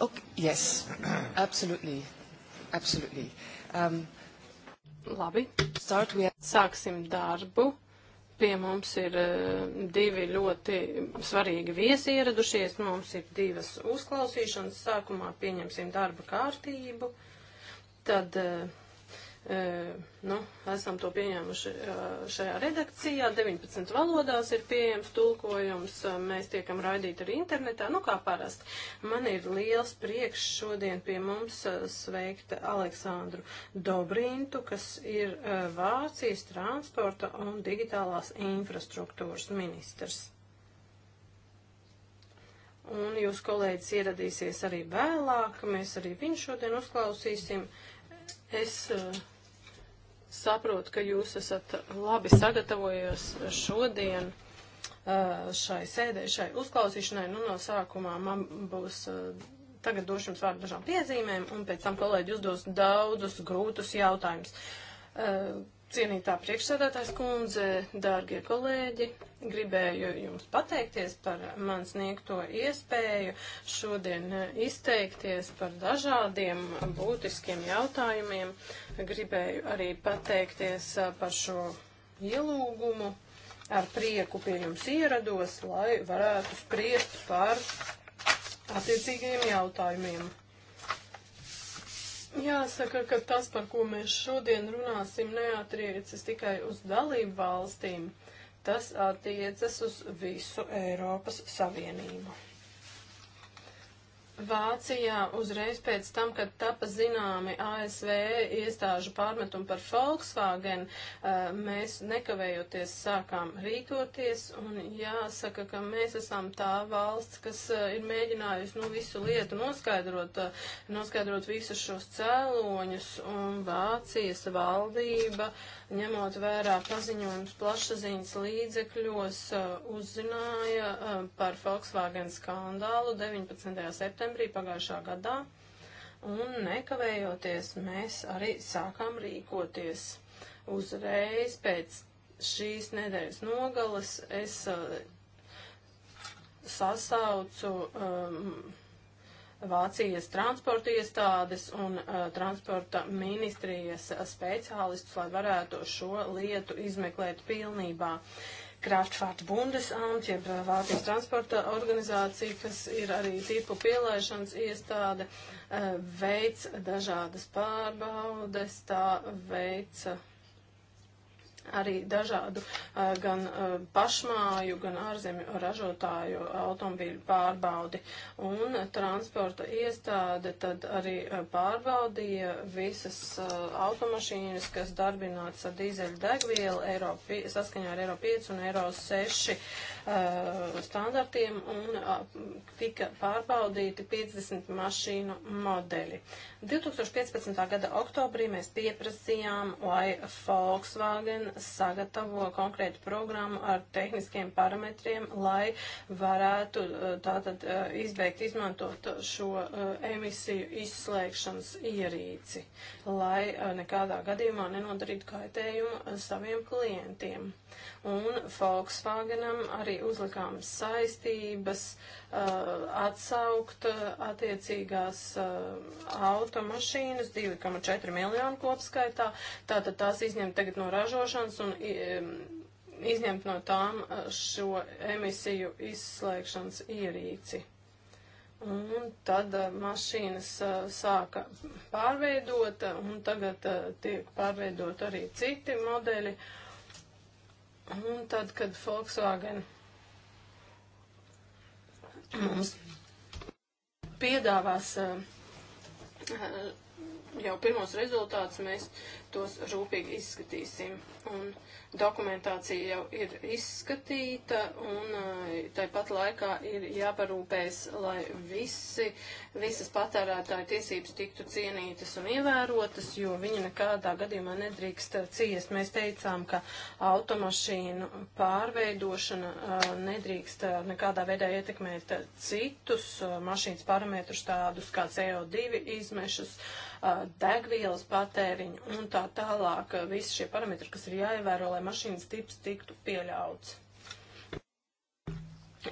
Okay, yes, absolutely, absolutely. Um, Labi, start with... sāksim darbu. Pie mums ir uh, divi ļoti svarīgi viesi ieradušies. Mums ir divas uzklausīšanas. Sākumā pieņemsim darba kārtību. Tad uh, nu, esam to pieņēmuši šajā redakcijā. 19 valodās ir pieejams tulkojums, mēs tiekam raidīti arī internetā, nu kā parasti. Man ir liels prieks šodien pie mums sveikt Aleksandru Dobrintu, kas ir Vācijas transporta un digitālās infrastruktūras ministrs. Un jūs kolēģis ieradīsies arī vēlāk, mēs arī viņu šodien uzklausīsim. Uh, Es eh, saprotu, ka jūs esat labi sagatavojies šodien eh, šai sēdē, šai uzklausīšanai. Nu, no sākumā man būs eh, tagad došu jums vārdu dažām piezīmēm, un pēc tam kolēģi uzdos daudzus grūtus jautājumus. Cienītā priekšsēdētājs kundze, dārgie kolēģi, gribēju jums pateikties par man sniegto iespēju šodien izteikties par dažādiem būtiskiem jautājumiem. Gribēju arī pateikties par šo ielūgumu. Ar prieku pie jums ierados, lai varētu spriest par attiecīgajiem jautājumiem. Jāsaka, ka tas, par ko mēs šodien runāsim, neatriecas tikai uz dalību valstīm. Tas attiecas uz visu Eiropas Savienību. Vācijā uzreiz pēc tam, kad tapa zināmi ASV iestāžu pārmetumi par Volkswagen, eh, mēs nekavējoties sākām rīkoties un jāsaka, ka mēs esam tā valsts, kas eh, ir mēģinājusi nu, visu lietu noskaidrot, eh, noskaidrot visus šos cēloņus un Vācijas valdība, ņemot vērā paziņojumus plašsaziņas līdzekļos, uzzināja par Volkswagen skandālu 19. septembrī novembrī pagājušā gadā, un nekavējoties mēs arī sākām rīkoties. Uzreiz pēc šīs nedēļas nogales es uh, sasaucu um, Vācijas transporta iestādes un uh, transporta ministrijas speciālistus, lai varētu šo lietu izmeklēt pilnībā. Uh, Kraftfahrt Bundesamt, jeb Vācijas transporta organizācija, kas ir arī tīpu pielaišanas iestāde, veic dažādas pārbaudes, tā veica arī dažādu gan pašmāju, gan ārzemju ražotāju automobīļu pārbaudi. Un transporta iestāde tad arī pārbaudīja visas automašīnas, kas darbināts ar dīzeļu degvielu Eiro, saskaņā ar Eiro 5 un Eiro 6 Uh, standartiem un uh, tika pārbaudīti 50 mašīnu modeļi. 2015. gada oktobrī mēs pieprasījām, lai Volkswagen sagatavo konkrētu programmu ar tehniskiem parametriem, lai varētu uh, tātad izbeigt izmantot šo emisiju izslēgšanas ierīci, lai nekādā gadījumā nenodarītu kaitējumu saviem klientiem un Volkswagenam arī uzlikām saistības uh, atsaukt uh, attiecīgās uh, automašīnas 2,4 miljonu kopskaitā, tātad tās izņemt tagad no ražošanas un um, izņemt no tām uh, šo emisiju izslēgšanas ierīci. Un tad uh, mašīnas sāka pārveidot, un tagad tiek pārveidot arī citi modeļi. Uh, Un tad, kad Volkswagen mums piedāvās eh, eh, jau pirmos rezultātus, mēs tos rūpīgi izskatīsim. Un dokumentācija jau ir izskatīta, un eh, tāpat laikā ir jāparūpēs, lai visi, visas patērētāja tiesības tiktu cienītas un ievērotas, jo viņi nekādā gadījumā nedrīkst eh, ciest. Mēs teicām, ka automašīnu pārveidošana eh, nedrīkst nekādā veidā ietekmēt citus mašīnas parametrus, tādus kā CO2 izmešus, degvielas patēriņu un tā tā tālāk, eh, visi šie parametri, kas ir jāievēro, lai mašīnas tips tiktu pieļauts.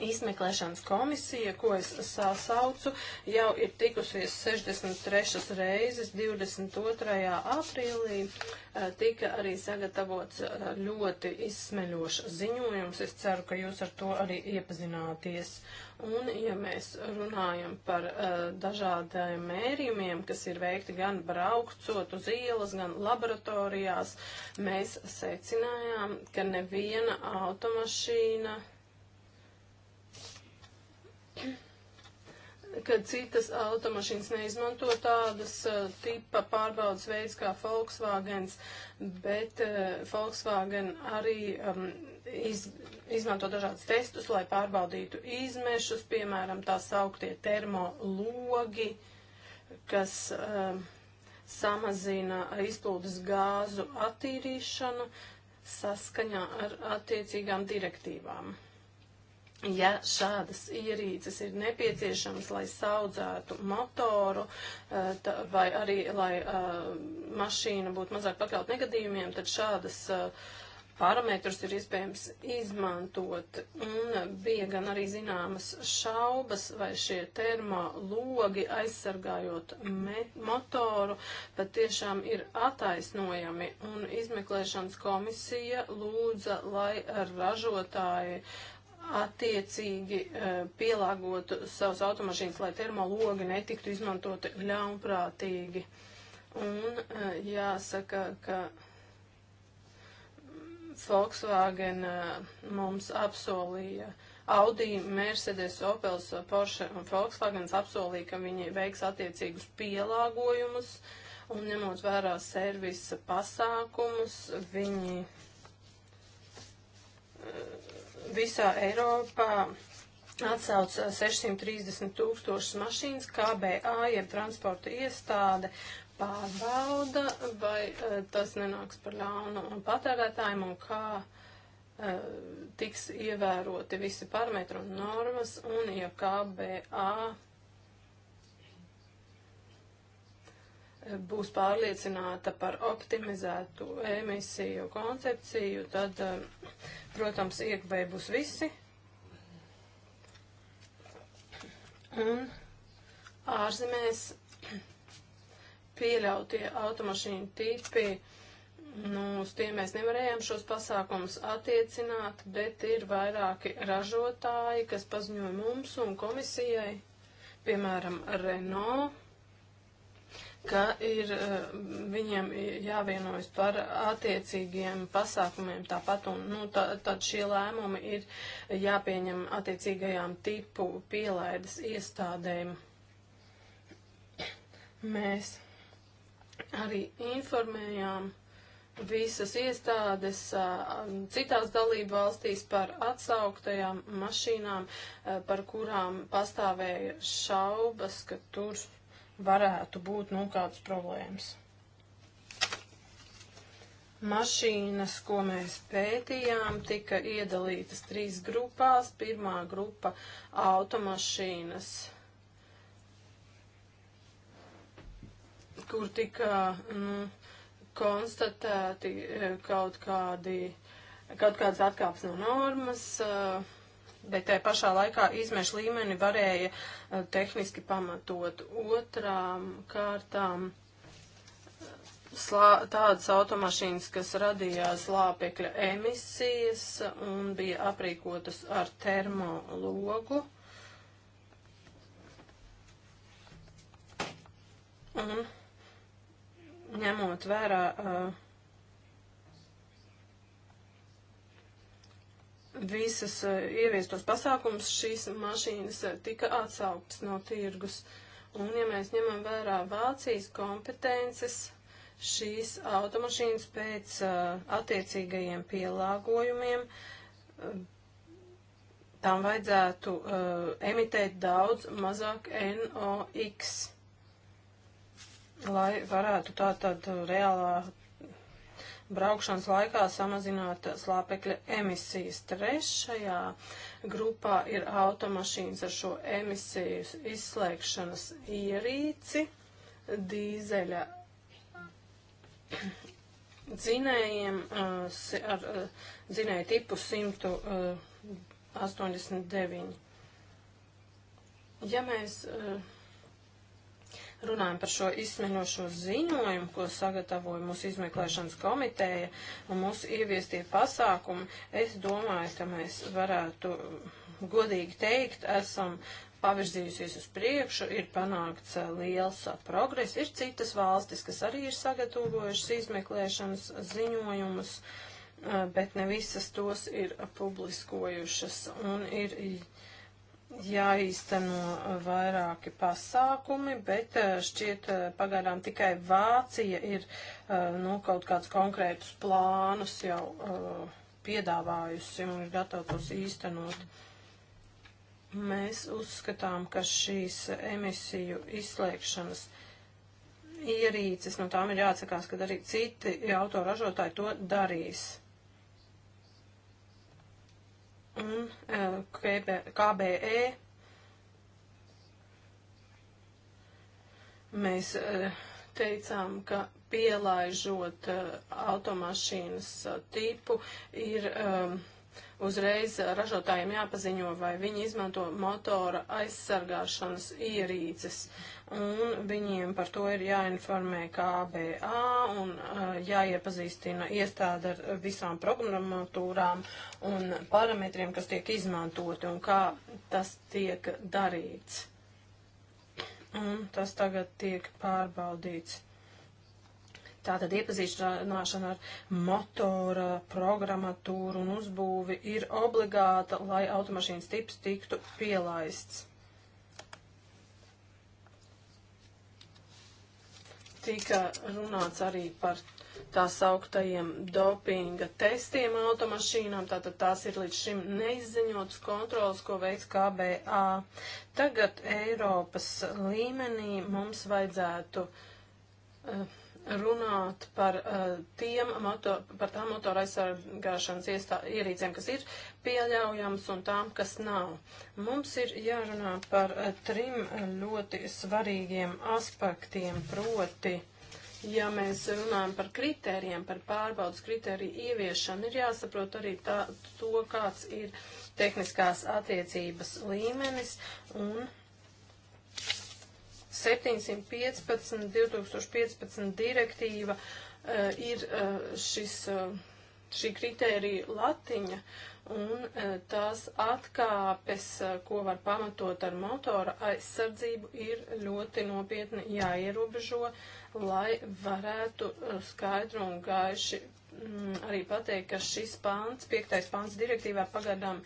Izmeklēšanas komisija, ko es sasaucu, jau ir tikusies 63 reizes 22. aprīlī. Eh, tika arī sagatavots eh, ļoti izsmeļošs ziņojums. Es ceru, ka jūs ar to arī iepazināties. Un, ja mēs runājam par uh, eh, dažādiem mērījumiem, kas ir veikti gan braukcot uz ielas, gan laboratorijās, mēs secinājām, ka neviena automašīna ka citas automašīnas neizmanto tādas uh, tipa pārbaudas veids kā Volkswagens, bet uh, Volkswagen arī um, iz, izmanto dažādus testus, lai pārbaudītu izmešus, piemēram, tā sauktie termologi, kas uh, samazina izplūdes gāzu attīrīšanu saskaņā ar attiecīgām direktīvām. Ja šādas ierīces ir nepieciešamas, lai saudzētu motoru eh, vai arī, lai eh, mašīna būtu mazāk pakļaut negadījumiem, tad šādas eh, parametrus ir iespējams izmantot. Un bija gan arī zināmas šaubas, vai šie termologi aizsargājot me, motoru patiešām ir attaisnojami. Un izmeklēšanas komisija lūdza, lai ražotāji uh, attiecīgi e, pielāgotu savus automašīnas, lai termologi netiktu izmantoti ļaunprātīgi. Un e, jāsaka, ka Volkswagen e, mums apsolīja Audi, Mercedes, Opels, Porsche un Volkswagen apsolīja, ka viņi veiks attiecīgus pielāgojumus un ņemot vērā servisa pasākumus, viņi visā Eiropā atsauc 630 tūkstošus mašīnas, KBA, jeb transporta iestāde, pārbauda, vai eh, tas nenāks par ļaunu patērētājiem un kā eh, tiks ievēroti visi parametri un normas, un ja KBA eh, būs pārliecināta par optimizētu emisiju koncepciju, tad Protams, ieguvē būs visi. Un ārzemēs pieļautie automašīnu tipi, nu, uz tiem mēs nevarējām šos pasākumus attiecināt, bet ir vairāki ražotāji, kas paziņoja mums un komisijai, piemēram, Renault ka ir eh, viņiem jāvienojas par attiecīgiem pasākumiem tāpat, un nu, tā, tad šie lēmumi ir jāpieņem attiecīgajām tipu pielaides iestādēm. Mēs arī informējām visas iestādes eh, citās dalību valstīs par atsauktajām mašīnām, eh, par kurām pastāvēja šaubas, ka tur varētu būt nu, kādas problēmas. Mašīnas, ko mēs pētījām, tika iedalītas trīs grupās. Pirmā grupa - automašīnas, kur tika nu, konstatēti eh, kaut, kādi, kaut kādas atkāpes no normas. Uh, bet tajā pašā laikā izmešu līmeni varēja uh, tehniski pamatot. Otrām kārtām eh, slā, tādas automašīnas, kas radīja slāpekļa emisijas un bija aprīkotas ar termologu. Un ņemot vērā uh, visas eh, ieviestos pasākums šīs mašīnas eh, tika atsauktas no tirgus. Un, ja mēs ņemam vērā Vācijas kompetences, šīs automašīnas pēc uh, attiecīgajiem pielāgojumiem uh, tām vajadzētu uh, emitēt daudz mazāk NOx, lai varētu tā tad reālā braukšanas laikā samazināt slāpekļa emisijas. Trešajā grupā ir automašīnas ar šo emisiju izslēgšanas ierīci, dīzeļa dzinējiem uh, ar uh, dzinēju tipu 189. Uh, ja mēs uh, runājam par šo izsmeļošo ziņojumu, ko sagatavoja mūsu izmeklēšanas komiteja un mūsu ieviestie pasākumi, es domāju, ka mēs varētu mm, godīgi teikt, esam pavirzījusies uz priekšu, ir panākts eh, liels eh, progress, ir citas valstis, kas arī ir sagatavojušas izmeklēšanas ziņojumus, eh, bet ne visas tos ir publiskojušas un ir jāīsteno uh, vairāki pasākumi, bet uh, šķiet uh, pagaidām tikai Vācija ir nu, kaut kāds konkrētus plānus jau uh, piedāvājusi un ir gatava tos īstenot. Mēs uzskatām, ka šīs emisiju izslēgšanas ierīces, no tām ir jāatsakās, kad arī citi autoražotāji to darīs un eh, KB, KBE. Mēs eh, teicām, ka pielaižot eh, automašīnas tipu ir. Um, uzreiz ražotājiem jāpaziņo, vai viņi izmanto motora aizsargāšanas ierīces un viņiem par to ir jāinformē KBA un uh, jāiepazīstina iestāde ar visām programmatūrām un parametriem, kas tiek izmantoti un kā tas tiek darīts. Un tas tagad tiek pārbaudīts. Tātad iepazīšanāšana ar motora programmatūru un uzbūvi ir obligāta, lai automašīnas tips tiktu pielaists. tika runāts arī par tās augtajiem dopinga testiem automašīnām, tātad tās ir līdz šim neizziņotas kontrolas, ko veids KBA. Tagad Eiropas līmenī mums vajadzētu uh, runāt par, uh, tiem motor, par tām motoraizsargāšanas iestā, ierīcēm, kas ir pieļaujams un tām, kas nav. Mums ir jārunā par uh, trim eh, ļoti svarīgiem aspektiem, proti, ja mēs runājam par kritērijiem, par pārbaudas kritēriju ieviešanu, ir jāsaprot arī tā, to, kāds ir tehniskās attiecības līmenis un 715, 2015 direktīva uh, ir uh, šis, uh, šī kritērija latiņa un uh, tās atkāpes, uh, ko var pamatot ar motora aizsardzību, ir ļoti nopietni jāierobežo, lai varētu uh, skaidru un gaiši mm, arī pateikt, ka šis pāns, piektais pāns direktīvā pagadām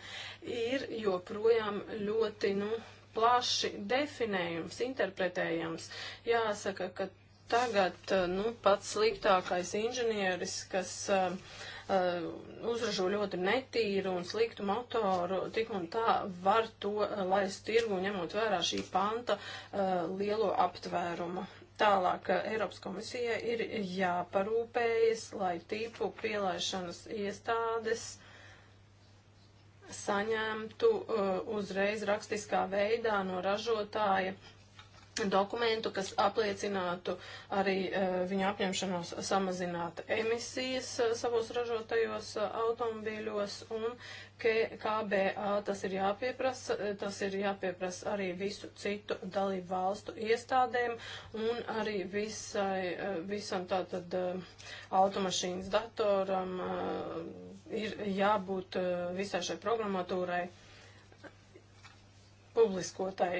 ir joprojām ļoti, nu, plaši definējums, interpretējams. Jāsaka, ka tagad eh, nu, pats sliktākais inženieris, kas uh, uh, uzražo ļoti netīru un sliktu motoru, tik un tā var to uh, laist tirgu, ņemot vērā šī panta uh, lielo aptvērumu. Tālāk Eiropas komisijai ir jāparūpējas, lai tīpu pielaišanas iestādes saņemtu uh, uzreiz rakstiskā veidā no ražotāja dokumentu, kas apliecinātu arī uh, viņa apņemšanos samazināt emisijas uh, savos ražotajos automobīļos un KBA tas ir jāpieprasa, tas ir jāpieprasa arī visu citu dalību valstu iestādēm un arī visai, visam tātad automašīnas datoram ir jābūt eh, visai šai programmatūrai publiskotai.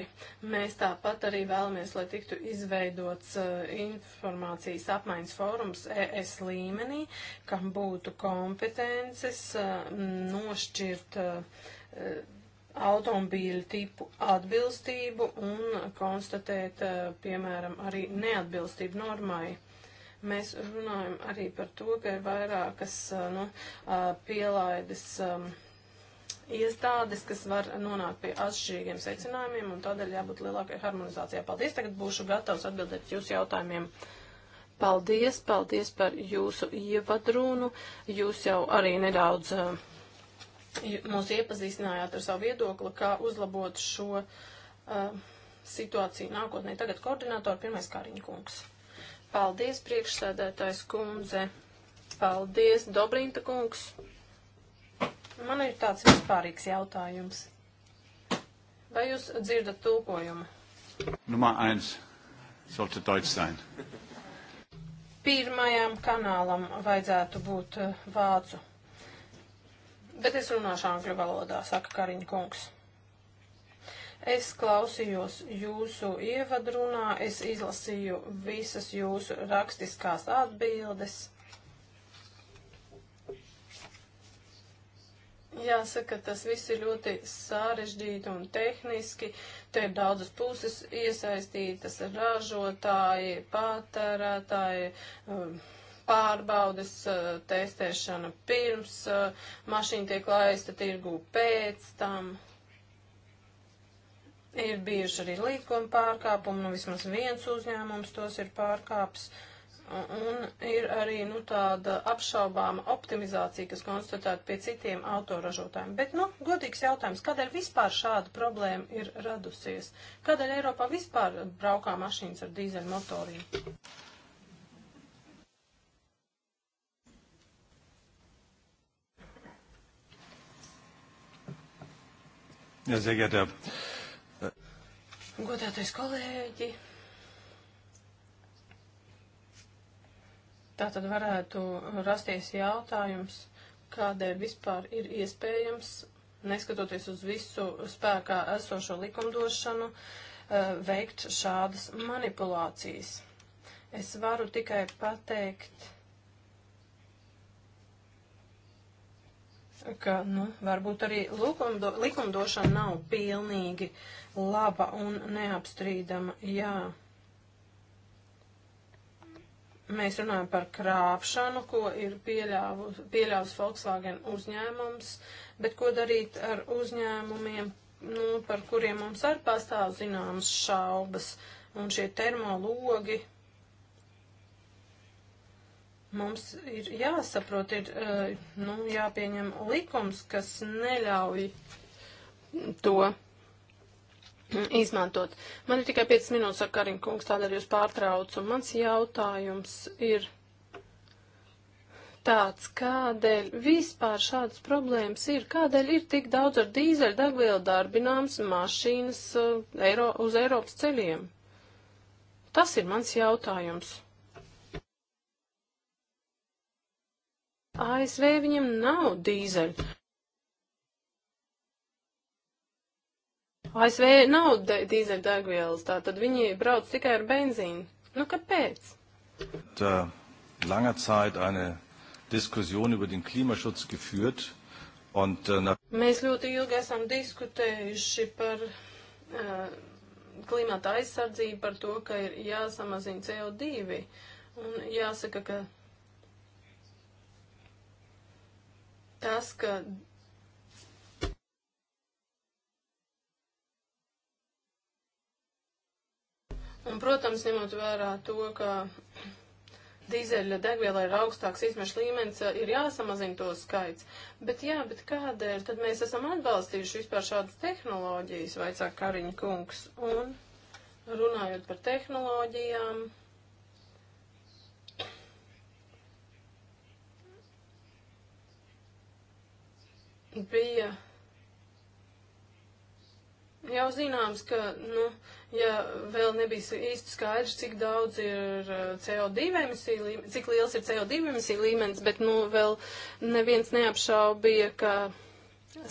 Mēs tāpat arī vēlamies, lai tiktu izveidots uh, informācijas apmaiņas fórums ES līmenī, kam būtu kompetences uh, nošķirt uh, automobīļu tipu atbilstību un konstatēt, piemēram, arī neatbilstību normai. Mēs runājam arī par to, ka ir vairākas nu, pielaides iestādes, kas var nonākt pie atšķirīgiem secinājumiem, un tādēļ jābūt lielākai harmonizācijai. Paldies, tagad būšu gatavs atbildēt jūsu jautājumiem. Paldies, paldies par jūsu ievadrunu. Jūs jau arī nedaudz mūs iepazīstinājāt ar savu viedokli, kā uzlabot šo uh, situāciju nākotnē. Tagad koordinātori pirmais Kāriņa kungs. Paldies, priekšsēdētājs kundze. Paldies, Dobrinta kungs. Man ir tāds vispārīgs jautājums. Vai jūs dzirdat tulkojumu? Numā 1. Sollte Deutsch sein. Pirmajam kanālam vajadzētu būt eh, vācu. Bet es runāšu angļu valodā, saka Kariņa kungs. Es klausījos jūsu ievadrunā, es izlasīju visas jūsu rakstiskās atbildes. Jāsaka, tas viss ir ļoti sarežģīti un tehniski. Te ir daudzas puses iesaistītas - ražotāji, patērētāji, um, pārbaudes, uh, testēšana pirms uh, mašīna tiek laista tirgū pēc tam. Ir bijuši arī līguma pārkāpumi, nu vismaz viens uzņēmums tos ir pārkāps. Un, un ir arī nu, tāda apšaubāma optimizācija, kas konstatēta pie citiem autoražotājiem. Bet, nu, godīgs jautājums, kādēļ vispār šāda problēma ir radusies? Kādēļ Eiropā vispār braukā mašīnas ar dīzeļmotoriem? Ja, sehr geehrter Herr Godātais kolēģi, tā tad varētu rasties jautājums, kādēļ vispār ir iespējams, neskatoties uz visu spēkā esošo likumdošanu, eh, veikt šādas manipulācijas. Es varu tikai pateikt, ka nu, varbūt arī lukumdo, likumdošana nav pilnīgi laba un neapstrīdama. Jā. Mēs runājam par krāpšanu, ko ir pieļāvis Volkswagen uzņēmums, bet ko darīt ar uzņēmumiem, nu, par kuriem mums arī pastāv zināmas šaubas, un šie termologi Mums ir jāsaprot, ir eh, nu, jāpieņem likums, kas neļauj to izmantot. Man ir tikai 5 minūtes, saka Karin kungs, tādēļ jūs pārtraucu. Mans jautājums ir tāds, kādēļ vispār šādas problēmas ir, kādēļ ir tik daudz ar dīzeļu degvielu darbināms mašīnas uh, Eiro, uz Eiropas ceļiem? Tas ir mans jautājums. ASV viņam nav dīzeļu. ASV nav dīzeļdegvielas, tā tad viņi brauc tikai ar benzīnu. Nu, kāpēc? Tā äh, langa zeit eine Diskussion über den Klimaschutz geführt. Und, uh, Mēs ļoti ilgi esam diskutējuši par uh, klimata aizsardzību, par to, ka ir jāsamazina CO2. Un jāsaka, ka tas, ka Un, protams, ņemot vērā to, ka dīzeļa degvielai ir augstāks izmešu līmenis, eh, ir jāsamazina to skaits. Bet jā, bet kādēļ tad mēs esam atbalstījuši vispār šādas tehnoloģijas, vaicā Kariņa kungs. Un runājot par tehnoloģijām, bija jau zināms, ka, nu, ja vēl nebija īsti skaidrs, cik daudz ir eh, CO2 emisija līmenis, cik liels ir CO2 emisija līmenis, bet, nu, vēl neviens neapšaubīja, ka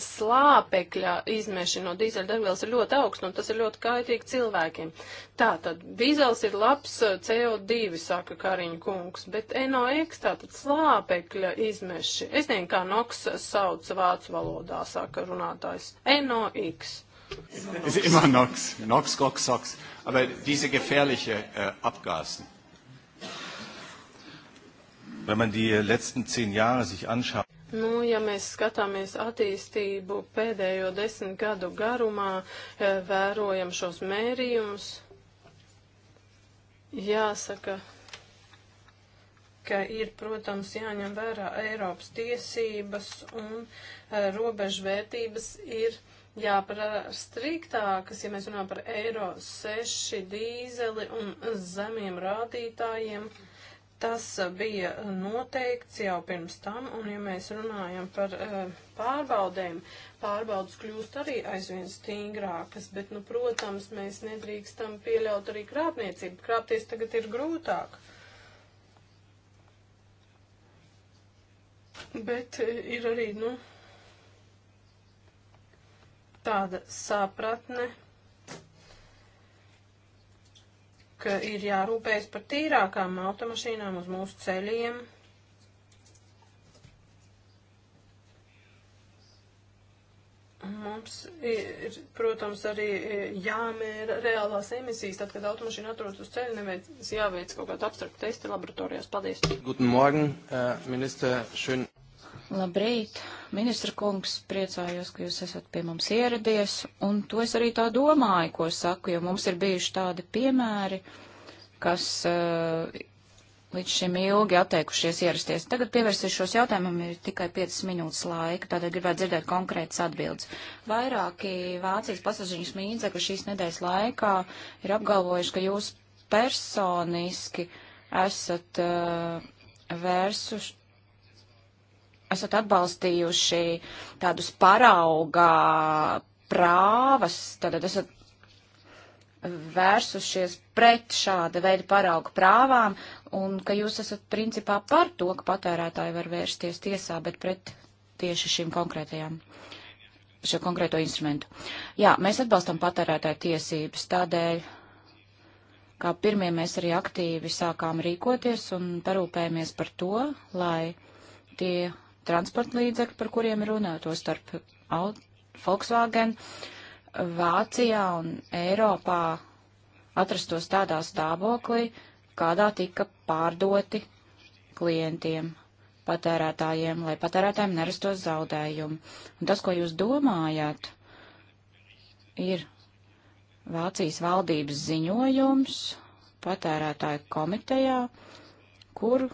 slāpekļa izmeši no dīzeļdegvielas ir ļoti augsts, un tas ir ļoti kaitīgi cilvēkiem. Tātad, dīzels ir labs uh, CO2, saka Kariņa kungs, bet NOx, tātad slāpekļa izmeši. Es nezinu, kā NOx sauc vācu valodā, saka runātājs. NOx. Es ir immer NOx, NOx, GOX, SOX, aber diese gefährliche äh, Abgasen. Wenn man die letzten zehn Jahre sich anschaut, Nu, ja mēs skatāmies attīstību pēdējo desmit gadu garumā, e, vērojam šos mērījumus, jāsaka, ka ir, protams, jāņem vērā Eiropas tiesības un e, robežvērtības ir jāparā striktākas, ja mēs runājam par eiro 6 dīzeli un zemiem rādītājiem. Mm Tas bija noteikts jau pirms tam, un ja mēs runājam par eh, pārbaudēm, pārbaudas kļūst arī aizvien stingrākas, bet, nu, protams, mēs nedrīkstam pieļaut arī krāpniecību. Krāpties tagad ir grūtāk. Bet eh, ir arī, nu, tāda sapratne ka ir jārūpējas par tīrākām automašīnām uz mūsu ceļiem. Mums ir, protams, arī jāmēra reālās emisijas. Tad, kad automašīna atrodas uz ceļa, neveic jāveic kaut kāda abstrakta testa laboratorijās. Paldies. Guten Morgen, uh, minister. Schön. Labrīt, ministra kungs, priecājos, ka jūs esat pie mums ieradies, un to es arī tā domāju, ko saku, jo mums ir bijuši tādi piemēri, kas uh, līdz šim ilgi atteikušies ierasties. Tagad pievērsīšos jautājumam, ir tikai 5 minūtes laika, tādēļ gribētu dzirdēt konkrētas atbildes. Vairāki Vācijas pasažiņas mīdzekļi šīs nedēļas laikā ir apgalvojuši, ka jūs personiski esat uh, eh, vērsuši esat atbalstījuši tādus paraugā prāvas, tad esat vērsušies pret šāda veida parauga prāvām un ka jūs esat principā par to, ka patērētāji var vērsties tiesā, bet pret tieši šīm konkrētajām, šo konkrēto instrumentu. Jā, mēs atbalstam patērētāju tiesības, tādēļ, kā pirmie mēs arī aktīvi sākām rīkoties un parūpējamies par to, lai tie transporta līdzekļi, par kuriem runā, to starp Volkswagen, Vācijā un Eiropā atrastos tādā stāvoklī, kādā tika pārdoti klientiem, patērētājiem, lai patērētājiem nerastos zaudējumi. Un tas, ko jūs domājat, ir Vācijas valdības ziņojums patērētāju komitejā, kur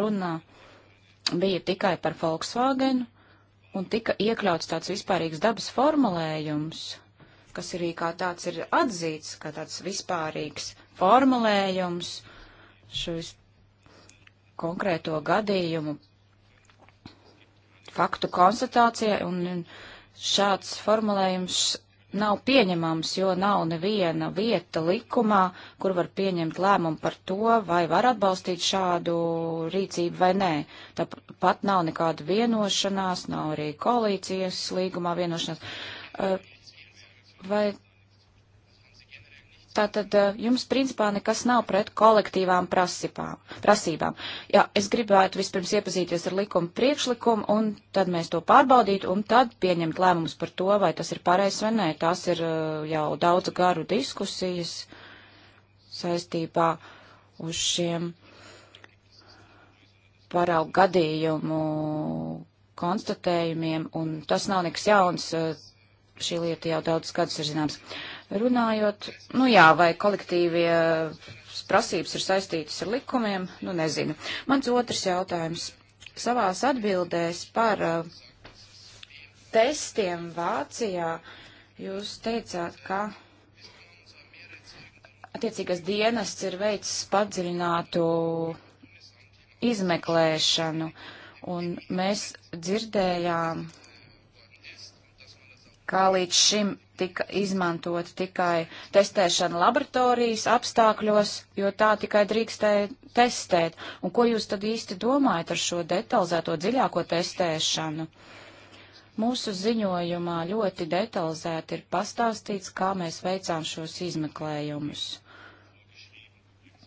runa bija tikai par Volkswagenu un tika iekļauts tāds vispārīgs dabas formulējums, kas arī kā tāds ir atzīts, kā tāds vispārīgs formulējums šis konkrēto gadījumu faktu konstatācijai, un šāds formulējums nav pieņemams, jo nav neviena vieta likumā, kur var pieņemt lēmumu par to, vai var atbalstīt šādu rīcību vai nē. Tāpat nav nekāda vienošanās, nav arī koalīcijas līgumā vienošanās. Vai Tātad eh, jums principā nekas nav pret kolektīvām prasībām. prasībām. Jā, es gribētu vispirms iepazīties ar likuma priekšlikumu, un tad mēs to pārbaudītu, un tad pieņemt lēmumus par to, vai tas ir pareizs vai nē. Tās ir eh, jau daudz garu diskusijas saistībā uz šiem paraugu gadījumu konstatējumiem, un tas nav nekas jauns. Eh, šī lieta jau daudz gadus ir zināms. Uh, Runājot, nu jā, vai kolektīvie prasības ir saistītas ar likumiem, nu nezinu. Mans otrs jautājums. Savās atbildēs par uh, testiem Vācijā jūs teicāt, ka attiecīgas dienests ir veicis padziļinātu izmeklēšanu, un mēs dzirdējām, kā līdz šim tika izmantot tikai testēšana laboratorijas apstākļos, jo tā tikai drīkstēja testēt. Un ko jūs tad īsti domājat ar šo detalizēto dziļāko testēšanu? Mūsu ziņojumā ļoti detalizēti ir pastāstīts, kā mēs veicām šos izmeklējumus.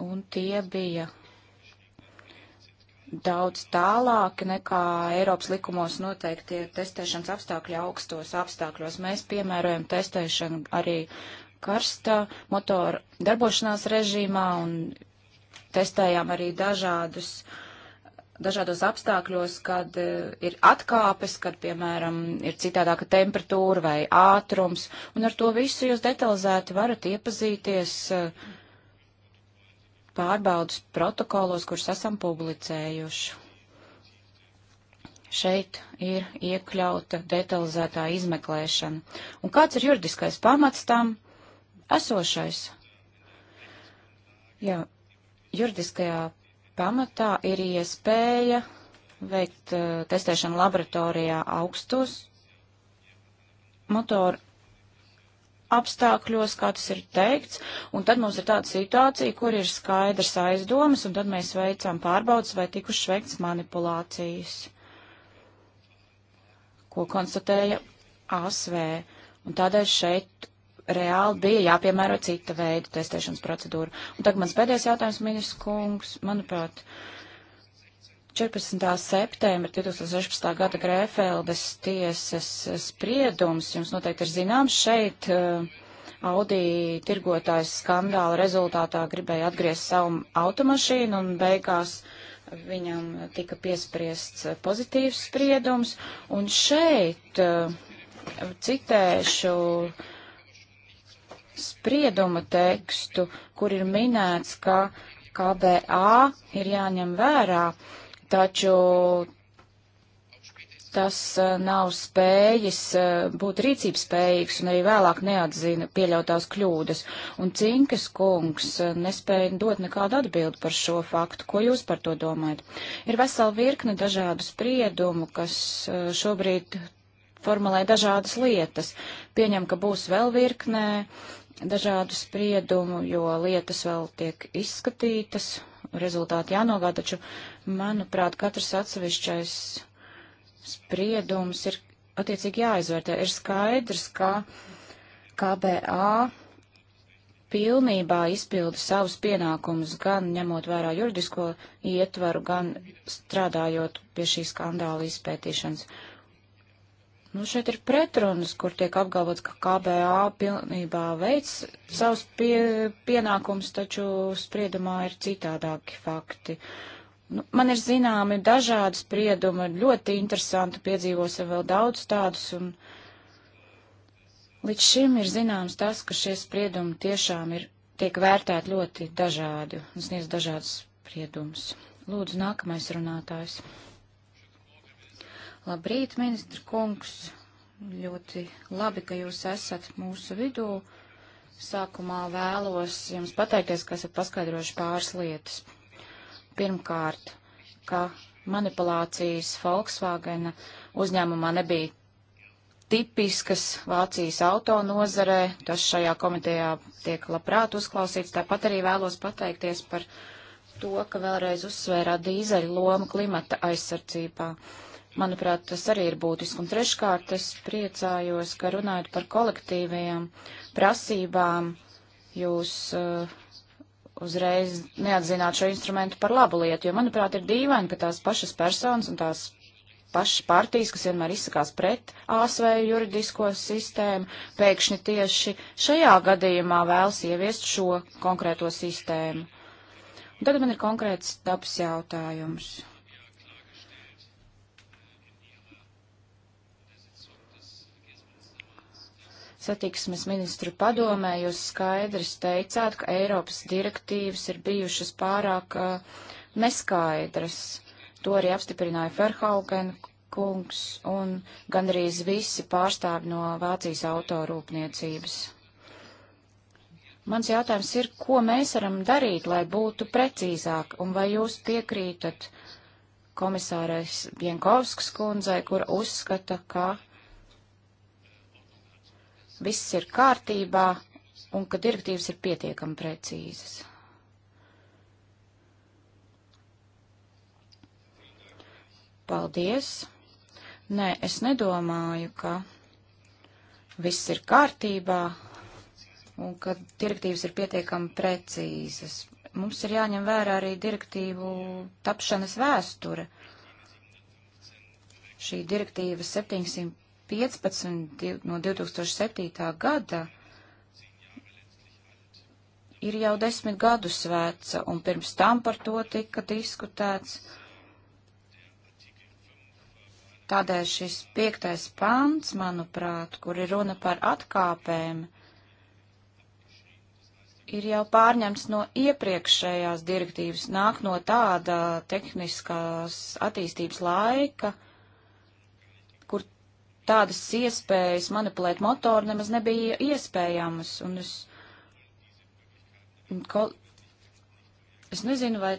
Un tie bija daudz tālāk nekā Eiropas likumos noteikti testēšanas apstākļi augstos apstākļos. Mēs piemērojam testēšanu arī karsta motora darbošanās režīmā un testējām arī dažādus, dažādos apstākļos, kad eh, ir atkāpes, kad, piemēram, ir citādāka temperatūra vai ātrums, un ar to visu jūs detalizēti varat iepazīties uh, pārbaudas protokolos, kurus esam publicējuši. Šeit ir iekļauta detalizētā izmeklēšana. Un kāds ir juridiskais pamats tam esošais? Jā, juridiskajā pamatā ir iespēja veikt uh, testēšanu laboratorijā augstos motoru apstākļos, kā tas ir teikts, un tad mums ir tāda situācija, kur ir skaidrs aizdomas, un tad mēs veicām pārbaudas, vai tikuši veikts manipulācijas, ko konstatēja ASV. Un tādēļ šeit reāli bija jāpiemēro cita veida testēšanas procedūra. Un tagad mans pēdējais jautājums, ministrs kungs, manuprāt, uh, 14. septembra 2016. gada Grēfeldes tiesas spriedums jums noteikti ir zināms. Šeit eh, Audi tirgotājs skandāla rezultātā gribēja atgriezt savu automašīnu un beigās viņam tika piespriests eh, pozitīvs spriedums. Un šeit eh, citēšu sprieduma tekstu, kur ir minēts, ka KBA ir jāņem vērā uh, taču tas eh, nav spējis eh, būt rīcības spējīgs un arī vēlāk neatzina pieļautās kļūdas. Un Cinkas kungs eh, nespēja dot nekādu atbildi par šo faktu. Ko jūs par to domājat? Ir vesela virkne dažādu spriedumu, kas šobrīd formulē dažādas lietas. Pieņem, ka būs vēl virknē dažādu spriedumu, jo lietas vēl tiek izskatītas, rezultāti jānogāda, taču Manuprāt, katrs atsevišķais spriedums ir attiecīgi jāizvērtē. Ir skaidrs, ka KBA pilnībā izpilda savus pienākumus, gan ņemot vērā juridisko ietvaru, gan strādājot pie šī skandāla izpētīšanas. Nu, šeit ir pretrunas, kur tiek apgalvots, ka KBA pilnībā veids savus pie, pienākumus, taču spriedumā ir citādāki fakti. Uh, Nu, man ir zināmi dažādi spriedumi, ļoti interesanti piedzīvosim vēl daudz tādus, un līdz šim ir zināms tas, ka šie spriedumi tiešām ir, tiek vērtēti ļoti dažādi un sniedz dažādas spriedumus. Lūdzu, nākamais runātājs. Labrīt, ministra kungs! Ļoti labi, ka jūs esat mūsu vidū. Sākumā vēlos jums pateikties, ka esat paskaidrojuši pāris lietas. Pirmkārt, ka manipulācijas Volkswagen uzņēmumā nebija tipiskas Vācijas auto nozarē. Tas šajā komitejā tiek labprāt uzklausīts. Tāpat arī vēlos pateikties par to, ka vēlreiz uzsvērā dīzeļu lomu klimata aizsardzībā. Manuprāt, tas arī ir būtiski. Un treškārt, es priecājos, ka runājot par kolektīvajām prasībām, jūs uh, uzreiz neatzināt šo instrumentu par labu lietu, jo, manuprāt, ir dīvaini, ka tās pašas personas un tās pašas partijas, kas vienmēr izsakās pret ASV juridisko sistēmu, pēkšņi tieši šajā gadījumā vēlas ieviest šo konkrēto sistēmu. Un tad man ir konkrēts dabas jautājums. satiksmes ministru padomē jūs skaidri teicāt, ka Eiropas direktīvas ir bijušas pārāk uh, neskaidras. To arī apstiprināja Ferhaugen kungs un gandrīz visi pārstāvi no Vācijas autorūpniecības. Mans jautājums ir, ko mēs varam darīt, lai būtu precīzāk, un vai jūs piekrītat komisārais Bienkovskas kundzei, kura uzskata, ka uh, viss ir kārtībā un ka direktīvas ir pietiekami precīzas. Paldies! Nē, es nedomāju, ka viss ir kārtībā un ka direktīvas ir pietiekami precīzas. Mums ir jāņem vērā arī direktīvu tapšanas vēsture. Šī direktīva 700 15 no 2007. gada ir jau desmit gadus veca, un pirms tam par to tika diskutēts. Tādēļ šis piektais pants, manuprāt, kur ir runa par atkāpēm, ir jau pārņemts no iepriekšējās direktīvas, nāk no tāda tehniskās attīstības laika, tādas iespējas manipulēt motoru nemaz nebija iespējamas. Un es, kol, es nezinu, vai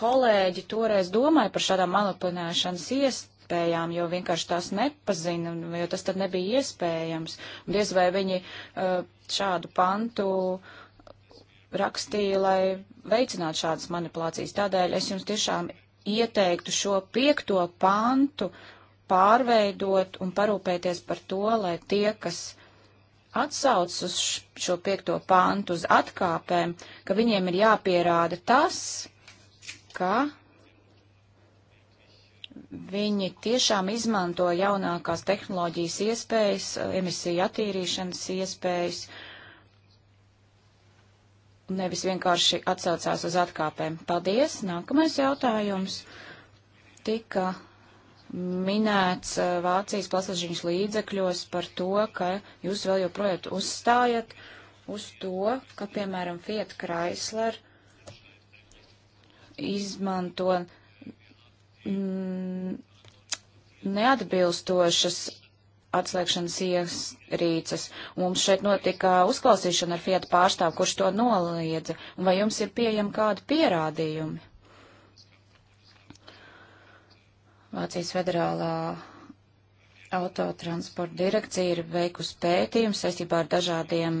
kolēģi toreiz domāja par šādām manipulēšanas iespējām, jo vienkārši tās nepazina, jo tas tad nebija iespējams. Un diez vai viņi eh, šādu pantu rakstīja, lai veicinātu šādas manipulācijas. Tādēļ es jums tiešām ieteiktu šo piekto pantu pārveidot un parūpēties par to, lai tie, kas atsauc uz šo piekto pāntu, uz atkāpēm, ka viņiem ir jāpierāda tas, ka viņi tiešām izmanto jaunākās tehnoloģijas iespējas, emisiju attīrīšanas iespējas, nevis vienkārši atsaucās uz atkāpēm. Paldies! Nākamais jautājums tika minēts eh, Vācijas plasažiņas līdzekļos par to, ka jūs vēl joprojām uzstājat uz to, ka, piemēram, Fiat Chrysler izmanto neatbilstošas atslēgšanas ierīces. Mums šeit notika uzklausīšana ar Fiat pārstāvu, kurš to noliedza. Vai jums ir pieejami kādi pierādījumi? Vācijas federālā autotransporta direkcija ir veikusi pētījumu saistībā ar dažādiem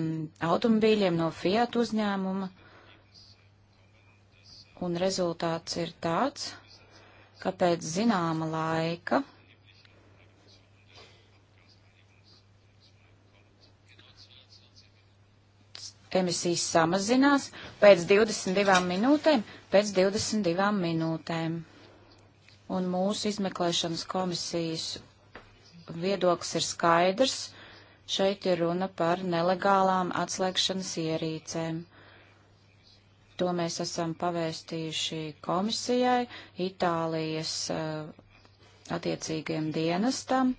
automobīļiem no Fiat uzņēmuma, un rezultāts ir tāds, ka pēc zināma laika emisijas samazinās pēc 22 minūtēm, pēc 22 minūtēm un mūsu izmeklēšanas komisijas viedoklis ir skaidrs. Šeit ir runa par nelegālām atslēgšanas ierīcēm. To mēs esam pavēstījuši komisijai, Itālijas uh, attiecīgiem dienestam.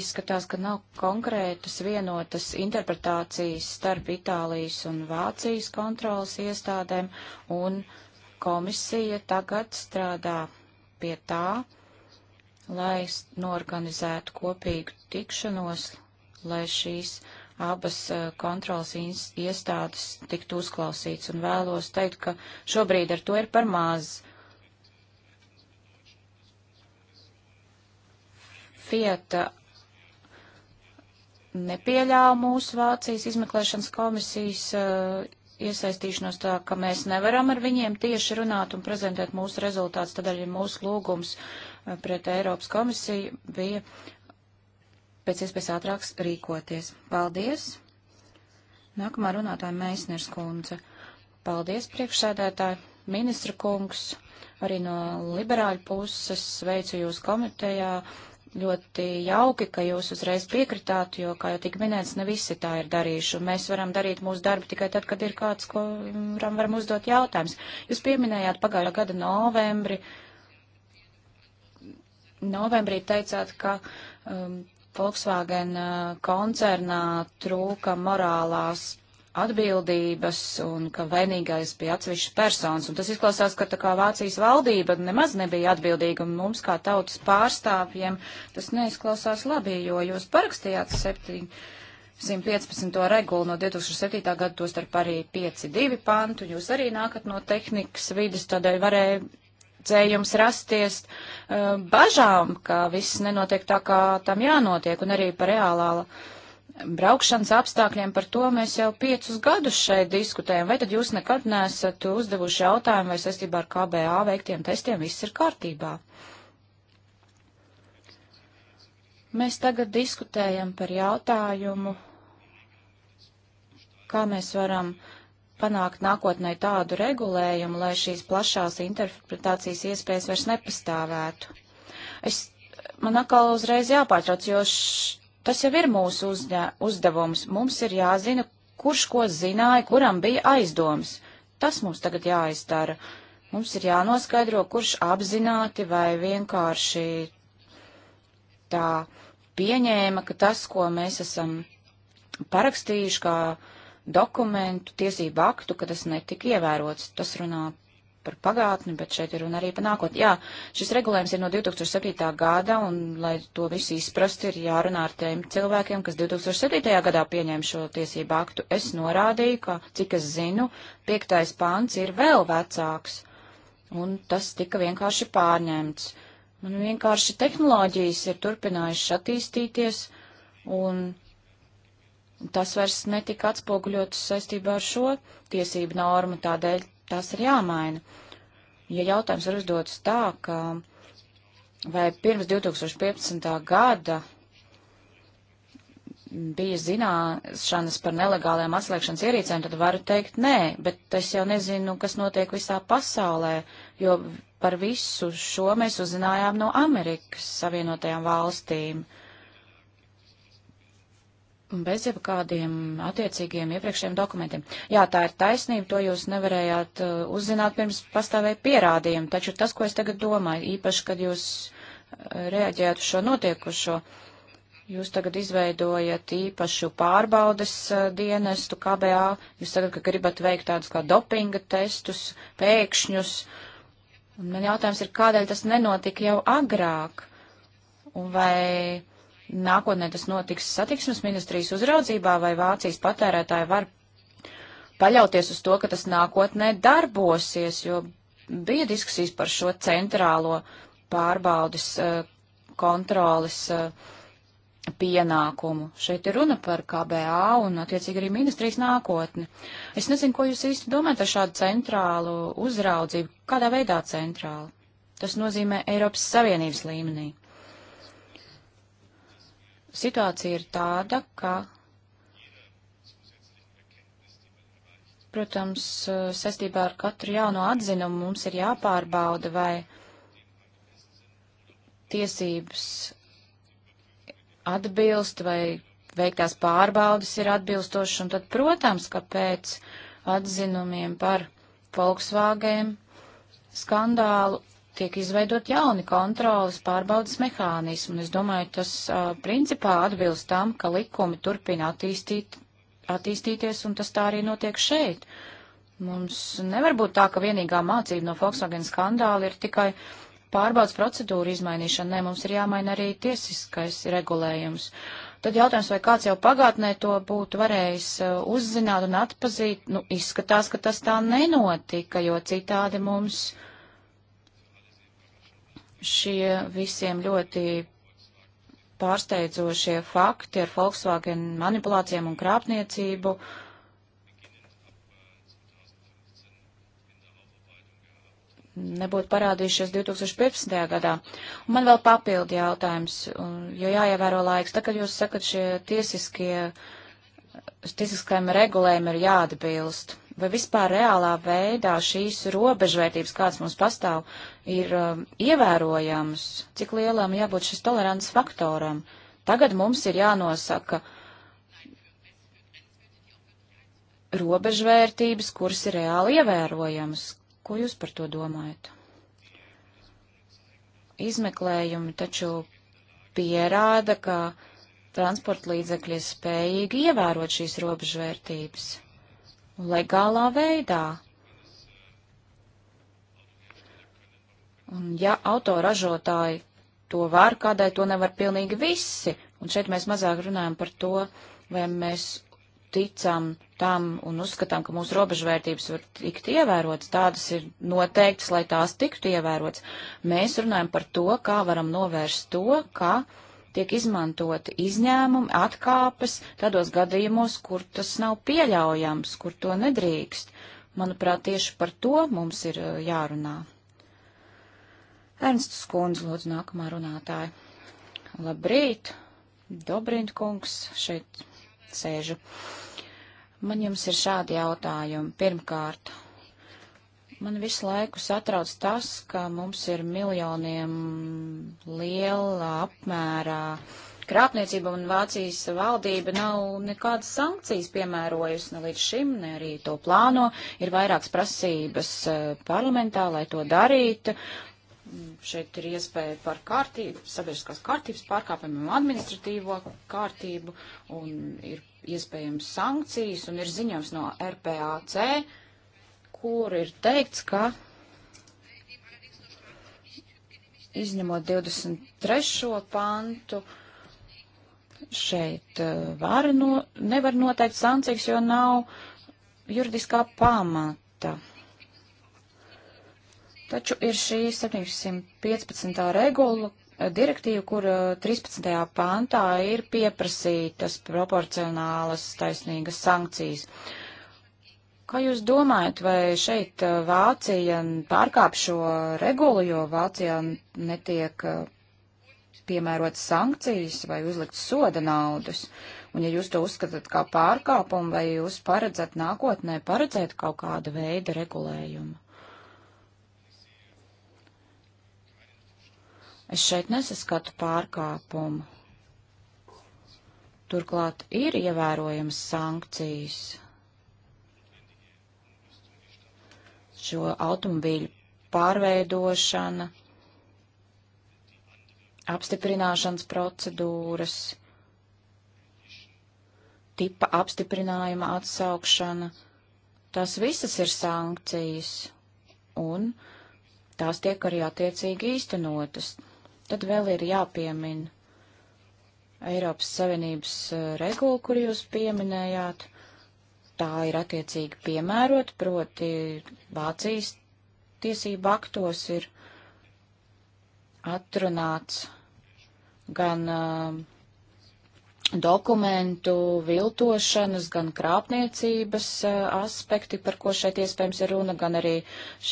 Izskatās, ka nav konkrētas vienotas interpretācijas starp Itālijas un Vācijas kontrolas iestādēm un uh, komisija tagad strādā pie tā, lai norganizētu kopīgu tikšanos, lai šīs abas kontrolas iestādes tiktu uzklausīts. Un vēlos teikt, ka šobrīd ar to ir par maz. Fiat nepieļāva mūsu Vācijas izmeklēšanas komisijas uh, iesaistīšanos tā, ka mēs nevaram ar viņiem tieši runāt un prezentēt mūsu rezultātus, tādēļ mūsu lūgums eh, pret Eiropas komisiju bija pēc iespējas ātrāks rīkoties. Paldies! Nākamā runātāja Meisners kundze. Paldies, priekšsēdētāji, ministra kungs, arī no liberāļu puses sveicu jūs komitejā ļoti jauki, ka jūs uzreiz piekritāt, jo, kā jau tika minēts, ne visi tā ir darījuši. Mēs varam darīt mūsu darbu tikai tad, kad ir kāds, ko mm, varam, varam uzdot jautājums. Jūs pieminējāt pagājušā gada novembri. Novembrī teicāt, ka um, Volkswagen uh, koncernā trūka morālās atbildības un ka vainīgais bija atsevišķas personas. Un tas izklausās, ka tā kā Vācijas valdība nemaz nebija atbildīga un mums kā tautas pārstāvjiem tas neizklausās labi, jo jūs parakstījāt 715. regulu no 2007. gada, tos starp arī 5.2 pantu, jūs arī nākat no tehnikas vidas, tādēļ varēja jums rasties uh, bažām, ka viss nenotiek tā, kā tam jānotiek, un arī par reālā uh, braukšanas apstākļiem par to mēs jau piecus gadus šeit diskutējam. Vai tad jūs nekad nesat uzdevuši jautājumu, vai saistībā ar KBA veiktiem testiem viss ir kārtībā? Mēs tagad diskutējam par jautājumu, kā mēs varam panākt nākotnē tādu regulējumu, lai šīs plašās interpretācijas iespējas vairs nepastāvētu. Es, man atkal uzreiz jāpārtrauc, jo š Tas jau ir mūsu uzdā, uzdevums. Mums ir jāzina, kurš ko zināja, kuram bija aizdoms. Tas mums tagad jāizdara. Mums ir jānoskaidro, kurš apzināti vai vienkārši tā pieņēma, ka tas, ko mēs esam parakstījuši kā dokumentu tiesību aktu, ka tas netika ievērots. Tas runā par pagātni, bet šeit ir runa arī par nākotni. Jā, šis regulējums ir no 2007. gada, un, lai to visu izprast, ir jārunā ar tiem cilvēkiem, kas 2007. gadā pieņēma šo tiesību aktu. Es norādīju, ka, cik es zinu, piektais pants ir vēl vecāks, un tas tika vienkārši pārņemts. Un vienkārši tehnoloģijas ir turpinājušas attīstīties, un tas vairs netika atspoguļots saistībā ar šo tiesību normu, tādēļ tās ir jāmaina. Ja jautājums ir uzdots tā, ka vai pirms 2015. gada bija zināšanas par nelegālajām atslēgšanas ierīcēm, tad varu teikt nē, bet es jau nezinu, kas notiek visā pasaulē, jo par visu šo mēs uzzinājām no Amerikas Savienotajām valstīm. Uh, bez jau kādiem attiecīgiem iepriekšējiem dokumentiem. Jā, tā ir taisnība, to jūs nevarējāt uh, uzzināt pirms pastāvēja pierādījumi, taču tas, ko es tagad domāju, īpaši, kad jūs uh, reaģējāt uz šo notiekušo, jūs tagad izveidojat īpašu pārbaudes uh, dienestu KBA, jūs tagad, ka gribat veikt tādus kā dopinga testus, pēkšņus, un man jautājums ir, kādēļ tas nenotika jau agrāk, un vai nākotnē tas notiks satiksmes ministrijas uzraudzībā, vai Vācijas patērētāji var paļauties uz to, ka tas nākotnē darbosies, jo bija diskusijas par šo centrālo pārbaudas eh, kontrolas eh, pienākumu. Šeit ir runa par KBA un, attiecīgi, arī ministrijas nākotni. Es nezinu, ko jūs īsti domājat ar šādu centrālu uzraudzību. Kādā veidā centrālu? Tas nozīmē Eiropas Savienības līmenī situācija ir tāda, ka, protams, saistībā ar katru jauno atzinumu mums ir jāpārbauda, vai tiesības atbilst, vai veiktās pārbaudas ir atbilstošas, un tad, protams, ka pēc atzinumiem par Volkswagen skandālu tiek izveidot jauni kontrolas pārbaudas mehānismi. Es domāju, tas uh, principā atbilst tam, ka likumi turpina attīstīt, attīstīties, un tas tā arī notiek šeit. Mums nevar būt tā, ka vienīgā mācība no Volkswagen skandāla ir tikai pārbaudas procedūra izmainīšana. Nē, mums ir jāmaina arī tiesiskais regulējums. Tad jautājums, vai kāds jau pagātnē to būtu varējis uh, uzzināt un atpazīt, nu, izskatās, ka tas tā nenotika, jo citādi mums. Uh, šie visiem ļoti pārsteidzošie fakti ar Volkswagen manipulācijām un krāpniecību. nebūtu parādījušies 2015. gadā. Un man vēl papildi jautājums, jo jāievēro laiks. Tā, kad jūs sakat, šie tiesiskie, tiesiskajiem regulējumi ir jāatbilst vai vispār reālā veidā šīs robežvērtības, kādas mums pastāv, ir um, ievērojamas, cik lielam jābūt šis tolerants faktoram. Tagad mums ir jānosaka robežvērtības, kuras ir reāli ievērojamas. Ko jūs par to domājat? Izmeklējumi taču pierāda, ka transporta līdzekļi ir spējīgi ievērot šīs robežvērtības legālā veidā. Un ja autoražotāji to var, kādai to nevar pilnīgi visi, un šeit mēs mazāk runājam par to, vai mēs ticam tam un uzskatām, ka mūsu robežvērtības var tikt ievērotas, tādas ir noteiktas, lai tās tiktu ievērotas. Mēs runājam par to, kā varam novērst to, ka uh, tiek izmantoti izņēmumi, atkāpes tādos gadījumos, kur tas nav pieļaujams, kur to nedrīkst. Manuprāt, tieši par to mums ir uh, jārunā. Ernsts Kundze, lūdzu, nākamā runātāja. Labrīt, Dobrint kungs, šeit sēžu. Man jums ir šādi jautājumi. Pirmkārt, Man visu laiku satrauc tas, ka mums ir miljoniem liela apmērā krāpniecība un Vācijas valdība nav nekādas sankcijas piemērojusi ne līdz šim, ne arī to plāno. Ir vairākas prasības eh, parlamentā, lai to darītu. Šeit ir iespēja par kārtību, sabiedriskās kārtības pārkāpumiem, administratīvo kārtību, un ir iespējams sankcijas, un ir ziņojums no RPAC, kur ir teikts, ka izņemot 23. pantu, šeit eh, var no, nevar noteikt sankcijas, jo nav juridiskā pamata. Taču ir šī 715. regula, eh, direktīva, kur 13. Eh, pantā ir pieprasītas proporcionālas taisnīgas sankcijas. Uh, Kā jūs domājat, vai šeit uh, Vācija pārkāp šo regulu, jo Vācijā netiek uh, piemērotas sankcijas vai uzlikts soda naudas? Un ja jūs to uzskatāt kā pārkāpumu, vai jūs paredzat nākotnē paredzēt kaut kādu veidu regulējumu? Es šeit nesaskatu pārkāpumu. Turklāt ir ievērojams sankcijas šo automobīļu pārveidošana, apstiprināšanas procedūras, tipa apstiprinājuma atsaukšana. Tās visas ir sankcijas, un tās tiek arī attiecīgi īstenotas. Tad vēl ir jāpiemina Eiropas Savienības eh, regula, kur jūs pieminējāt, tā ir attiecīgi piemērota, proti Vācijas tiesību aktos ir atrunāts gan uh, dokumentu viltošanas, gan krāpniecības uh, aspekti, par ko šeit iespējams ir runa, gan arī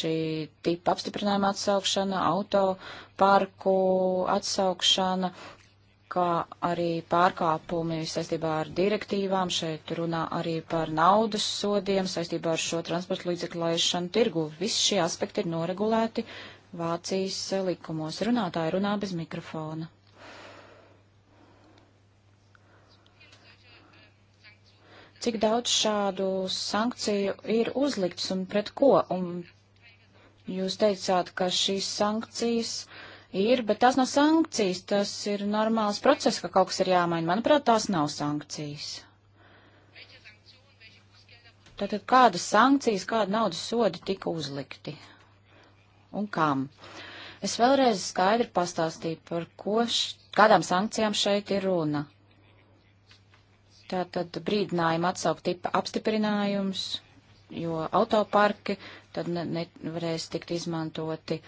šī tipa apstiprinājuma atsaukšana, auto parku atsaukšana. Uh, kā arī pārkāpumi saistībā ar direktīvām. Šeit runā arī par naudas sodiem saistībā ar šo transporta līdzekļu laišanu tirgu. Visi šie aspekti ir noregulēti Vācijas likumos. Runātāji runā bez mikrofona. Cik daudz šādu sankciju ir uzlikts un pret ko? Un jūs teicāt, ka šīs sankcijas. Uh, Ir, bet tās nav sankcijas, tas ir normāls process, ka kaut kas ir jāmaina. Manuprāt, tās nav sankcijas. Tātad kādas sankcijas, kāda naudas sodi tika uzlikti? Un kam? Es vēlreiz skaidri pastāstīju, par ko, š... kādām sankcijām šeit ir runa. Tātad brīdinājuma atsaukt tipa apstiprinājums, jo autoparki tad nevarēs ne, ne tikt izmantoti.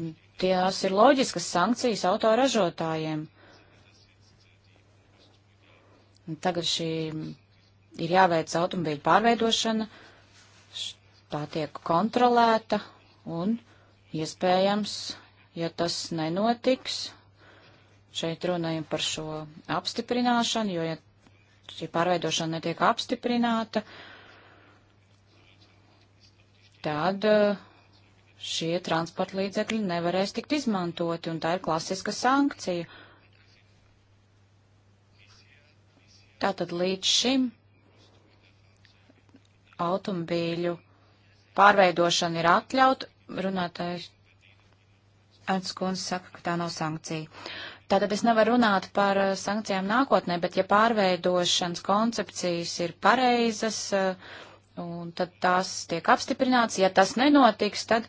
Un tās ir loģiskas sankcijas autoražotājiem. Tagad šī ir jāveic automobīļu pārveidošana, tā tiek kontrolēta un iespējams, ja tas nenotiks, šeit runājam par šo apstiprināšanu, jo ja šī pārveidošana netiek apstiprināta, tad uh, šie transporta līdzekļi nevarēs tikt izmantoti, un tā ir klasiska sankcija. Tātad līdz šim automobīļu pārveidošana ir atļauta, runātājs Atskundze saka, ka tā nav sankcija. Tātad es nevaru runāt par eh, sankcijām nākotnē, bet ja pārveidošanas koncepcijas ir pareizas, uh, un tad tās tiek apstiprināts. Ja tas nenotiks, tad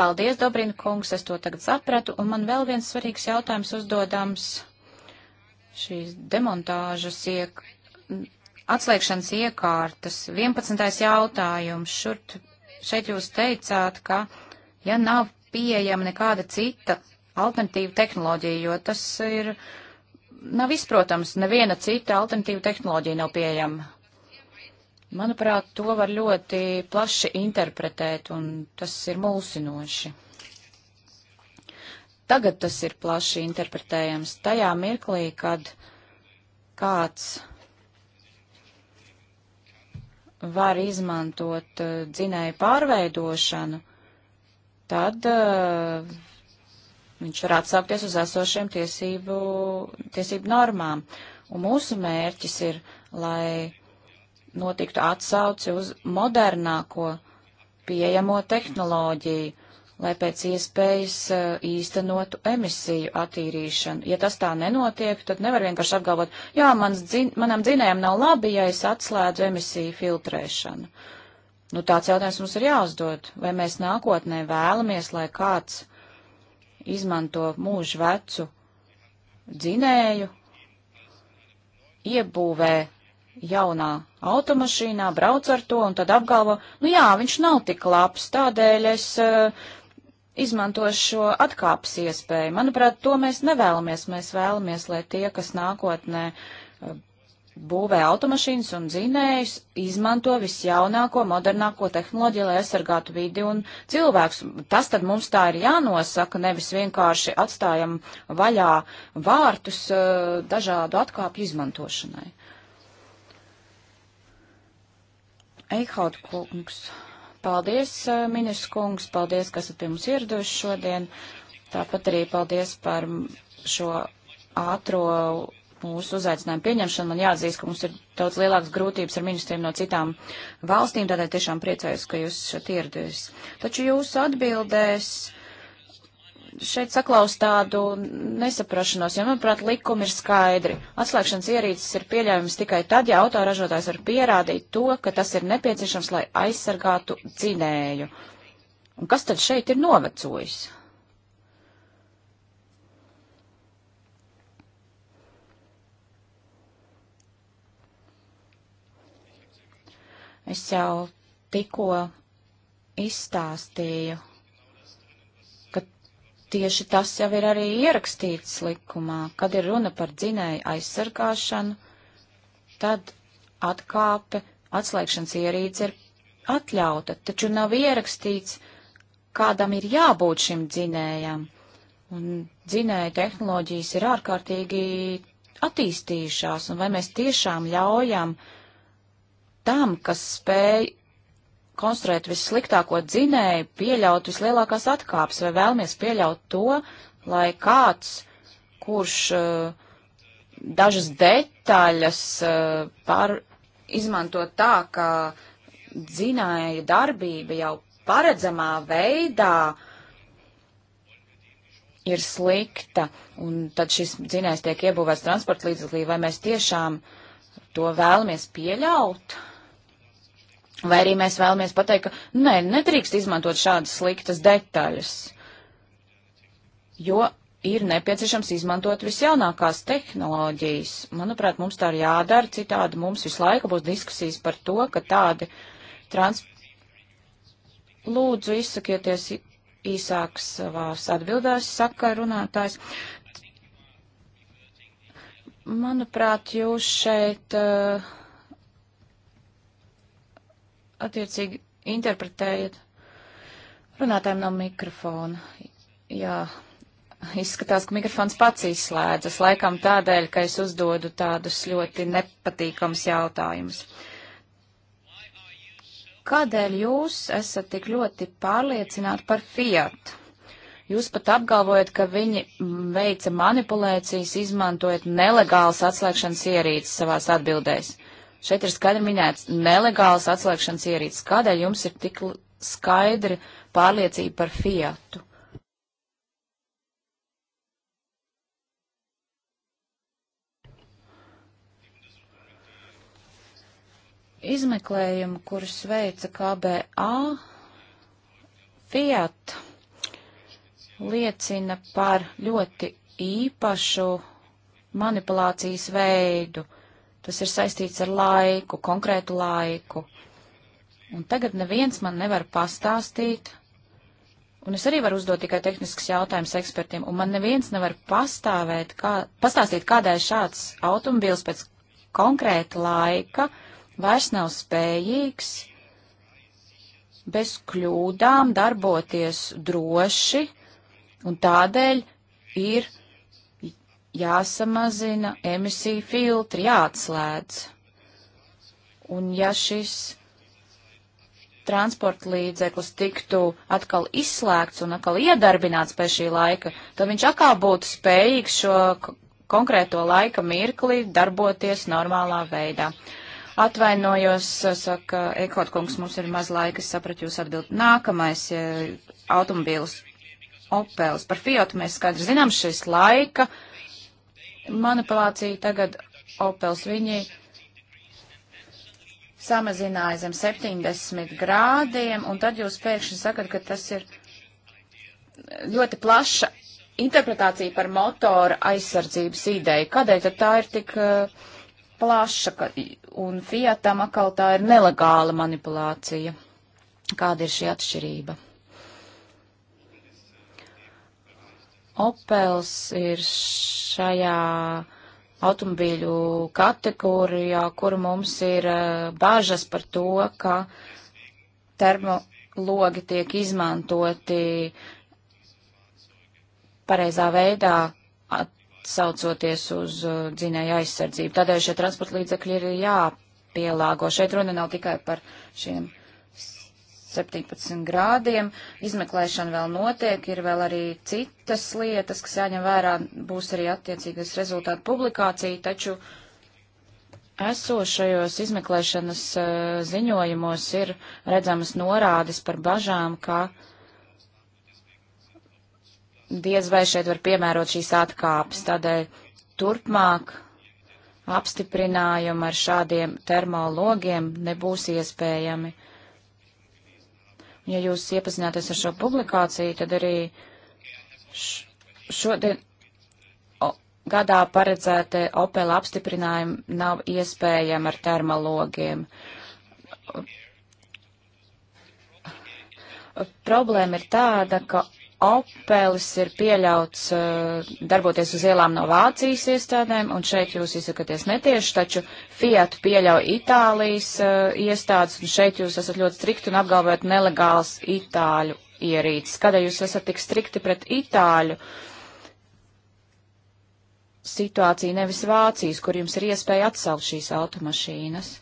paldies, Dobrina kungs, es to tagad sapratu. Un man vēl viens svarīgs jautājums uzdodams šīs demontāžas iek... atslēgšanas iekārtas. 11. jautājums. Šurt, šeit jūs teicāt, ka ja nav pieejama nekāda cita alternatīva tehnoloģija, jo tas ir. Nav izprotams, neviena cita alternatīva tehnoloģija nav pieejama. Manuprāt, to var ļoti plaši interpretēt, un tas ir mulsinoši. Tagad tas ir plaši interpretējams. Tajā mirklī, kad kāds var izmantot uh, dzinēju pārveidošanu, tad uh, viņš var atsaukties uz esošiem tiesību, tiesību normām. Un mūsu mērķis ir, lai notiktu atsauci uz modernāko pieejamo tehnoloģiju, lai pēc iespējas eh, īstenotu emisiju attīrīšanu. Ja tas tā nenotiek, tad nevar vienkārši apgalvot, jā, dzin, manam dzinējam nav labi, ja es atslēdzu emisiju filtrēšanu. Nu, tāds jautājums mums ir jāuzdod, vai mēs nākotnē vēlamies, lai kāds izmanto mūžu vecu dzinēju, iebūvē jaunā automašīnā, brauc ar to un tad apgalvo, nu jā, viņš nav tik labs, tādēļ es uh, izmantošu šo atkāpes iespēju. Manuprāt, to mēs nevēlamies. Mēs vēlamies, lai tie, kas nākotnē uh, būvē automašīnas un dzinējus, izmanto visjaunāko, modernāko tehnoloģiju, lai aizsargātu vidi un cilvēks. Tas tad mums tā ir jānosaka, nevis vienkārši atstājam vaļā vārtus uh, dažādu atkāpju izmantošanai. Eikhaut kungs, paldies, eh, ministrs kungs, paldies, kas esat pie mums ieraduši šodien. Tāpat arī paldies par šo ātro mūsu uzaicinājumu pieņemšanu. Man jāatzīst, ka mums ir daudz lielākas grūtības ar ministriem no citām valstīm, tādēļ tiešām priecājos, ka jūs šeit ieradāties. Taču jūsu atbildēs šeit saklaus tādu nesaprašanos, jo, manuprāt, likumi ir skaidri. Atslēgšanas ierīces ir pieļaujams tikai tad, ja autoražotājs var pierādīt to, ka tas ir nepieciešams, lai aizsargātu dzinēju. Un kas tad šeit ir novecojis? Es jau tikko izstāstīju tieši tas jau ir arī ierakstīts likumā, kad ir runa par dzinēju aizsargāšanu, tad atkāpe atslēgšanas ierīce ir atļauta, taču nav ierakstīts, kādam ir jābūt šim dzinējam. Un dzinēja tehnoloģijas ir ārkārtīgi attīstījušās, un vai mēs tiešām ļaujam tam, kas spēj konstruēt vissliktāko dzinēju, pieļaut vislielākās atkāpes, vai vēlamies pieļaut to, lai kāds, kurš uh, dažas detaļas uh, par, izmanto tā, ka dzinēja darbība jau paredzamā veidā ir slikta, un tad šis dzinējs tiek iebūvēts transporta līdzeklī, vai mēs tiešām to vēlamies pieļaut? Uh, Vai arī mēs vēlamies pateikt, ka nē, nedrīkst izmantot šādas sliktas detaļas, jo ir nepieciešams izmantot visjaunākās tehnoloģijas. Manuprāt, mums tā ir jādara, citādi mums visu laiku būs diskusijas par to, ka tādi trans... Lūdzu, izsakieties īsāk savās atbildēs, saka runātājs. Manuprāt, jūs šeit. Uh attiecīgi interpretējat. Runātājiem nav mikrofona. Jā, izskatās, ka mikrofons pats izslēdzas, laikam tādēļ, ka es uzdodu tādus ļoti nepatīkams jautājumus. Kādēļ jūs esat tik ļoti pārliecināti par Fiat? Jūs pat apgalvojat, ka viņi veica manipulācijas, izmantojot nelegālas atslēgšanas ierīces savās atbildēs. Šeit ir skaidri minēts nelegāls atslēgšanas ierīces. Kādēļ jums ir tik skaidri pārliecība par Fiatu? Izmeklējumu, kurus veica KBA, Fiat liecina par ļoti īpašu manipulācijas veidu. Tas ir saistīts ar laiku, konkrētu laiku. Un tagad neviens man nevar pastāstīt, un es arī varu uzdot tikai tehniskas jautājumas ekspertiem, un man neviens nevar pastāvēt, kā, pastāstīt, kādēļ šāds automobils pēc konkrēta laika vairs nav spējīgs bez kļūdām darboties droši, un tādēļ ir jāsamazina emisiju filtri, jāatslēdz. Un ja šis transporta līdzeklis tiktu atkal izslēgts un atkal iedarbināts pēc šī laika, tad viņš atkal būtu spējīgs šo konkrēto laika mirkli darboties normālā veidā. Atvainojos, saka Ekotkungs, mums ir maz laika, es sapratu jūs atbild. Nākamais automobīls Opels. Par Fiotu mēs skaidri zinām šis laika manipulāciju tagad Opels viņi samazināja zem 70 grādiem, un tad jūs pēkšņi sakat, ka tas ir ļoti plaša interpretācija par motora aizsardzības ideju. Kādēļ tad tā ir tik uh, plaša, ka, un Fiatam atkal tā ir nelegāla manipulācija? Kāda ir šī atšķirība? Opels ir šajā automobīļu kategorijā, kur mums ir eh, bažas par to, ka termologi tiek izmantoti pareizā veidā atsaucoties uz eh, dzinēju aizsardzību. Tādēļ šie transporta līdzekļi ir jāpielāgo. Šeit runa nav tikai par šiem 17 grādiem. Izmeklēšana vēl notiek, ir vēl arī citas lietas, kas jāņem vērā, būs arī attiecīgas rezultātu publikācija, taču esošajos izmeklēšanas uh, ziņojumos ir redzamas norādes par bažām, ka diez vai šeit var piemērot šīs atkāpes. Tādēļ turpmāk apstiprinājumi ar šādiem termologiem nebūs iespējami. Ja jūs iepazināties ar šo publikāciju, tad arī šodien gadā paredzētie Opel apstiprinājumi nav iespējami ar termalogiem. Problēma ir tāda, ka Opelis ir pieļauts uh, darboties uz ielām no Vācijas iestādēm, un šeit jūs izsakaties netieši, taču Fiat pieļauj Itālijas uh, iestādes, un šeit jūs esat ļoti strikti un apgalvojat nelegāls Itāļu ierīces. Kādēļ jūs esat tik strikti pret Itāļu situāciju, nevis Vācijas, kur jums ir iespēja atsaukt šīs automašīnas?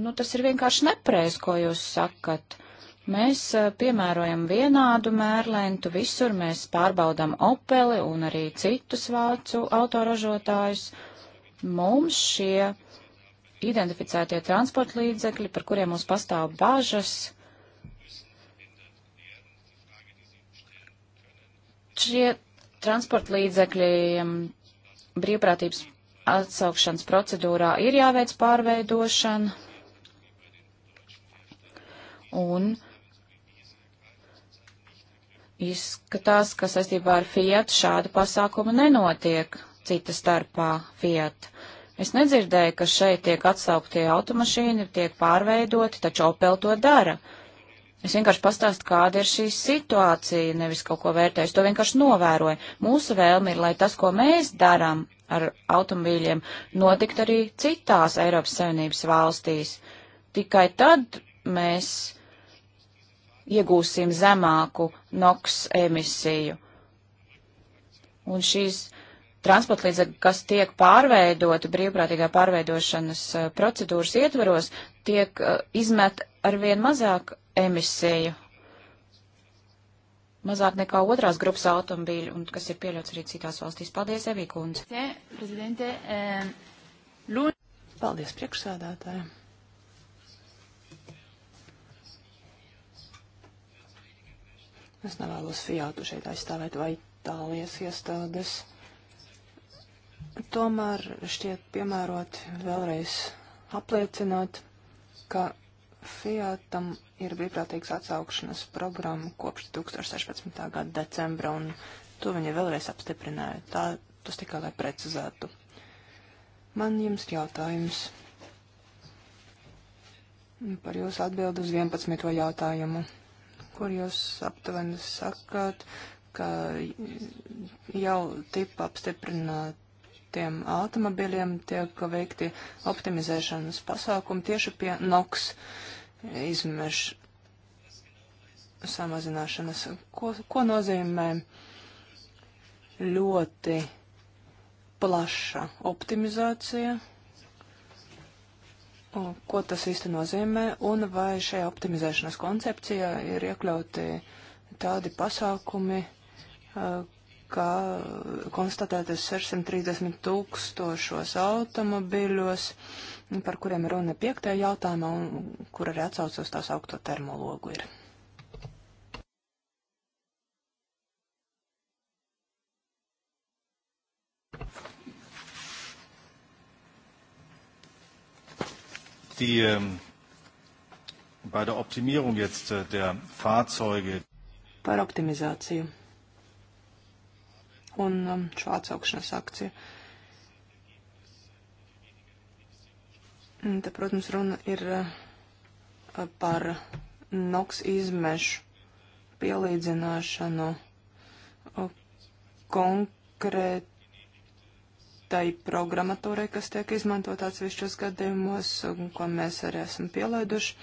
Nu, tas ir vienkārši nepreiz, ko jūs sakat. Uh, Mēs eh, piemērojam vienādu mērlentu visur, mēs pārbaudām Opeli un arī citus vācu autoražotājus. Mums šie identificētie transporta līdzekļi, par kuriem mums pastāv bažas, šie transporta līdzekļiem mm, brīvprātības atsaukšanas procedūrā ir jāveic pārveidošana. Un uh, Izskatās, ka saistībā ar Fiat šādu pasākumu nenotiek cita starpā Fiat. Es nedzirdēju, ka šeit tiek atsauktie automašīni, tiek pārveidoti, taču Opel to dara. Es vienkārši pastāstu, kāda ir šī situācija, nevis kaut ko vērtēju, es to vienkārši novēroju. Mūsu vēlme ir, lai tas, ko mēs darām ar automobīļiem, notikt arī citās Eiropas Savienības valstīs. Tikai tad mēs iegūsim zemāku NOx emisiju. Un šīs transporta līdzekļi, kas tiek pārveidoti brīvprātīgā pārveidošanas eh, procedūras ietvaros, tiek eh, izmet arvien mazāk emisiju. Mazāk nekā otrās grupas automobīļu, un kas ir pieļauts arī citās valstīs. Paldies, Evī Kundze. Eh, Paldies, priekšsēdētāji. Es nevēlos Fiatu šeit aizstāvēt vai Itālijas iestādes. Tomēr šķiet piemērot vēlreiz apliecināt, ka Fiatam ir brīvprātīgs atsaukšanas programma kopš 2016. gada decembra, un to viņa vēlreiz apstiprināja. Tā, tas tikai lai precizētu. Man jums jautājums par jūsu atbildu uz 11. jautājumu kur jūs aptuveni sakāt, ka jau tipa apstiprinātiem automobiļiem tiek veikti optimizēšanas pasākumi tieši pie NOX izmešu samazināšanas. Ko, ko nozīmē ļoti plaša optimizācija? ko tas īsti nozīmē un vai šajā optimizēšanas koncepcijā ir iekļauti tādi pasākumi, kā konstatētas 630 tūkstošos automobiļos, par kuriem runa piektajā jautājumā un kur arī atsaucos tās augto termologu ir. die ähm, bei der Optimierung jetzt äh, der Fahrzeuge. Par optimizāciju un šo atsaukšanas akciju. Te, protams, runa ir äh, par NOX izmešu pielīdzināšanu konkrēt tai programmatūrai, kas tiek izmantot atsevišķos gadījumos, ko mēs arī esam pielaiduši.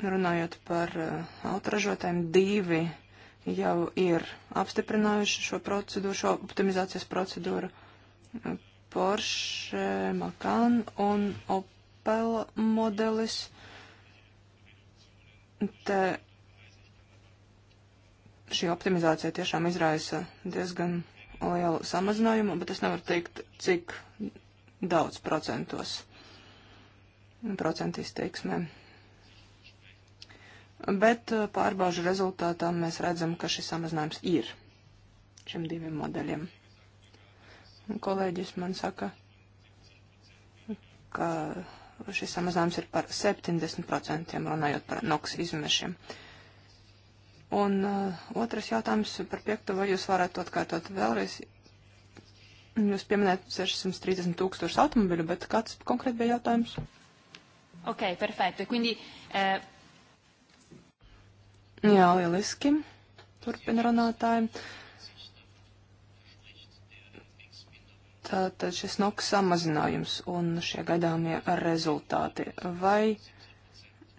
Runājot par uh, autoražotājiem, divi jau ir apstiprinājuši šo procedūru, šo optimizācijas procedūru. Porsche, Macan un Opel modelis. Te šī optimizācija tiešām izraisa diezgan lielu samazinājumu, bet es nevaru teikt, cik daudz procentos, procentu izteiksmē. Bet uh, pārbaužu rezultātā mēs redzam, ka šis samazinājums ir šiem diviem modeļiem. Un kolēģis man saka, ka šis samazinājums ir par 70% runājot par NOX izmešiem. Uh, Un uh, otrs jautājums par piekto, vai jūs varētu atkārtot vēlreiz? Jūs pieminējat 630 tūkstošus automobiļu, bet kāds konkrēti bija jautājums? Ok, perfekti. Quindi, uh... Jā, lieliski. Turpina runātāji. Tātad šis noks samazinājums un šie gaidāmie rezultāti. Vai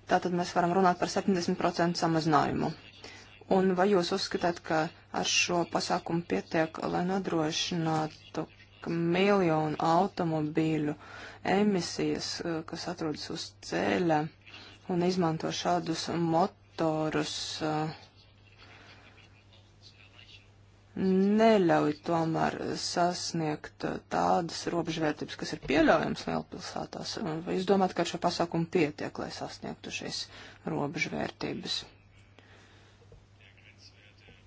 tātad mēs varam runāt par 70% samazinājumu? Un vai jūs uzskatāt, ka ar šo pasākumu pietiek, lai nodrošinātu miljonu automobīļu emisijas, eh, kas atrodas uz ceļa un izmanto šādus motorus, eh, neļauj tomēr sasniegt tādas robežvērtības, kas ir pieļaujams lielpilsētās? Vai jūs domājat, ka ar šo pasākumu pietiek, lai sasniegtu šīs robežvērtības?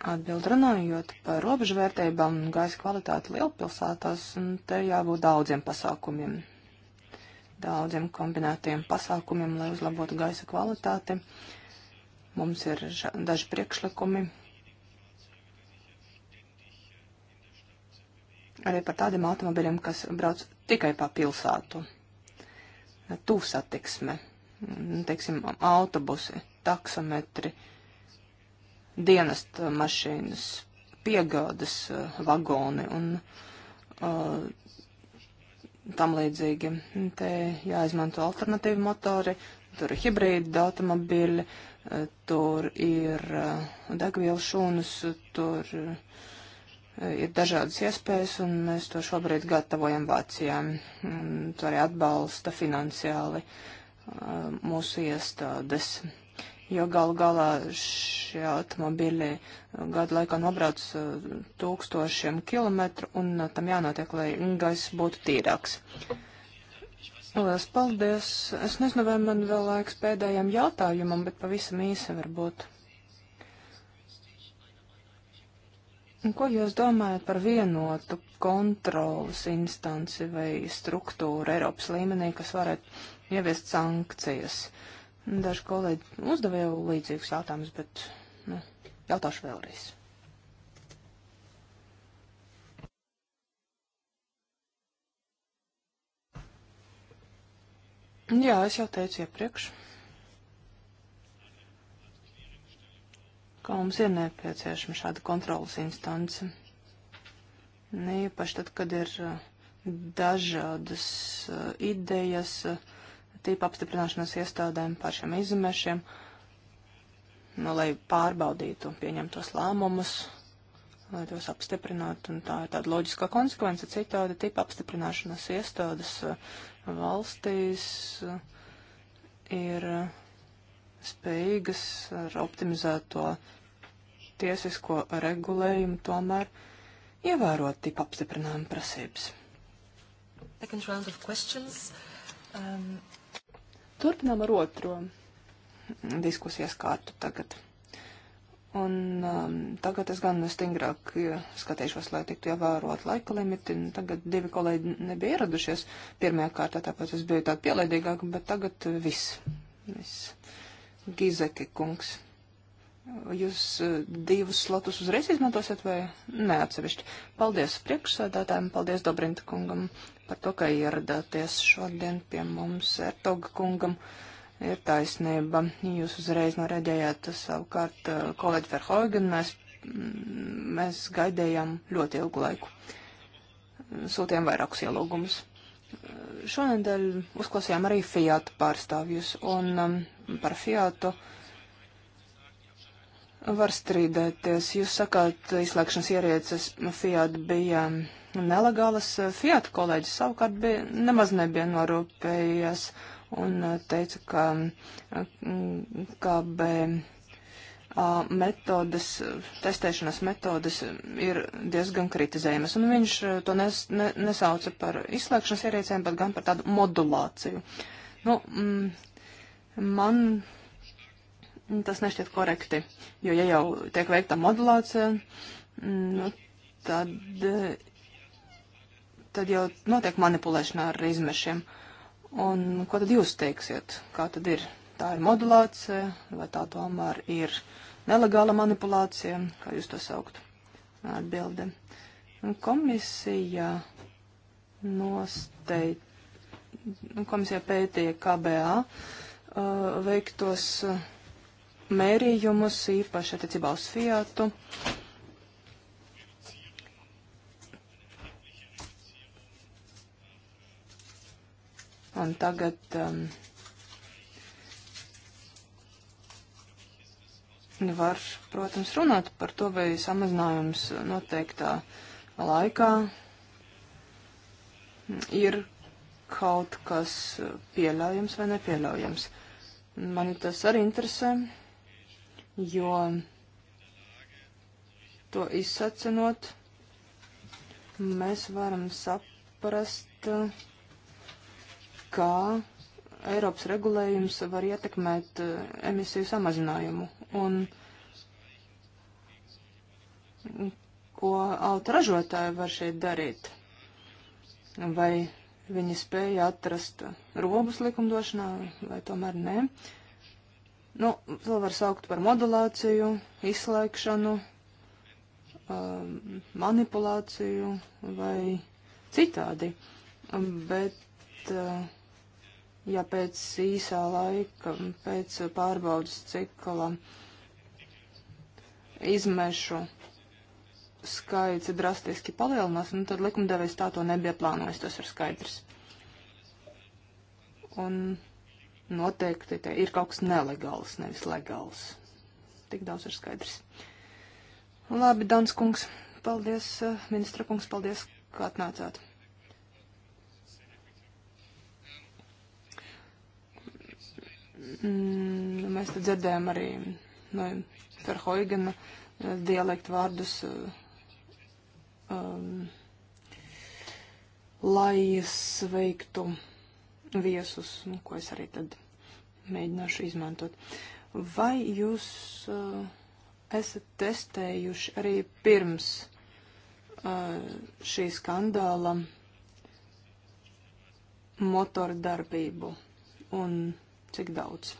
Atbild runājot par robežvērtībām un gaisa kvalitāti lielpilsētās, te jābūt daudziem pasākumiem. Daudziem kombinētiem pasākumiem, lai uzlabotu gaisa kvalitāti. Mums ir daži priekšlikumi. Arī par tādiem automobiļiem, kas brauc tikai pa pilsētu. Tūsatiksme, teiksim, autobusi, taksometri dienesta mašīnas, piegādes eh, vagoni un uh, tam līdzīgi. Te jāizmanto alternatīvi motori, tur ir hibrīda automobīļi, eh, tur ir degvielas šūnas, tur ir dažādas iespējas, un mēs to šobrīd gatavojam Vācijā. Un to arī atbalsta finansiāli mūsu iestādes. Uh, jo galu galā šie automobīļi gadu laikā nobrauc uh, tūkstošiem kilometru un uh, tam jānotiek, lai gaiss būtu tīrāks. Lielas paldies. Es nezinu, vai man vēl laiks pēdējiem jautājumam, bet pavisam īsi varbūt. Un ko jūs domājat par vienotu kontrolas instanci vai struktūru Eiropas līmenī, kas varētu ieviest sankcijas? Daži kolēģi uzdeva jau līdzīgus jautājumus, bet nu, jautāšu vēlreiz. Jā, es jau teicu iepriekš, ka mums ir nepieciešama šāda kontrolas instance. Īpaši tad, kad ir uh, dažādas uh, idejas, uh, tīpa apstiprināšanas iestādēm, pašiem izmešiem, nu, lai pārbaudītu pieņemtos lēmumus, lai tos apstiprinātu. Un tā ir tāda loģiskā konsekvence citādi tīpa apstiprināšanas iestādes uh, valstīs uh, ir uh, spējīgas ar optimizēto tiesisko regulējumu tomēr ievērot tipu apstiprinājumu prasības. Second round of questions. Um, Turpinām ar otro diskusijas kārtu tagad. Un um, tagad es gan stingrāk skatīšos, lai tiktu ievērot laika limiti. Tagad divi kolēģi nebija ieradušies pirmajā kārtā, tāpēc es biju tāda pielaidīgāka, bet tagad viss. viss. Gizeki kungs. Jūs e, divus slotus uzreiz izmantosiet vai neatsevišķi? Paldies priekšsēdētājiem, paldies Dobrinta kungam par to, ka ieradāties šodien pie mums Ertoga kungam. Ir taisnība, jūs uzreiz norēģējāt savukārt e, kolēģi Verhoigen, mēs, mēs gaidējām ļoti ilgu laiku. Sūtījām vairākus ielūgumus. Šonadēļ uzklausījām arī Fiat pārstāvjus un um, par Fiatu. Uh, var strīdēties. Jūs sakāt, izslēgšanas ierieces Fiat bija nelegālas. Fiat kolēģis savukārt bija, nemaz nebija norūpējies un teica, ka KB metodas, testēšanas metodas ir diezgan kritizējamas. Un viņš to nes, ne, nesauca par izslēgšanas ierīcēm, bet gan par tādu modulāciju. Nu, mm, man Tas nešķiet korekti, jo ja jau tiek veikta modulācija, mm, nu, tad, tad jau notiek manipulēšana ar izmešiem. Un ko tad jūs teiksiet? Kā tad ir? Tā ir modulācija, vai tā tomēr ir nelegāla manipulācija, kā jūs to saukt? Atbilde. Komisija nosteit, nu, komisija pētīja KBA uh, veiktos. Uh, mērījumus, īpaši attiecībā uz Fiatu. Un tagad um, var, protams, runāt par to, vai samazinājums noteiktā laikā ir kaut kas pieļaujams vai nepieļaujams. Mani tas arī interesē jo to izsacinot, mēs varam saprast, kā Eiropas regulējums var ietekmēt eh, emisiju samazinājumu un ko auto ražotāji var šeit darīt. Vai viņi spēja atrast robus likumdošanā, vai tomēr nē. Uh, Nu, to var saukt par modulāciju, izslēgšanu, um, manipulāciju vai citādi. Um, bet, uh, ja pēc īsā laika, pēc pārbaudas cikla izmešu skaits drastiski palielinās, nu, tad likumdevējs tā to nebija plānojis, tas ir skaidrs. Un noteikti te ir kaut kas nelegāls, nevis legāls. Tik daudz ir skaidrs. Labi, Dans kungs, paldies, eh, ministra kungs, paldies, kā atnācāt. Mm, mēs te dzirdējām arī no Ferhoigena eh, dialektu vārdus. Eh, um, lai sveiktu viesus, nu, ko es arī tad mēģināšu izmantot. Vai jūs uh, esat testējuši arī pirms uh, šī skandāla motordarbību un cik daudz?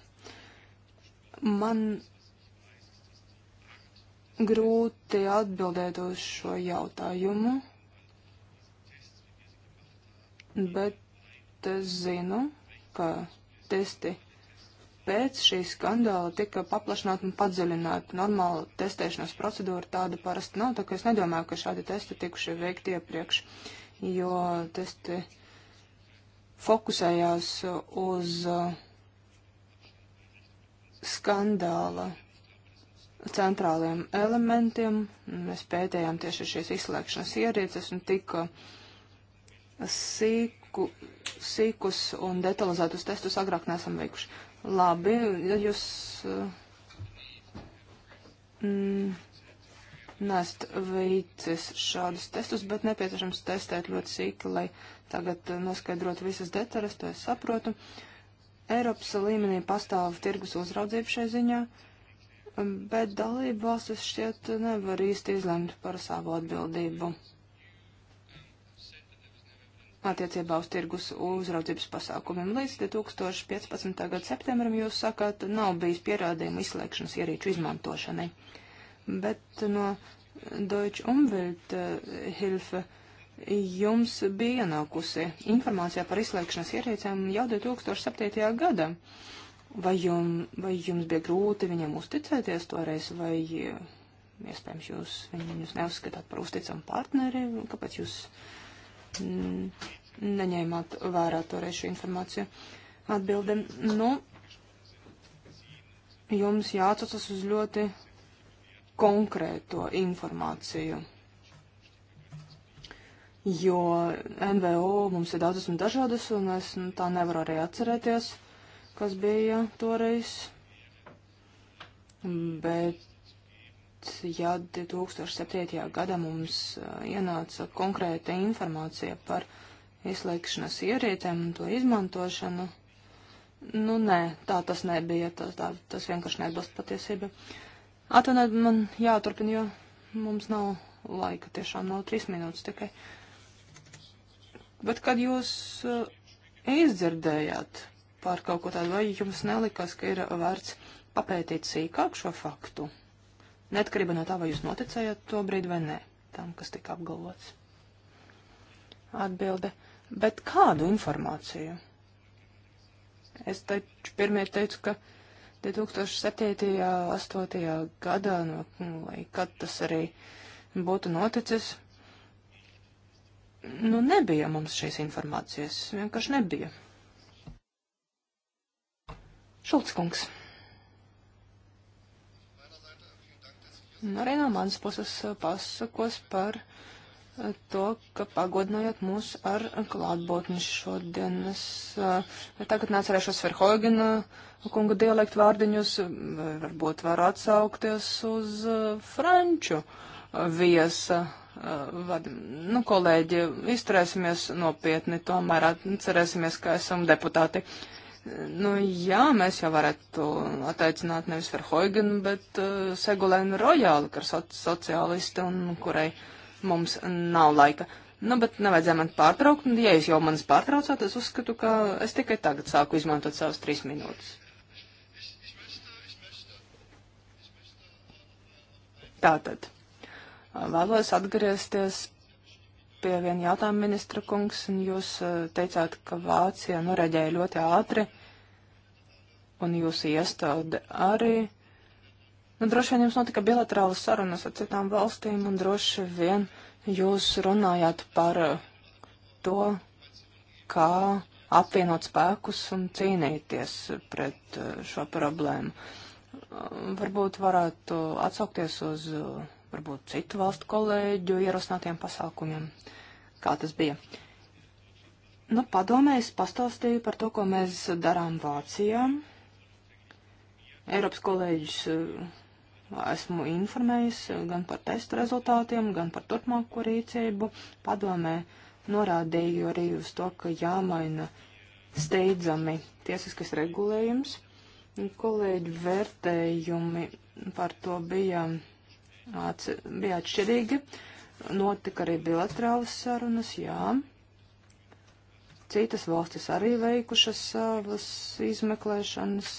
Man grūti atbildēt uz šo jautājumu, bet es zinu, ka testi pēc šī skandāla tika paplašināta un padziļināta. Normāla testēšanas procedūra tāda parasti nav, tā ka es nedomāju, ka šādi testi tikuši veikti iepriekš, jo testi fokusējās uz uh, skandāla centrāliem elementiem. Mēs pētējām tieši šīs izslēgšanas ierīces un tika sīku sīkus un detalizētus testus agrāk nesam veikuši. Labi, ja jūs eh, mm, nesat veicis šādus testus, bet nepieciešams testēt ļoti sīki, lai tagad eh, noskaidrotu visas detaļas, to es saprotu. Eiropas līmenī pastāv tirgus uzraudzība šai ziņā, bet dalību valstis šķiet nevar īsti izlemt par savu atbildību attiecībā uz tirgus uzraudzības pasākumiem. Līdz 2015. gada septembrim jūs sakāt, nav bijis pierādījumu izslēgšanas ierīču izmantošanai. Bet no Deutsche Umwelt eh, Hilfe jums bija ienākusi informācija par izslēgšanas ierīcēm jau 2007. gadā. Vai, jum, vai jums bija grūti viņiem uzticēties toreiz, vai eh, iespējams jūs viņus neuzskatāt par uzticamu partneri? Kāpēc jūs? Uh, neņēmāt vērā toreiz šo informāciju. Atbilde, nu, jums jāatcaucas uz ļoti konkrēto informāciju. Jo NVO mums ir daudzas un dažādas, un es nu, tā nevaru arī atcerēties, kas bija toreiz. Bet ja 2007. gadā mums ienāca konkrēta informācija par izslēgšanas ierītēm un to izmantošanu, nu nē, tā tas nebija, tas, tā, tas vienkārši neatbilst patiesībai. Atvainojiet, man jāturpina, jo mums nav laika, tiešām nav trīs minūtes tikai. Bet kad jūs uh, izdzirdējāt par kaut ko tādu, vai jums nelikās, ka ir vērts papētīt sīkāk šo faktu? Netkarība no tā, vai jūs noticējat to brīdi vai nē, tam, kas tika apgalvots. Atbilde. Bet kādu informāciju? Es taču pirmie teicu, ka 2007. 8. gadā, no, nu, lai kad tas arī būtu noticis, nu nebija mums šīs informācijas, vienkārši nebija. Šulckungs. Un nu, arī no manas puses uh, pasakos par uh, to, ka pagodinājāt mūs ar klātbūtni šodien. Es uh, tagad neatcerēšos Verhoigina kunga dialektu vārdiņus, varbūt var atsaukties uz franču viesa. Vad, nu, kolēģi, izturēsimies nopietni, tomēr atcerēsimies, ka esam deputāti. Uh, Nu, jā, mēs jau varētu atteicināt nevis Verhoigenu, bet uh, Segulēnu Rojālu, kas ir soci sociālisti un kurai mums nav laika. Nu, bet nevajadzēja man pārtraukt, un ja jūs jau manis pārtraucāt, es uzskatu, ka es tikai tagad sāku izmantot savas trīs minūtes. Tātad, vēlos atgriezties pie viena jautājuma, ministra kungs, un jūs eh, teicāt, ka Vācija nu reaģēja ļoti ātri, un jūsu iestāde arī. Nu, droši vien jums notika bilaterālas sarunas ar citām valstīm, un droši vien jūs runājāt par eh, to, kā apvienot spēkus un cīnīties pret eh, šo problēmu. Varbūt varētu atsaukties uz varbūt citu valstu kolēģu ierosinātiem pasākumiem, kā tas bija. Nu, padomē es pastāstīju par to, ko mēs darām Vācijā. Eiropas kolēģis eh, esmu informējis gan par testu rezultātiem, gan par turpmāko rīcību. Padomē norādīju arī uz to, ka jāmaina steidzami tiesiskais regulējums. Kolēģi vērtējumi par to bija Ats, bija atšķirīgi. Notika arī bilaterālas sarunas, jā. Citas valstis arī veikušas savas izmeklēšanas.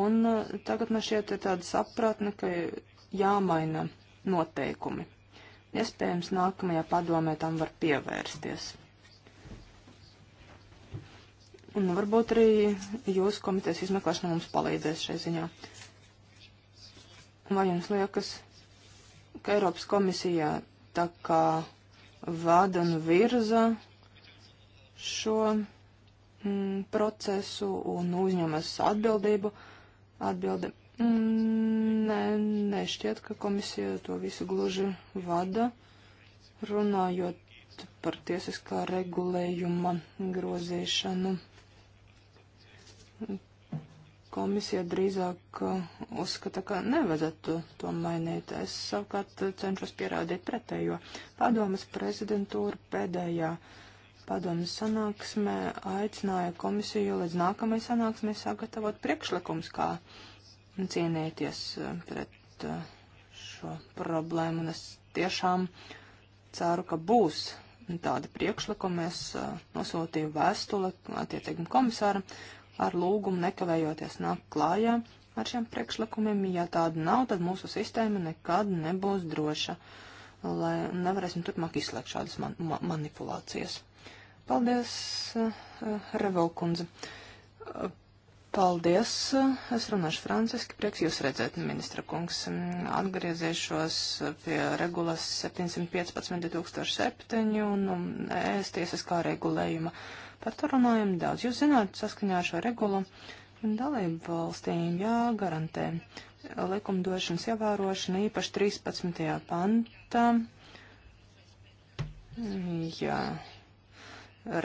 Un eh, tagad man šķiet ir tāda sapratne, ka jāmaina noteikumi. Iespējams, nākamajā padomē tam var pievērsties. Un varbūt arī jūsu komitejas izmeklēšana mums palīdzēs šai ziņā. Uh, Vai jums liekas, ka Eiropas komisijā tā kā vada un virza šo mm, procesu un uzņemas atbildību? Atbildi. Mm, nē, nešķiet, ka komisija to visu gluži vada, runājot par tiesiskā regulējuma grozīšanu komisija drīzāk uh, uzskata, ka nevajadzētu to mainīt. Es savukārt uh, cenšos pierādīt pretējo. Padomas prezidentūra pēdējā padomas sanāksmē aicināja komisiju līdz nākamajai sanāksmē sagatavot priekšlikums, kā cīnīties uh, pret šo problēmu. Un es tiešām ceru, ka būs tāda priekšlikuma. Es nosūtīju vēstuli attiecīgam komisāram ar lūgumu nekavējoties nāk klājā ar šiem priekšlikumiem. Ja tāda nav, tad mūsu sistēma nekad nebūs droša, lai nevarēsim turpmāk izslēgt šādas man ma manipulācijas. Paldies, uh, eh, eh, Revolkundze. Uh, eh, paldies, uh, es runāšu franciski, prieks jūs redzēt, ministra kungs. Mm, atgriezīšos pie regulas 715 2007 un um, mm, ēst tiesiskā regulējuma. Uh, Par to runājam daudz. Jūs zināt, saskaņā ar šo regulu dalību valstīm jāgarantē likumdošanas ievērošana īpaši 13. pantā. Jā,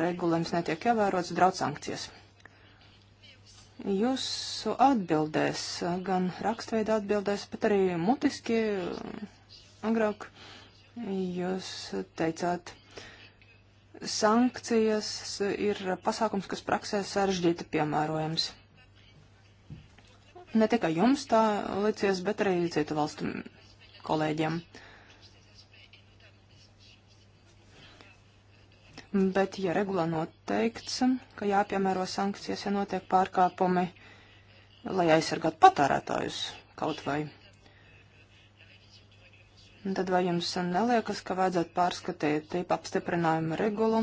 regulējums netiek ievērots, draudz sankcijas. Jūsu atbildēs, gan rakstveida atbildēs, bet arī mutiski agrāk, jūs teicāt, sankcijas ir pasākums, kas praksē sarežģīti piemērojams. Ne tikai jums tā licies, bet arī citu valstu kolēģiem. Bet, ja regulā noteikts, ka jāpiemēro sankcijas, ja notiek pārkāpumi, lai aizsargātu patērētājus kaut vai. Un tad vai jums neliekas, ka vajadzētu pārskatīt apstiprinājumu regulu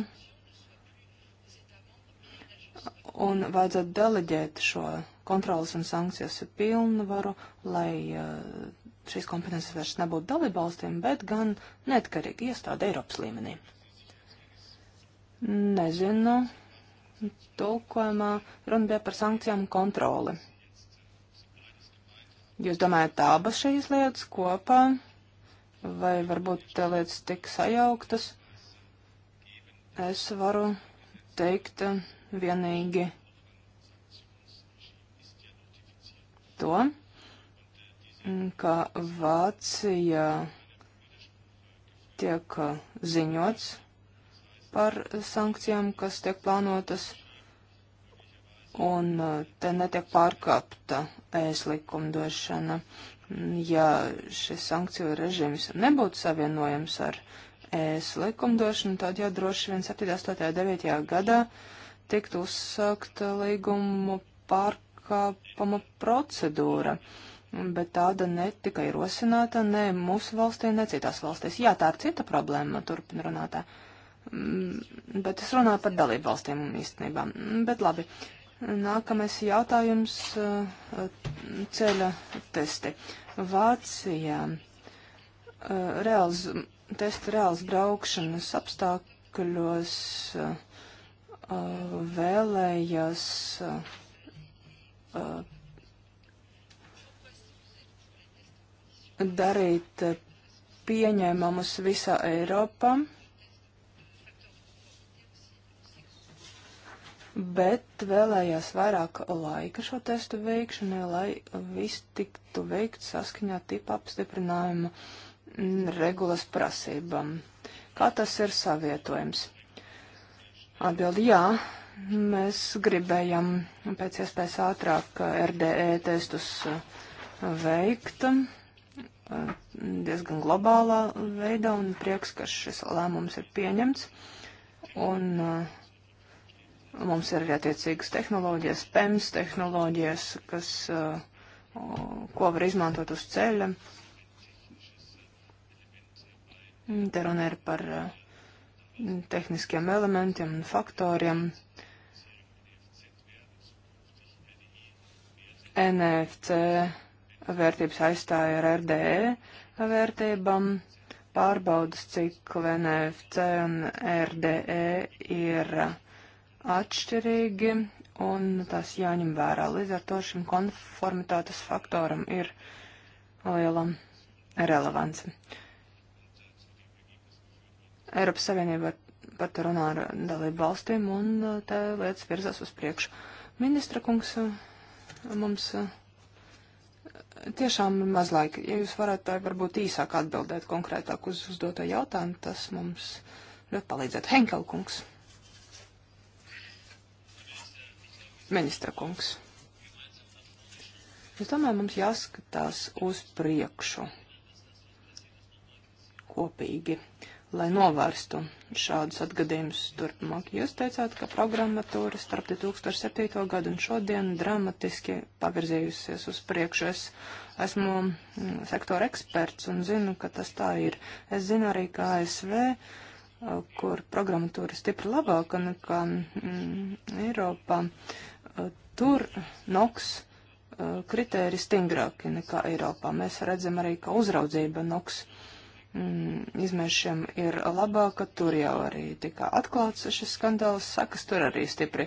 un vajadzētu deleģēt šo kontrolas un sankcijas pilnvaru, lai eh, šīs kompetences vairs nebūtu dalībvalstīm, bet gan neatkarīgi iestāde Eiropas līmenī. Nezinu, tulkojumā runa bija par sankcijām kontroli. Jūs domājat abas šīs lietas kopā? vai varbūt lietas tik sajauktas. Es varu teikt vienīgi to, ka Vācija tiek ziņots par sankcijām, kas tiek plānotas, un te netiek pārkāpta ēs likumdošana ja šis sankciju režīms nebūtu savienojams ar ES likumdošanu, tad jau droši vien 7.8.9. gadā tiktu uzsākt līgumu pārkāpuma procedūra. Bet tāda netika ierosināta ne mūsu valstī, ne citās valstīs. Jā, tā ir cita problēma, turpina runātā. Mm, bet es runāju par dalību valstīm īstenībā. Mm, bet labi, Nākamais jautājums eh, - ceļa testi. Vācijā eh, reāls, testi reāls braukšanas apstākļos eh, vēlējas darīt pieņēmumus visā Eiropā. bet vēlējās vairāk laika šo testu veikšanai, lai viss tiktu veikts saskaņā tipa apstiprinājuma regulas prasībām. Kā tas ir savietojams? Atbildi jā, mēs gribējam pēc iespējas ātrāk RDE testus uh, veikt uh, diezgan globālā veidā un prieks, ka šis lēmums ir pieņemts. Un uh, Mums ir arī attiecīgas tehnoloģijas, PEMS tehnoloģijas, kas, uh, ko var izmantot uz ceļa. Te runa ir par uh, tehniskiem elementiem un faktoriem. NFC vērtības aizstāja ar RDE vērtībām. Pārbaudas cikli NFC un RDE ir uh, atšķirīgi, un tas jāņem vērā. Līdz ar to šim konformitātes faktoram ir liela relevance. Eiropas Savienība pat runā ar dalību valstīm, un uh, tā lietas virzās uz priekšu. Ministra kungs, uh, mums uh, tiešām maz laika. Ja jūs varētu varbūt īsāk atbildēt konkrētāk uz uzdoto jautājumu, tas mums ļoti palīdzētu. Henkel kungs. Ministra kungs. Es domāju, mums jāskatās uz priekšu kopīgi, lai novērstu šādus atgadījumus turpmāk. Jūs teicāt, ka programmatūra starp 2007. gadu un šodien dramatiski pavirzījusies uz priekšu. Es esmu mm, sektora eksperts un zinu, ka tas tā ir. Es zinu arī, ka ASV uh, kur programmatūra ir stipri labāka nekā mm, Eiropā. Uh, Tur NOX kritēri stingrāki nekā Eiropā. Mēs redzam arī, ka uzraudzība NOX mm, izmešiem ir labāka, tur jau arī tika atklāts šis skandāls, sakas tur arī stipri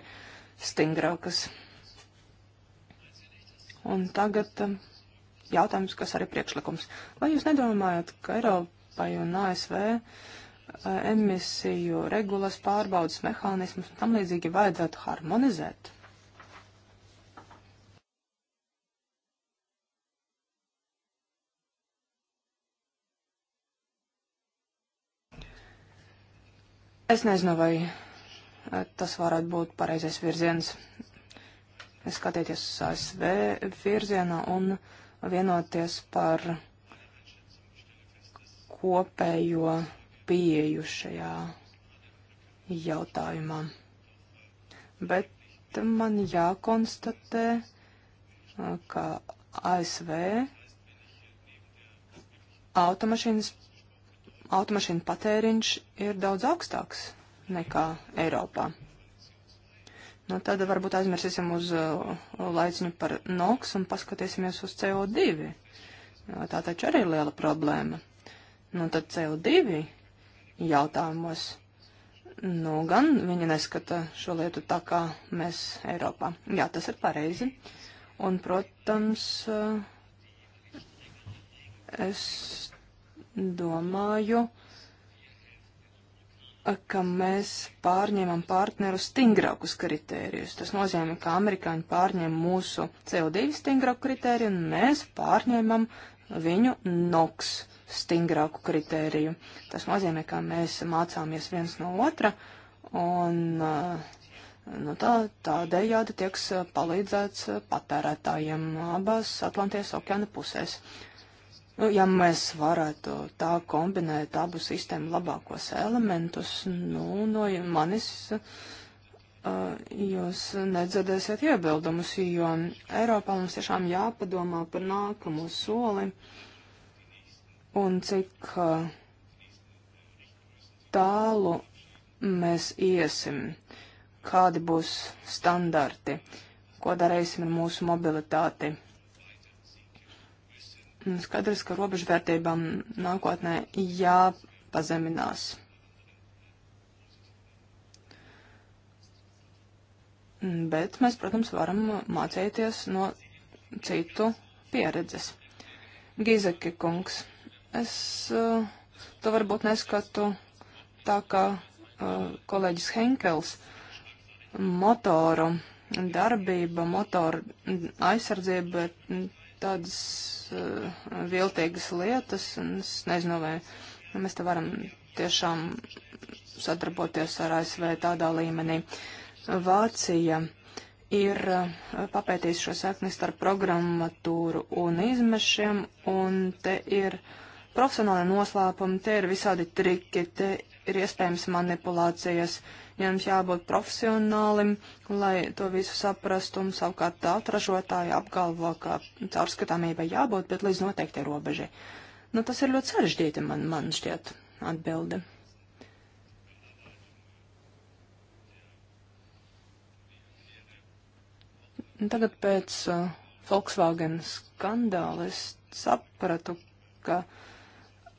stingrākas. Un tagad jautājums, kas arī priekšlikums. Vai jūs nedomājat, ka Eiropai un ASV emisiju regulas pārbaudas mehānismus un tam līdzīgi vajadzētu harmonizēt? Es nezinu, vai eh, tas varētu būt pareizais virziens. Skatieties uz ASV virzienā un vienoties par kopējo pieeju šajā jautājumā. Bet man jākonstatē, eh, ka ASV automašīnas automašīnu patēriņš ir daudz augstāks nekā Eiropā. Nu, tad varbūt aizmirsīsim uz uh, laiciņu par NOX un paskatīsimies uz CO2. Jo nu, tā taču arī ir liela problēma. Nu, tad CO2 jautājumos, nu, gan viņi neskata šo lietu tā, kā mēs Eiropā. Jā, tas ir pareizi. Un, protams, uh, es domāju, ka mēs pārņemam partneru stingrākus kritērijus. Tas nozīmē, ka amerikāņi pārņem mūsu CO2 stingrāku kritēriju un mēs pārņemam viņu NOX stingrāku kritēriju. Tas nozīmē, ka mēs mācāmies viens no otra un uh, nu, tā, tādējādi tieks uh, palīdzēts uh, patērētājiem abās Atlantijas okeāna pusēs. Uh, Nu, ja mēs varētu tā kombinēt abu sistēmu labākos elementus, nu, no manis uh, jūs nedzirdēsiet iebildumus, jo Eiropā mums tiešām jāpadomā par nākamo soli un cik uh, tālu mēs iesim, kādi būs standarti, ko darīsim ar mūsu mobilitāti Skaidrs, ka robežvērtībām nākotnē jāpazeminās. Bet mēs, protams, varam mācīties no citu pieredzes. Gizeki kungs, es eh, to varbūt neskatu tā kā eh, kolēģis Henkels motoru darbība, motoru aizsardzība, bet tādas uh, viltīgas lietas, un es nezinu, vai nu, mēs te varam tiešām sadarboties ar ASV tādā līmenī. Vācija ir uh, papētījis šo sakni starp programmatūru un izmešiem, un te ir profesionāli noslēpumi, te ir visādi triki, te ir iespējams manipulācijas. Jums jābūt profesionālim, lai to visu saprastu, un savukārt atražotāji apgalvo, ka caurskatāmībai jābūt, bet līdz noteikti robežai. Nu, tas ir ļoti sarežģīti, man, man šķiet, atbildi. Tagad pēc uh, Volkswagen skandāla es sapratu, ka uh,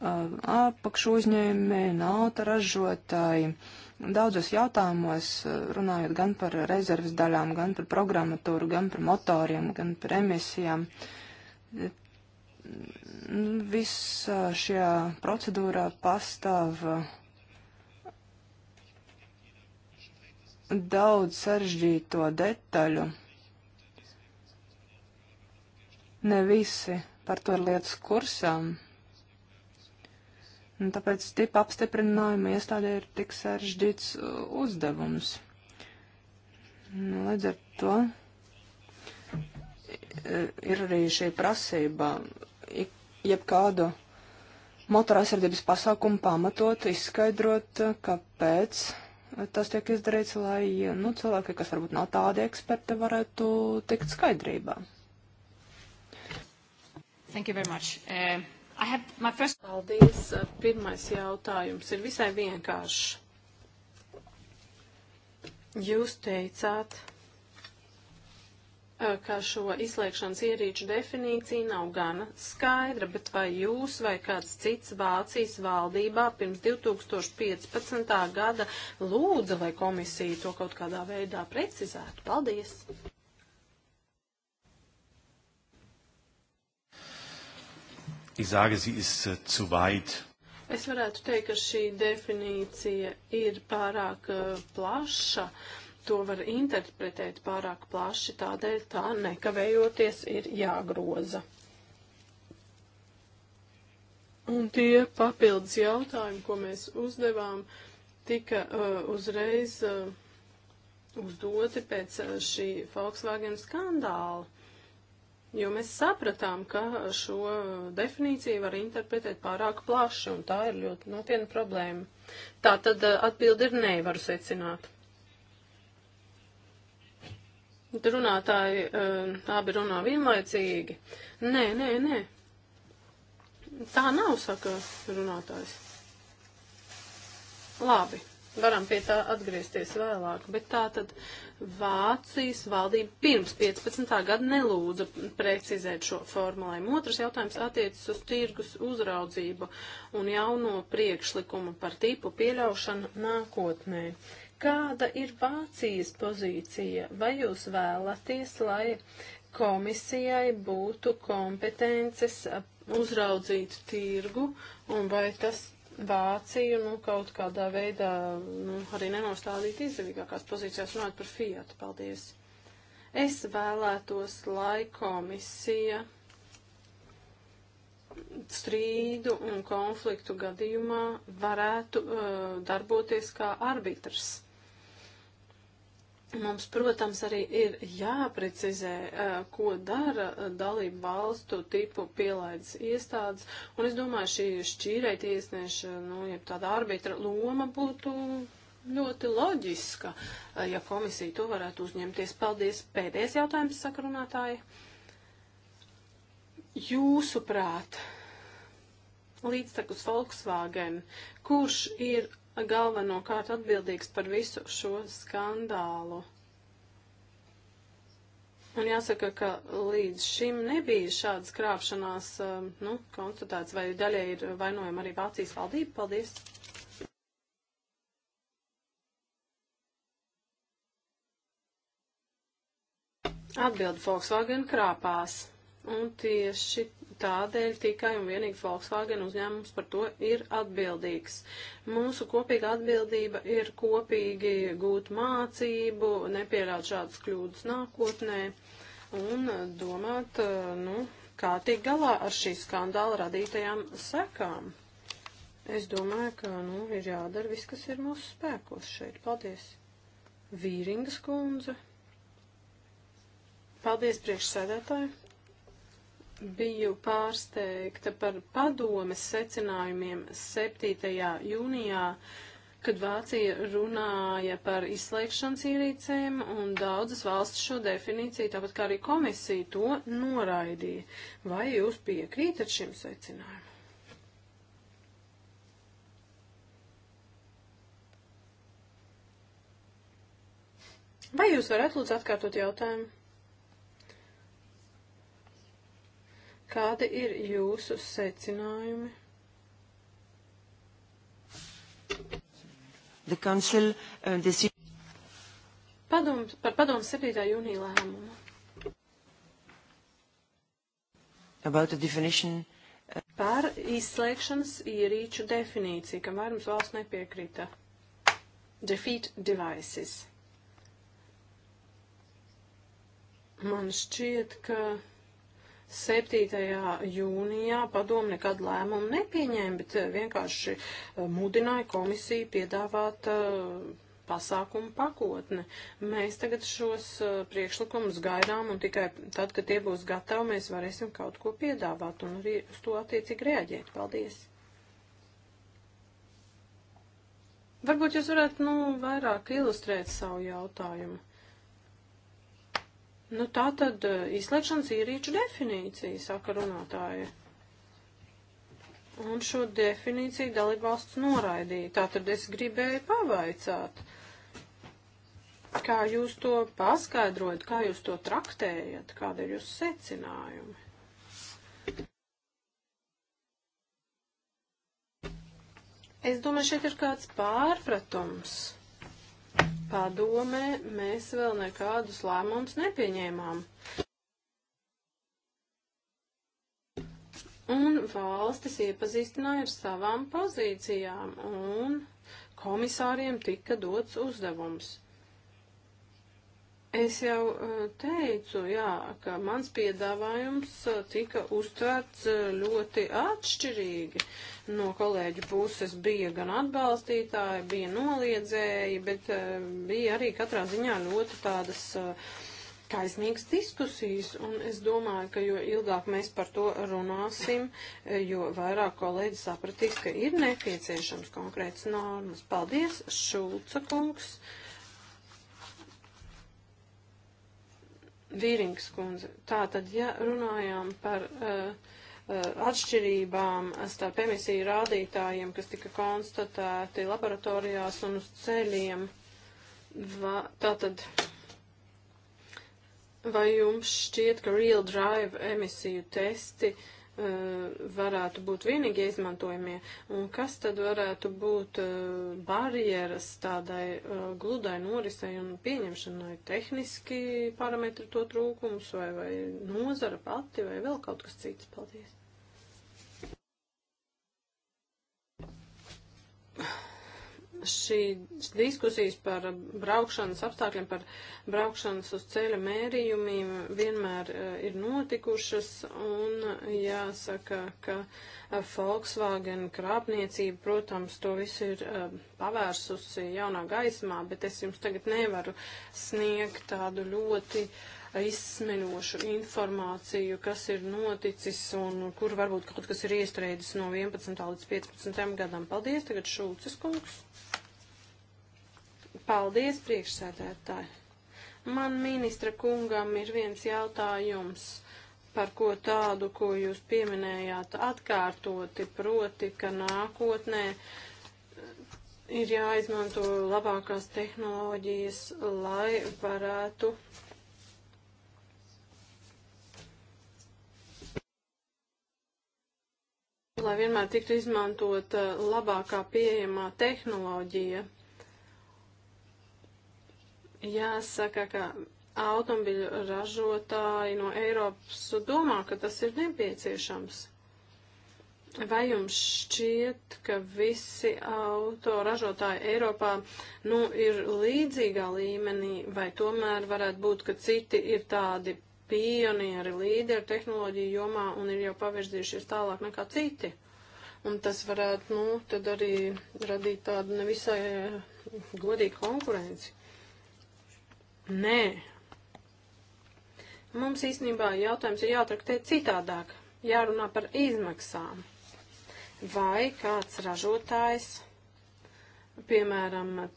Um, apakšu uzņēmēji, nauta ražotāji. Daudzos jautājumos, uh, runājot gan par rezerves daļām, gan par programmatūru, gan par motoriem, gan par emisijām, visā šajā procedūrā pastāv uh, daudz sarežģīto detaļu. Ne visi par to ir lietas kursām. Un tāpēc tipa apstiprinājuma iestādē ir tik sarežģīts uh, uzdevums. Nu, līdz ar to ir arī šī prasība jebkādu motorāsardības pasākumu pamatot, izskaidrot, uh, kāpēc uh, tas tiek izdarīts, lai nu, cilvēki, kas varbūt nav tādi eksperti, varētu tikt skaidrībā. Thank you very much. Uh, First... Paldies. Pirmais jautājums ir visai vienkāršs. Jūs teicāt, ka šo izslēgšanas ierīču definīcija nav gana skaidra, bet vai jūs vai kāds cits Vācijas valdībā pirms 2015. gada lūdza, lai komisija to kaut kādā veidā precizētu? Paldies! Ich sage, sie ist uh, zu weit. Es varētu teikt, ka šī definīcija ir pārāk uh, plaša. To var interpretēt pārāk plaši, tādēļ tā nekavējoties ir jāgroza. Un tie papildus jautājumi, ko mēs uzdevām, tika uh, uzreiz uh, uzdoti pēc uh, šī Volkswagen skandāla. Jo mēs sapratām, ka šo definīciju var interpretēt pārāk plaši, un tā ir ļoti nopietna problēma. Tā tad eh, atbildi ir nē, varu secināt. Runātāji eh, abi runā vienlaicīgi. Nē, nē, nē. Tā nav, saka runātājs. Labi, varam pie tā atgriezties vēlāk, bet tā tad Vācijas valdība pirms 15. gada nelūdza precizēt šo formulējumu. Otrs jautājums attiecas uz tirgus uzraudzību un jauno priekšlikumu par tipu pieļaušanu nākotnē. Kāda ir Vācijas pozīcija? Vai jūs vēlaties, lai komisijai būtu kompetences uh, uzraudzīt tirgu un vai tas Vāciju nu, kaut kādā veidā nu, arī nenostādīt izdevīgākās pozīcijās runāt par Fiat. Paldies! Es vēlētos, lai komisija strīdu un konfliktu gadījumā varētu uh, darboties kā arbitrs Mums, protams, arī ir jāprecizē, ko dara dalību valstu tipu pielaides iestādes, un es domāju, šī šķīrei tiesneša, nu, ja tāda arbitra loma būtu ļoti loģiska, ja komisija to varētu uzņemties. Paldies. Pēdējais jautājums, sakarunātāji. Jūsuprāt, līdztekus Volkswagen, kurš ir galvenokārt atbildīgs par visu šo skandālu. Un jāsaka, ka līdz šim nebija šādas krāpšanās, um, nu, konstatēts, vai daļai ir vainojama arī Vācijas valdība. Paldies! Atbild Volkswagen krāpās. Un tieši tādēļ tikai un vienīgi Volkswagen uzņēmums par to ir atbildīgs. Mūsu kopīga atbildība ir kopīgi gūt mācību, nepieļaut šādas kļūdas nākotnē un domāt, eh, nu, kā tikt galā ar šī skandāla radītajām sekām. Es domāju, ka, nu, ir jādara viss, kas ir mūsu spēkos šeit. Paldies! Vīringas kundze. Paldies priekšsēdētāji! biju pārsteigta par padomes secinājumiem 7. jūnijā, kad Vācija runāja par izslēgšanas ierīcēm, un daudzas valstis šo definīciju, tāpat kā arī komisija, to noraidīja. Vai jūs piekrītat šim secinājumam? Vai jūs varat lūdzu atkārtot jautājumu? Kādi ir jūsu secinājumi? The council, uh, this... Padom, par padomu 7. jūnija lēmumu. About the definition uh, par izslēgšanas ierīču definīciju, kam vairums valsts nepiekrita. Defeat devices. Man šķiet, ka 7. jūnijā padomu nekad lēmumu nepieņēma, bet eh, vienkārši eh, mudināja komisiju piedāvāt eh, pasākumu pakotne. Mēs tagad šos priekšlikumus gaidām un tikai tad, kad tie būs gatavi, mēs varēsim kaut ko piedāvāt un arī uz to attiecīgi reaģēt. Paldies! Varbūt jūs varētu, nu, vairāk ilustrēt savu jautājumu. Nu, tā tad e, izslēgšanas ierīču definīcija, saka runātāja. Un šo definīciju dalībvalsts noraidīja. Tātad es gribēju pavaicāt, kā jūs to paskaidrojat, kā jūs to traktējat, kāda ir jūsu secinājumi. Es domāju, šeit ir kāds pārpratums padomē mēs vēl nekādus lēmumus nepieņēmām. Un valstis iepazīstināja ar savām pozīcijām, un komisāriem tika dots uzdevums. Es jau e, teicu, jā, ka mans piedāvājums e, tika uztvērts e, ļoti atšķirīgi. No kolēģu puses bija gan atbalstītāji, bija noliedzēji, bet bija arī katrā ziņā ļoti tādas kaismīgas diskusijas. Un es domāju, ka jo ilgāk mēs par to runāsim, jo vairāk kolēģi sapratīs, ka ir nepieciešams konkrēts normas. Paldies, Šulca kungs! Vīrings kundze. Tātad, ja runājām par uh, atšķirībām starp emisiju rādītājiem, kas tika konstatēti laboratorijās un uz ceļiem, va, tātad, vai jums šķiet, ka real drive emisiju testi uh, E, varētu būt vienīgi izmantojamie, un kas tad varētu būt e, barjeras tādai e, gludai norisei un pieņemšanai tehniski parametri to trūkums, vai, vai nozara pati, vai vēl kaut kas cits. Paldies! šīs diskusijas par braukšanas apstākļiem, par braukšanas uz ceļa mērījumiem vienmēr e, ir notikušas, un jāsaka, ka e, Volkswagen krāpniecība, protams, to visu ir e, pavērsusi jaunā gaismā, bet es jums tagad nevaru sniegt tādu ļoti izsmeļošu informāciju, kas ir noticis un kur varbūt kaut kas ir iestrēdzis no 11. līdz 15. gadam. Paldies, tagad Šulcis kungs. Paldies, priekšsēdētāji. Man ministra kungam ir viens jautājums par ko tādu, ko jūs pieminējāt atkārtoti, proti, ka nākotnē ir jāizmanto labākās tehnoloģijas, lai varētu lai vienmēr tiktu izmantota eh, labākā pieejamā tehnoloģija. Jāsaka, ka automobiļu ražotāji no Eiropas domā, ka tas ir nepieciešams. Vai jums šķiet, ka visi autoražotāji Eiropā nu, ir līdzīgā līmenī, vai tomēr varētu būt, ka citi ir tādi pionieri, līderi tehnoloģiju jomā un ir jau pavirzījušies tālāk nekā citi? Un tas varētu nu, arī radīt tādu nevisai godīgu konkurenci. Nē. Mums īstenībā jautājums ir jātraktē citādāk. Jārunā par izmaksām. Vai kāds ražotājs, piemēram, eh,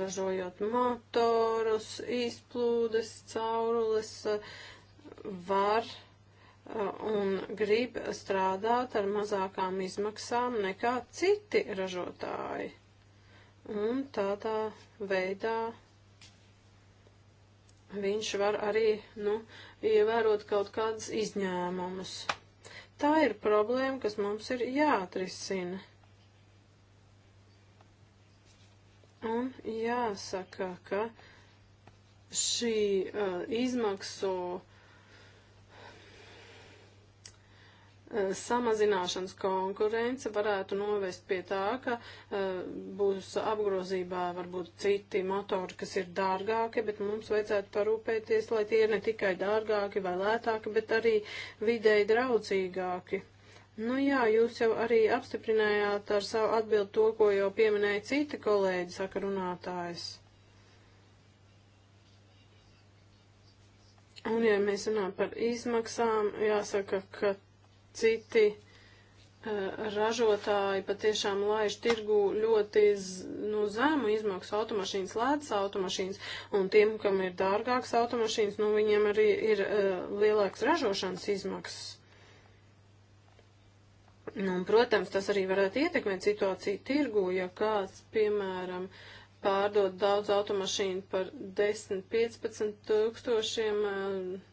ražojot motorus, izplūdes, caurules, var eh, un grib strādāt ar mazākām izmaksām nekā citi ražotāji. Un tādā veidā viņš var arī, nu, ievērot kaut kādas izņēmumus. Tā ir problēma, kas mums ir jāatrisina. Un jāsaka, ka šī uh, izmaksu uh, Eh, samazināšanas konkurence varētu novest pie tā, ka uh, būs apgrozībā varbūt citi motori, kas ir dārgāki, bet mums vajadzētu parūpēties, lai tie ir ne tikai dārgāki vai lētāki, bet arī videi draudzīgāki. Nu jā, jūs jau arī apstiprinājāt ar savu atbildu to, ko jau pieminēja citi kolēģi, saka runātājs. Un, ja mēs runājam par izmaksām, jāsaka, ka citi eh, ražotāji patiešām laiž tirgu ļoti nu, zemu izmaksu automašīnas, lētas automašīnas, un tiem, kam ir dārgāks automašīnas, nu, viņiem arī ir uh, lielāks ražošanas izmaksas. Nu, un, protams, tas arī varētu ietekmēt situāciju tirgu, ja kāds, piemēram, pārdod daudz automašīnu par 10-15 tūkstošiem. Uh,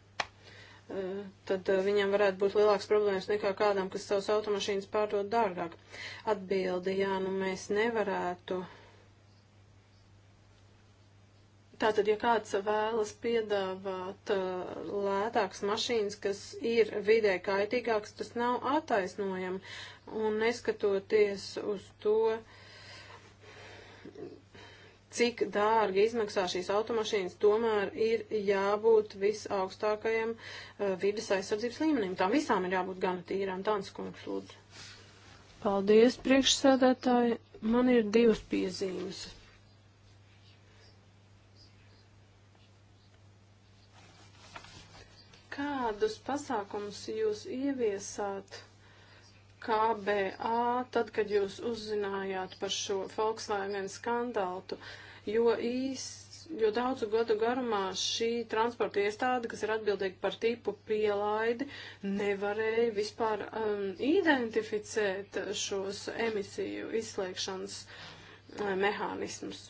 tad eh, viņam varētu būt lielāks problēmas nekā kādam, kas savus automašīnas pārdod dārgāk. Atbildi, jā, nu mēs nevarētu. Tātad, ja kāds vēlas piedāvāt eh, lētākas mašīnas, kas ir vidē kaitīgākas, tas nav attaisnojami. Un neskatoties uz to, uh, cik dārgi izmaksā šīs automašīnas, tomēr ir jābūt visaugstākajam uh, vides aizsardzības līmenim. Tām visām ir jābūt gana tīrām. Tāns kungs, lūdzu. Paldies, priekšsēdētāji. Man ir divas piezīmes. Kādus pasākumus jūs ieviesāt? KBA, tad, kad jūs uzzinājāt par šo Volkswagen skandālu, jo īs, jo daudzu gadu garumā šī transporta iestāde, kas ir atbildīga par tipu pielaidi, nevarēja vispār um, identificēt šos emisiju izslēgšanas um, mehānismus.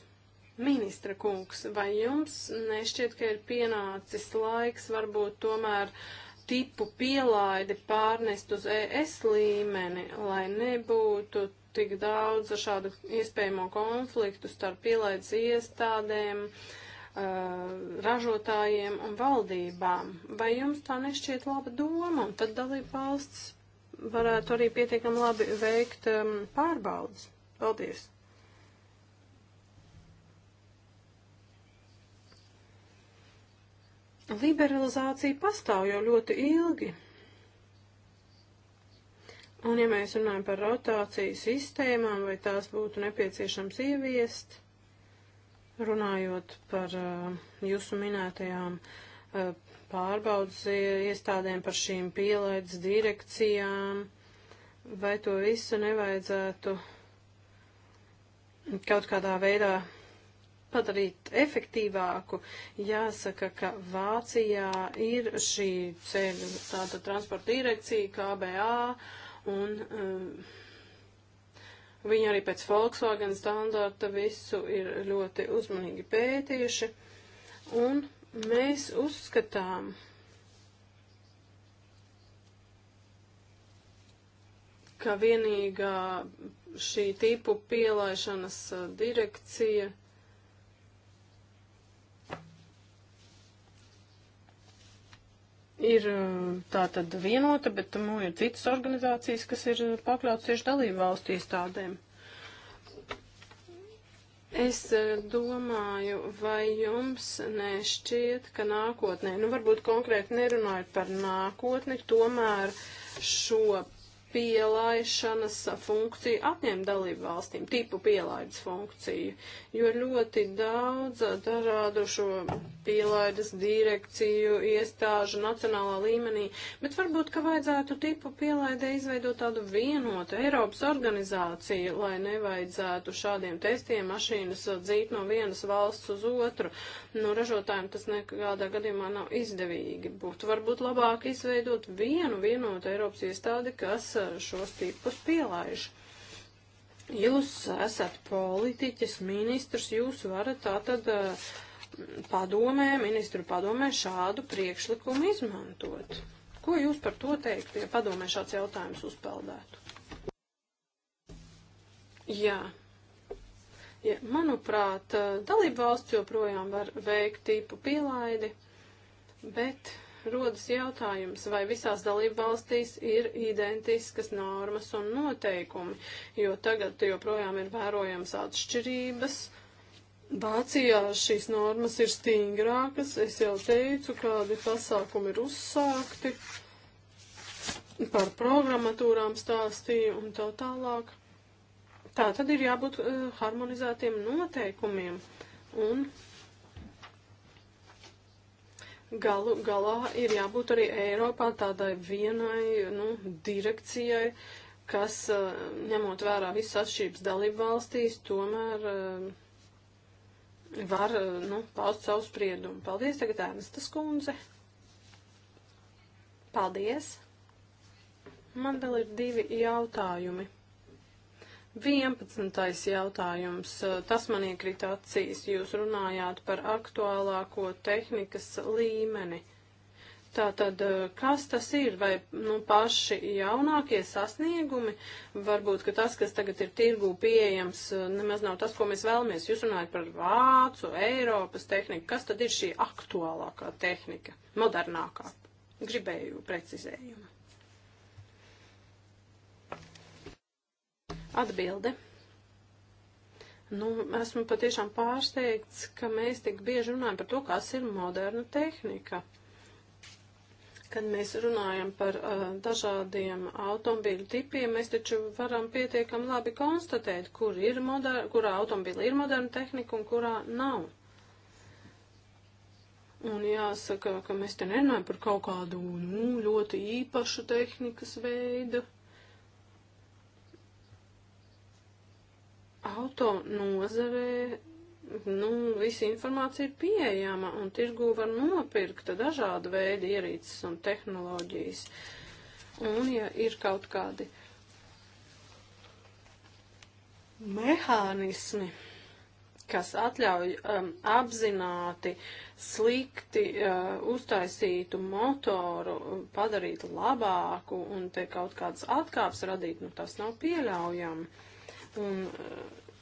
Ministra kungs, vai jums nešķiet, ka ir pienācis laiks varbūt tomēr uh, tipu pielaidi pārnest uz ES līmeni, lai nebūtu tik daudz šādu iespējamo konfliktu starp pielaides iestādēm, uh, ražotājiem un valdībām. Vai jums tā nešķiet laba doma? Un tad dalība valsts varētu arī pietiekami labi veikt um, pārbaudas. Paldies! liberalizācija pastāv jau ļoti ilgi. Un ja mēs runājam par rotāciju sistēmām, vai tās būtu nepieciešams ieviest, runājot par uh, jūsu minētajām uh, pārbaudas iestādēm, par šīm pielaides direkcijām, vai to visu nevajadzētu kaut kādā veidā padarīt efektīvāku. Jāsaka, ka Vācijā ir šī ceļu tāda transporta direkcija, KBA, un um, viņi arī pēc Volkswagen standarta visu ir ļoti uzmanīgi pētījuši. Un mēs uzskatām, ka vienīgā šī tipu pielaišanas uh, direkcija ir eh, tā tad vienota, bet nu, ir citas organizācijas, kas ir eh, pakļauts tieši dalību valstu iestādēm. Es eh, domāju, vai jums nešķiet, ka nākotnē, nu varbūt konkrēti nerunājot par nākotni, tomēr šo pielaišanas funkciju atņem dalību valstīm, tipu pielaidas funkciju, jo ļoti daudz dažādu šo pielaidas direkciju, iestāžu nacionālā līmenī, bet varbūt, ka vajadzētu tipu pielaidē izveidot tādu vienotu Eiropas organizāciju, lai nevajadzētu šādiem testiem mašīnas dzīt no vienas valsts uz otru. Nu, ražotājiem tas nekādā gadījumā nav izdevīgi. Būtu varbūt labāk izveidot vienu vienotu Eiropas iestādi, kas šos tipus pielaiž. Jūs esat politiķis, ministrs, jūs varat tātad eh, padomē, ministru padomē šādu priekšlikumu izmantot. Ko jūs par to teikt, ja padomē šāds jautājums uzpeldētu? Jā. Ja, manuprāt, eh, dalība valsts joprojām var veikt tīpu pielaidi, bet rodas jautājums, vai visās dalībvalstīs ir identiskas normas un noteikumi, jo tagad joprojām ir vērojams atšķirības. Vācijā šīs normas ir stingrākas, es jau teicu, kādi pasākumi ir uzsākti, par programmatūrām stāstīju un tā tālāk. Tā tad ir jābūt uh, harmonizētiem noteikumiem un galu galā ir jābūt arī Eiropā tādai vienai nu, direkcijai, kas, eh, ņemot vērā visas atšķirības dalību valstīs, tomēr eh, var eh, nu, paust savu spriedumu. Paldies tagad Ernsta skundze. Paldies. Man vēl ir divi jautājumi. 11. jautājums. Tas man iekrita acīs. Jūs runājāt par aktuālāko tehnikas līmeni. Tātad, eh, kas tas ir? Vai nu, paši jaunākie sasniegumi? Varbūt, ka tas, kas tagad ir tirgū pieejams, eh, nemaz nav tas, ko mēs vēlamies. Jūs runājat par vācu, Eiropas tehniku. Kas tad ir šī aktuālākā tehnika, modernākā? Gribēju precizējumu. Atbilde. Nu, esmu patiešām pārsteigts, ka mēs tik bieži runājam par to, kas ir moderna tehnika. Kad mēs runājam par uh, dažādiem automobīļu tipiem, mēs taču varam pietiekami labi konstatēt, kur ir moder, kurā automobīļa ir moderna tehnika un kurā nav. Un jāsaka, ka mēs te nerunājam par kaut kādu nu, ļoti īpašu tehnikas veidu. auto nozarē, nu, visa informācija ir pieejama un tirgū var nopirkt dažādu veidu ierīces un tehnoloģijas. Un, ja ir kaut kādi mehānismi, kas atļauj um, apzināti slikti uh, uztaisītu motoru, padarīt labāku un te kaut kādas atkāpes radīt, nu tas nav pieļaujami un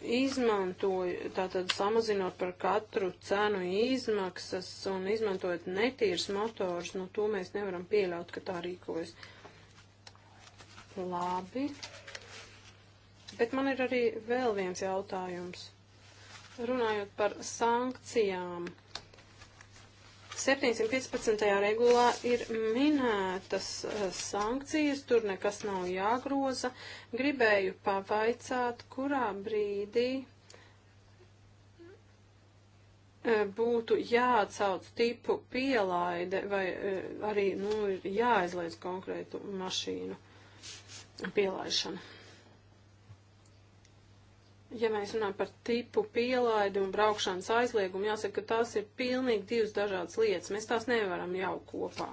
e, izmantoja, tātad samazinot par katru cenu izmaksas un izmantojot netīrs motors, nu to mēs nevaram pieļaut, ka tā rīkojas. Labi. Bet man ir arī vēl viens jautājums. Runājot par sankcijām. 715. regulā ir minētas eh, sankcijas, tur nekas nav jāgroza. Gribēju pavaicāt, kurā brīdī eh, būtu jāatsauc tipu pielaide vai eh, arī nu, ir jāizliedz konkrētu mašīnu pielaišana ja mēs runājam par tipu pielaidi un braukšanas aizliegumu, jāsaka, ka tās ir pilnīgi divas dažādas lietas. Mēs tās nevaram jau kopā.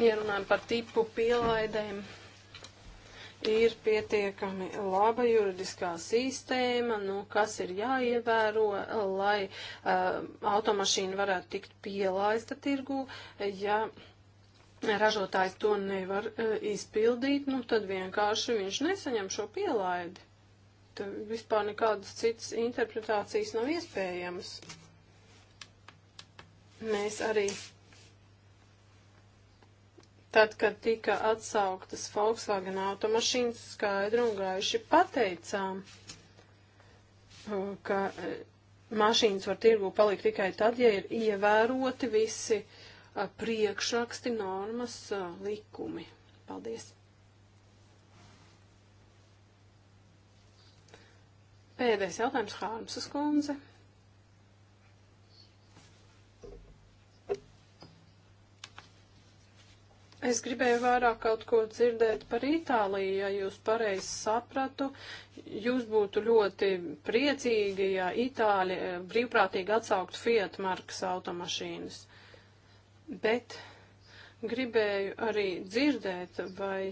Ja runājam par tipu pielaidēm, ir pietiekami laba juridiskā sistēma, nu, kas ir jāievēro, lai uh, automašīna varētu tikt pielaista tirgu. Ja ražotājs to nevar uh, izpildīt, nu, tad vienkārši viņš nesaņem šo pielaidi. Eh, vispār nekādas citas interpretācijas nav iespējamas. Mēs arī tad, kad tika atsauktas Volkswagen automašīnas, skaidri un gaiši pateicām, eh, ka eh, mašīnas var tirgu palikt tikai tad, ja ir ievēroti visi priekšraksti normas likumi. Paldies! Pēdējais jautājums Hārmsas kundze. Es gribēju vairāk kaut ko dzirdēt par Itāliju, ja jūs pareizi sapratu. Jūs būtu ļoti priecīgi, ja Itāļi eh, brīvprātīgi atsauktu Fiat markas automašīnas. Bet gribēju arī dzirdēt, vai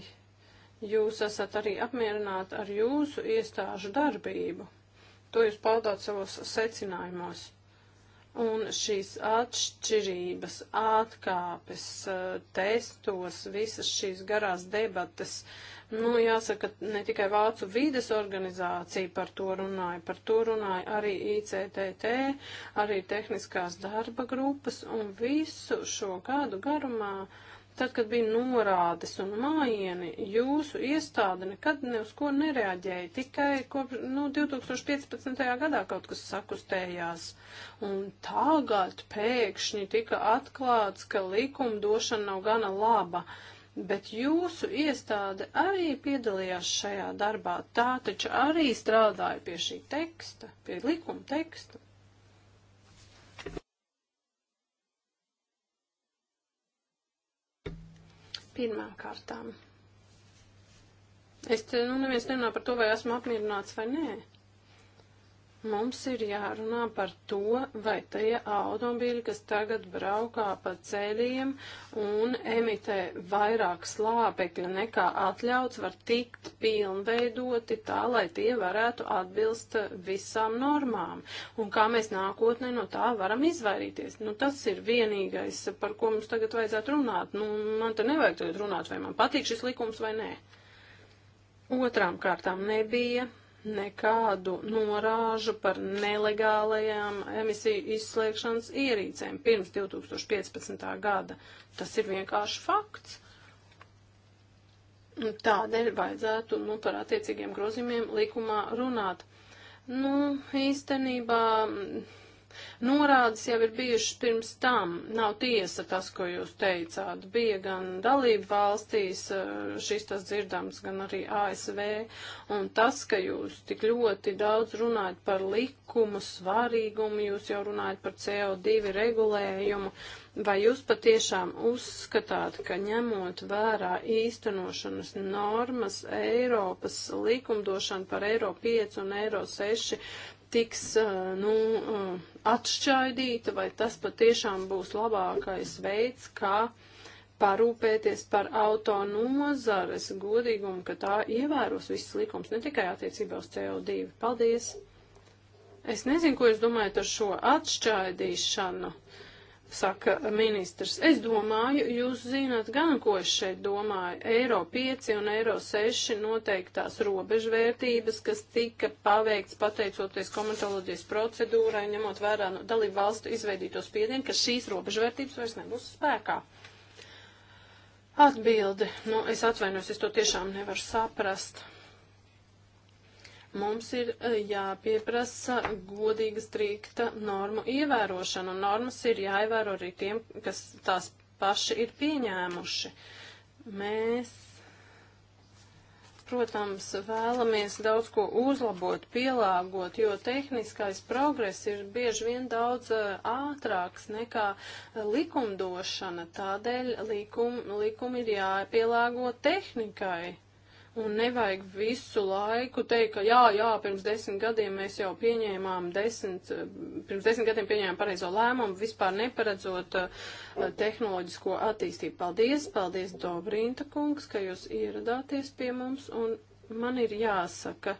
jūs esat arī apmierināti ar jūsu iestāžu darbību. To jūs paudāt savos secinājumos. Un šīs atšķirības, atkāpes, eh, testos, visas šīs garās debates, nu, jāsaka, ne tikai Vācu vīdes organizācija par to runāja, par to runāja arī ICTT, arī tehniskās darba grupas, un visu šo gadu garumā uh, Tad, kad bija norādes un mājieni, jūsu iestāde nekad ne uz ko nereaģēja. Tikai kopš nu, 2015. gadā kaut kas sakustējās. Un tagad pēkšņi tika atklāts, ka likumdošana nav gana laba. Bet jūsu iestāde arī piedalījās šajā darbā. Tā taču arī strādāja pie šī teksta, pie likuma teksta. Pirmām kārtām. Es te, nu, neviens nerunā par to, vai esmu apmierināts vai nē. Mums ir jārunā par to, vai tie automobīļi, kas tagad braukā pa ceļiem un emitē vairāk slāpekļa nekā atļauts, var tikt pilnveidoti tā, lai tie varētu atbilst visām normām. Un kā mēs nākotnē no tā varam izvairīties. Nu, tas ir vienīgais, par ko mums tagad vajadzētu runāt. Nu, man te nevajag tagad runāt, vai man patīk šis likums vai nē. Otrām kārtām nebija nekādu norāžu par nelegālajām emisiju izslēgšanas ierīcēm pirms 2015. gada. Tas ir vienkārši fakts. Tādēļ vajadzētu nu, par attiecīgiem grozījumiem likumā runāt. Nu, īstenībā Norādes jau ir bijušas pirms tam. Nav tiesa tas, ko jūs teicāt. Bija gan dalība valstīs eh, šis tas dzirdams, gan arī ASV. Un tas, ka jūs tik ļoti daudz runājat par likumu svarīgumu, jūs jau runājat par CO2 regulējumu. Vai jūs patiešām uzskatāt, ka ņemot vērā īstenošanas normas Eiropas likumdošana par Eiro 5 un Eiro 6 tiks, eh, nu, eh, atšķaidīta, vai tas patiešām būs labākais veids, kā parūpēties par auto nozares godīgumu, ka tā ievēros visas likums, ne tikai attiecībā uz CO2. Paldies! Es nezinu, ko jūs domājat ar šo atšķaidīšanu saka ministrs. Es domāju, jūs zināt gan, ko es šeit domāju. Eiro 5 un eiro 6 noteiktās robežvērtības, kas tika paveikts pateicoties komentoloģijas procedūrai, ņemot vērā no dalību valstu izveidīto spiedienu, ka šīs robežvērtības vairs nebūs spēkā. Atbildi. Nu, es atvainojos, es to tiešām nevaru saprast. Mums ir e, jāpieprasa godīga, strikta normu ievērošana, un normas ir jāievēro arī tiem, kas tās paši ir pieņēmuši. Mēs, protams, vēlamies daudz ko uzlabot, pielāgot, jo tehniskais progress ir bieži vien daudz e, ātrāks nekā e, likumdošana, tādēļ likumi likum ir jāpielāgo tehnikai. Un nevajag visu laiku teikt, ka jā, jā, pirms desmit gadiem mēs jau pieņēmām desmit, eh, pirms desmit gadiem pieņēmām pareizo lēmumu, vispār neparedzot uh, tehnoloģisko attīstību. Paldies, paldies, Dobrīnta kungs, ka jūs ieradāties pie mums. Un man ir jāsaka,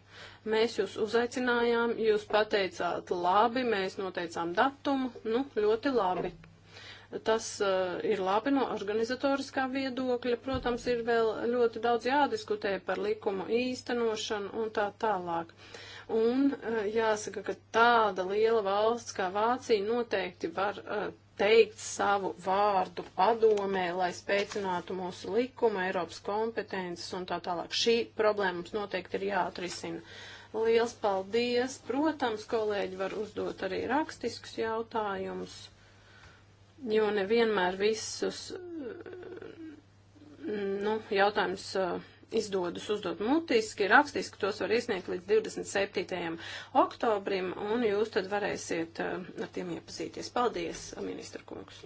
mēs jūs uzaicinājām, jūs pateicāt labi, mēs noteicām datumu, nu, ļoti labi. Tas uh, ir labi no organizatoriskā viedokļa. Protams, ir vēl ļoti daudz jādiskutē par likumu īstenošanu un tā tālāk. Un uh, jāsaka, ka tāda liela valsts kā Vācija noteikti var uh, teikt savu vārdu padomē, lai spēcinātu mūsu likumu, Eiropas kompetences un tā tālāk. Šī problēma mums noteikti ir jāatrisina. Liels paldies! Protams, kolēģi var uzdot arī rakstiskus jautājumus jo nevienmēr visus eh, nu, jautājumus eh, izdodas uzdot mutiski, rakstiski, tos var iesniegt līdz 27. oktobrim, un jūs tad varēsiet eh, ar tiem iepazīties. Paldies, ministra kungs!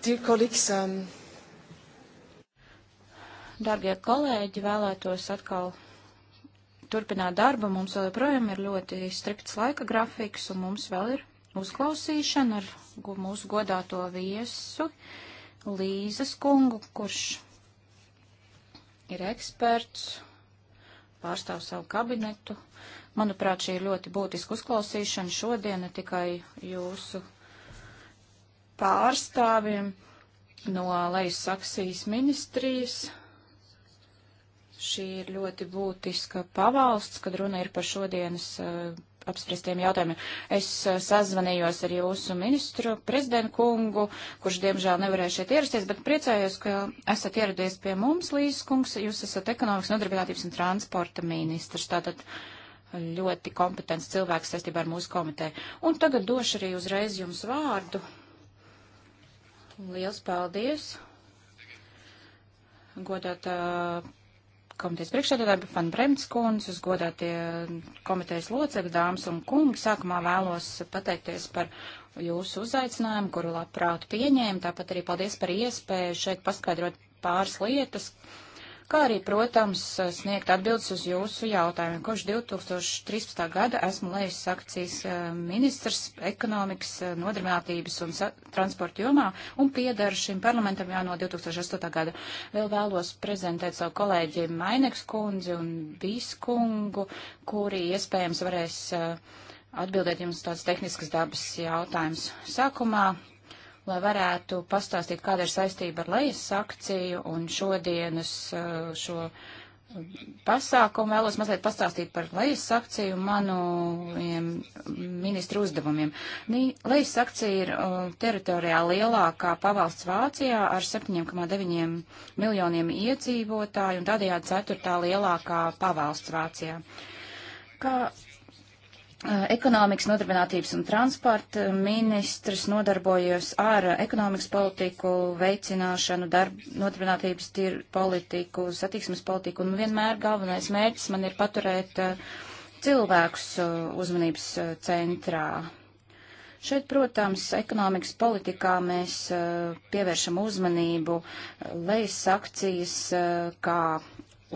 Dear colleagues, um... Dargie kolēģi, vēlētos atkal turpināt darbu. Mums vēl joprojām ir ļoti strikts laika grafiks, un mums vēl ir uzklausīšana ar mūsu godāto viesu Līzes kungu, kurš ir eksperts pārstāv savu kabinetu. Manuprāt, šī ir ļoti būtiska uzklausīšana šodien ne tikai jūsu pārstāvjiem no Lejas Saksijas ministrijas. Šī ir ļoti būtiska pavalsts, kad runa ir par šodienas uh, apspriestiem jautājumiem. Es eh, sazvanījos ar jūsu ministru, prezidentu kungu, kurš diemžēl nevarēja šeit ierasties, bet priecājos, ka esat ieradies pie mums, Līs kungs. Jūs esat ekonomikas nodarbinātības un transporta ministrs. Tātad ļoti kompetents cilvēks saistībā ar mūsu komiteju. Un tagad došu arī uzreiz jums vārdu. Liels paldies! Godāt uh, komitejas priekšsēdētāju Fan Bremts kundz, uz godātie komitejas locekļi, dāmas un kungi. Sākumā vēlos pateikties par jūsu uzaicinājumu, kuru labprāt pieņēmu. Tāpat arī paldies par iespēju šeit paskaidrot pāris lietas, uh, kā arī, protams, sniegt atbildes uz jūsu jautājumiem. Kopš 2013. gada esmu lejas akcijas eh, ministrs ekonomikas, eh, nodarbinātības un transporta jomā un piedaru šim parlamentam jau no 2008. gada. Vēl vēlos prezentēt savu kolēģi Maineks kundzi un Bīskungu, kuri iespējams varēs eh, atbildēt jums tāds tehniskas dabas jautājums. Sākumā lai varētu pastāstīt, kāda ir saistība ar lejas akciju un šodienas eh, šo pasākumu. Vēlos mazliet pastāstīt par lejas akciju un maniem ministru uzdevumiem. Lejas akcija ir eh, teritorijā lielākā pavalsts Vācijā ar 7,9 miljoniem iedzīvotāju un tādējādi ceturtā lielākā pavalsts Vācijā. Kā Eh, ekonomikas, nodarbinātības un transporta ministrs nodarbojas ar ekonomikas politiku, veicināšanu, darb, nodarbinātības tir, politiku, satiksmes politiku, un vienmēr galvenais mērķis man ir paturēt eh, cilvēkus eh, uzmanības centrā. Šeit, protams, ekonomikas politikā mēs pievēršam uzmanību lejas akcijas kā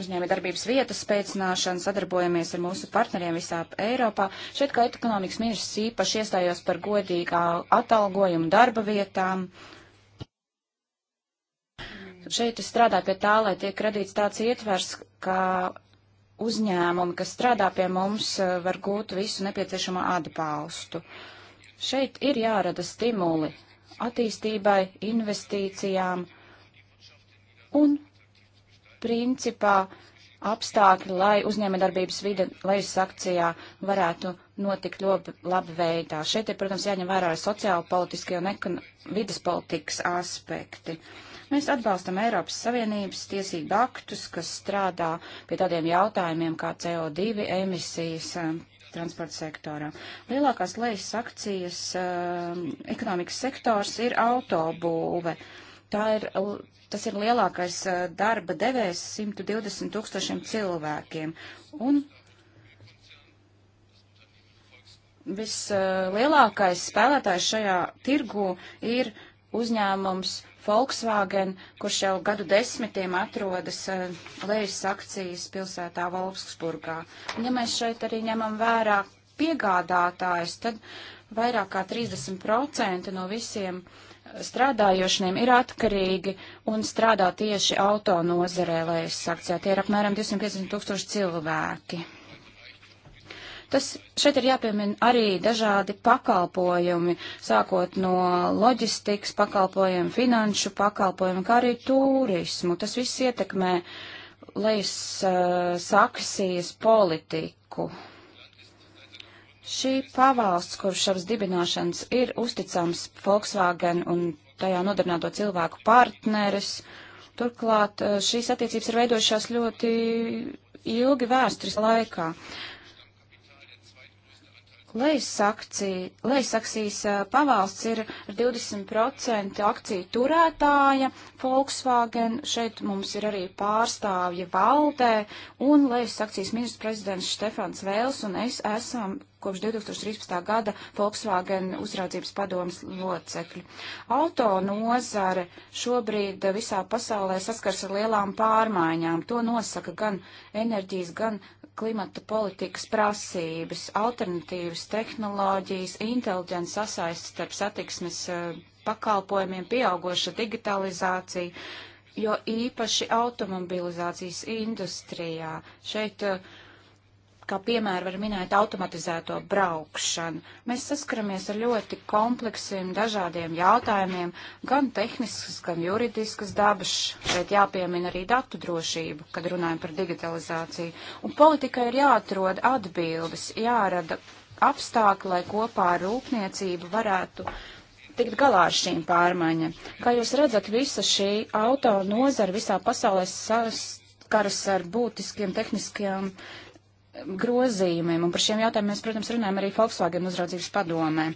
uzņēmē darbības vietas spēcināšanu, sadarbojamies ar mūsu partneriem visā Eiropā. Šeit kā ekonomikas ministrs īpaši iestājos par godīgā atalgojumu darba vietām. Šeit es strādāju pie tā, lai tiek radīts tāds ietvers, ka uzņēmumi, kas strādā pie mums, var gūt visu nepieciešamo atbalstu. Šeit ir jārada stimuli attīstībai, investīcijām un principā apstākļi, lai uzņēmējdarbības vide lejas akcijā varētu notikt ļoti labi veidā. Šeit ir, protams, jāņem vērā arī sociāla politiskie un vidas politikas aspekti. Mēs atbalstam Eiropas Savienības tiesību aktus, kas strādā pie tādiem jautājumiem kā CO2 emisijas um, transporta sektorā. Lielākās lejas akcijas um, ekonomikas sektors ir autobūve. Tā ir Tas ir lielākais eh, darba devējs 120 tūkstošiem cilvēkiem. Un vislielākais spēlētājs šajā tirgu ir uzņēmums Volkswagen, kurš jau gadu desmitiem atrodas eh, lejas akcijas pilsētā Volksburgā. Un, ja mēs šeit arī ņemam vērā piegādātājs, tad vairāk kā 30% no visiem uh, strādājošiem ir atkarīgi un strādā tieši auto nozarē, lai es saktu, tie ir apmēram 250 tūkstoši cilvēki. Tas šeit ir jāpiemina arī dažādi pakalpojumi, sākot no loģistikas pakalpojumu, finanšu pakalpojumu, kā arī turismu. Tas viss ietekmē lejas uh, eh, saksijas politiku. Šī pavalsts, kurš šabas dibināšanas ir uzticams Volkswagen un tajā nodarbināto cilvēku partneris, turklāt eh, šīs attiecības ir veidojušās ļoti ilgi vēstures laikā. Lejsaksijas eh, pavalsts ir 20% akciju turētāja Volkswagen, šeit mums ir arī pārstāvja valdē, un Lejsaksijas ministrs prezidents Štefans Vēls un es esam kopš 2013. gada Volkswagen uzraudzības padomas locekļi. Auto nozare šobrīd visā pasaulē saskars ar lielām pārmaiņām. To nosaka gan enerģijas, gan klimata politikas prasības, alternatīvas tehnoloģijas, inteliģents sasaists starp satiksmes eh, pakalpojumiem, pieaugoša digitalizācija, jo īpaši automobilizācijas industrijā. Šeit uh, kā piemēru var minēt automatizēto braukšanu. Mēs saskaramies ar ļoti kompleksiem, dažādiem jautājumiem, gan tehniskas, gan juridiskas dabas. Šeit jāpiemina arī datu drošība, kad runājam par digitalizāciju. Un politika ir jāatrod atbildes, jārada apstākļi, lai kopā ar rūpniecību varētu tikt galā ar šīm pārmaiņām. Kā jūs redzat, visa šī auto nozara visā pasaulē saskaras ar būtiskiem tehniskiem uh, grozījumiem, un par šiem jautājumiem mēs, protams, runājam arī Volkswagen uzraudzības padomē.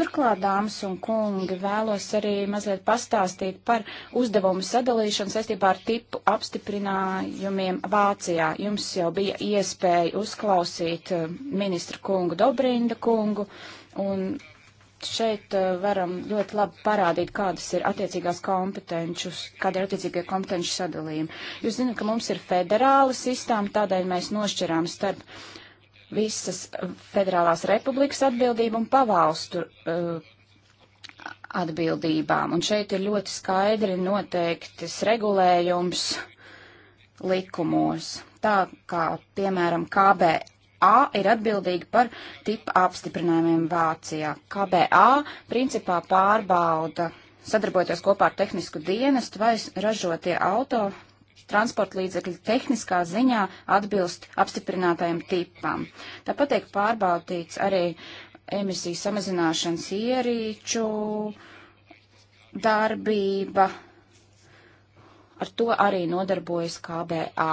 Turklāt, dāmas un kungi, vēlos arī mazliet pastāstīt par uzdevumu sadalīšanu saistībā ar tipu apstiprinājumiem Vācijā. Jums jau bija iespēja uzklausīt eh, ministru kungu Dobrinda kungu, un šeit eh, varam ļoti labi parādīt, kādas ir attiecīgās kompetenčus, kāda ir attiecīgie kompetenču sadalījumi. Jūs zināt, ka mums ir federāla sistēma, tādēļ mēs nošķirām starp visas federālās republikas atbildību un pavalstu uh, atbildībām. Un šeit ir ļoti skaidri noteiktas regulējums likumos. Tā kā, piemēram, KB A ir atbildīga par tipa apstiprinājumiem Vācijā. KBA principā pārbauda, sadarbojoties kopā ar tehnisku dienestu, vai ražotie auto transporta līdzekļi tehniskā ziņā atbilst apstiprinātajam tipam. Tāpat tiek pārbaudīts arī emisiju samazināšanas ierīču darbība, Ar to arī nodarbojas KBA,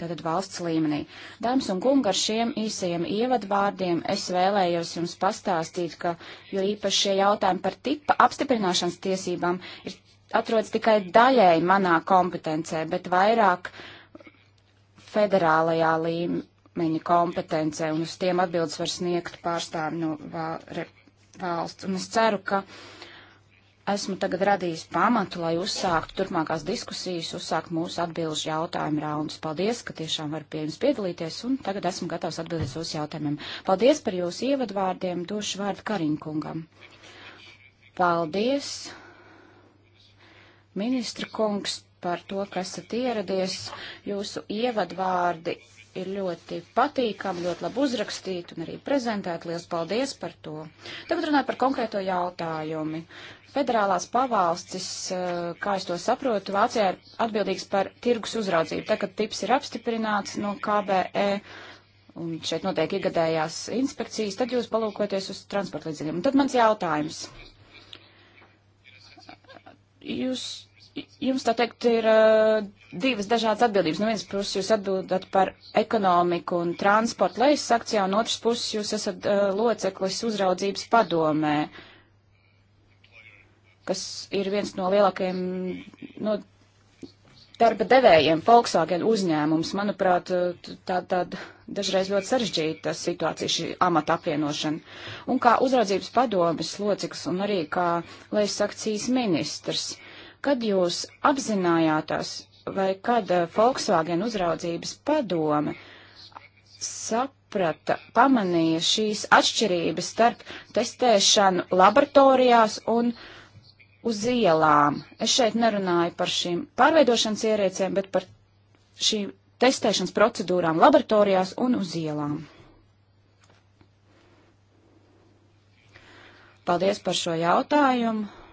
tātad valsts līmenī. Dāmas un kungi, ar šiem īsajiem ievadvārdiem es vēlējos jums pastāstīt, ka jo īpaši šie jautājumi par tipa apstiprināšanas tiesībām ir atrodas tikai daļēji manā kompetencē, bet vairāk federālajā līmeņa kompetencē, un uz tiem atbildes var sniegt pārstāvi no valsts. Un es ceru, ka uh, esmu tagad radījis pamatu, lai uzsāktu turpmākās diskusijas, uzsākt mūsu atbilžu jautājumu raundus. Paldies, ka tiešām var pie jums piedalīties, un tagad esmu gatavs atbildēt uz jautājumiem. Paldies par jūsu ievadvārdiem, došu vārdu Kariņkungam. Paldies, ministra kungs, par to, ka esat ieradies. Jūsu ievadvārdi ir ļoti patīkami, ļoti labi uzrakstīt un arī prezentēt. Lielas paldies par to. Tagad runāju par konkrēto jautājumu. Federālās pavalstis, eh, kā es to saprotu, Vācijā ir atbildīgs par tirgus uzraudzību. Tagad tips ir apstiprināts no KBE. Un šeit notiek iegadējās inspekcijas, tad jūs palūkoties uz transporta līdzekļiem. Un tad mans jautājums. Jūs jums tā teikt ir divas dažādas atbildības. No nu, vienas puses jūs atbildat par ekonomiku un transportu lejas akcijā, un otras puses jūs esat uh, loceklis uzraudzības padomē, kas ir viens no lielākajiem no darba devējiem Volkswagen uzņēmums. Manuprāt, tā tāda dažreiz ļoti sarežģīta situācija šī amata apvienošana. Un kā uzraudzības padomes loceklis un arī kā lejas akcijas ministrs Kad jūs apzinājāties vai kad eh, Volkswagen uzraudzības padome saprata, pamanīja šīs atšķirības starp testēšanu laboratorijās un uz ielām? Es šeit nerunāju par šīm pārveidošanas ierēcēm, bet par šīm testēšanas procedūrām laboratorijās un uz ielām. Paldies par šo jautājumu.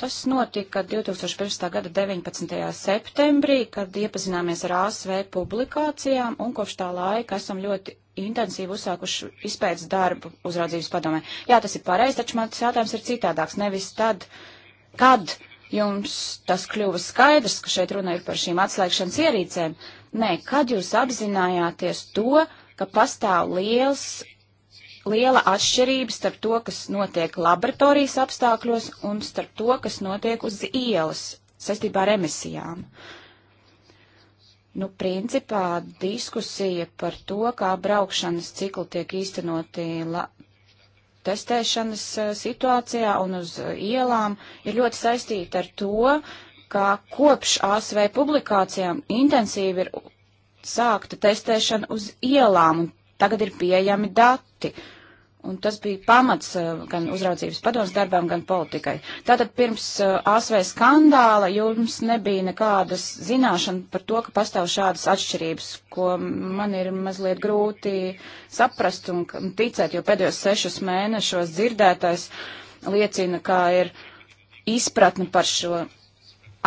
Tas notika 2015. gada 19. septembrī, kad iepazināmies ar ASV publikācijām, un kopš tā laika esam ļoti intensīvi uzsākuši izpētes darbu uzraudzības padomē. Jā, tas ir pareizi, taču mans jautājums ir citādāks. Nevis tad, kad jums tas kļuva skaidrs, ka šeit runa ir par šīm atslēgšanas ierīcēm. Nē, kad jūs apzinājāties to, ka pastāv liels liela atšķirība starp to, kas notiek laboratorijas apstākļos un starp to, kas notiek uz ielas saistībā ar emisijām. Nu, principā diskusija par to, kā braukšanas cikli tiek īstenoti testēšanas eh, situācijā un uz eh, ielām, ir ļoti saistīta ar to, ka kopš ASV publikācijām intensīvi ir sākta testēšana uz ielām, un tagad ir pieejami dati dati. Un tas bija pamats eh, gan uzraudzības padomas darbām, gan politikai. Tātad pirms eh, ASV skandāla jums nebija nekādas zināšana par to, ka pastāv šādas atšķirības, ko man ir mazliet grūti saprast un ticēt, jo pēdējos sešus mēnešos dzirdētais liecina, kā ir izpratne par šo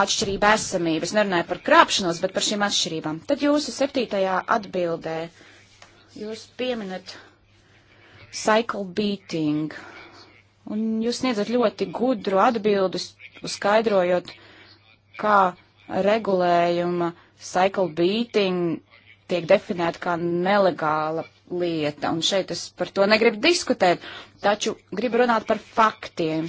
atšķirību esamību. Es nerunāju par krāpšanos, bet par šīm atšķirībām. Tad jūsu septītajā atbildē jūs pieminat cycle beating. Un jūs sniedzat ļoti gudru atbildus, skaidrojot, kā regulējuma cycle beating tiek definēta kā nelegāla lieta. Un šeit es par to negribu diskutēt, taču gribu runāt par faktiem.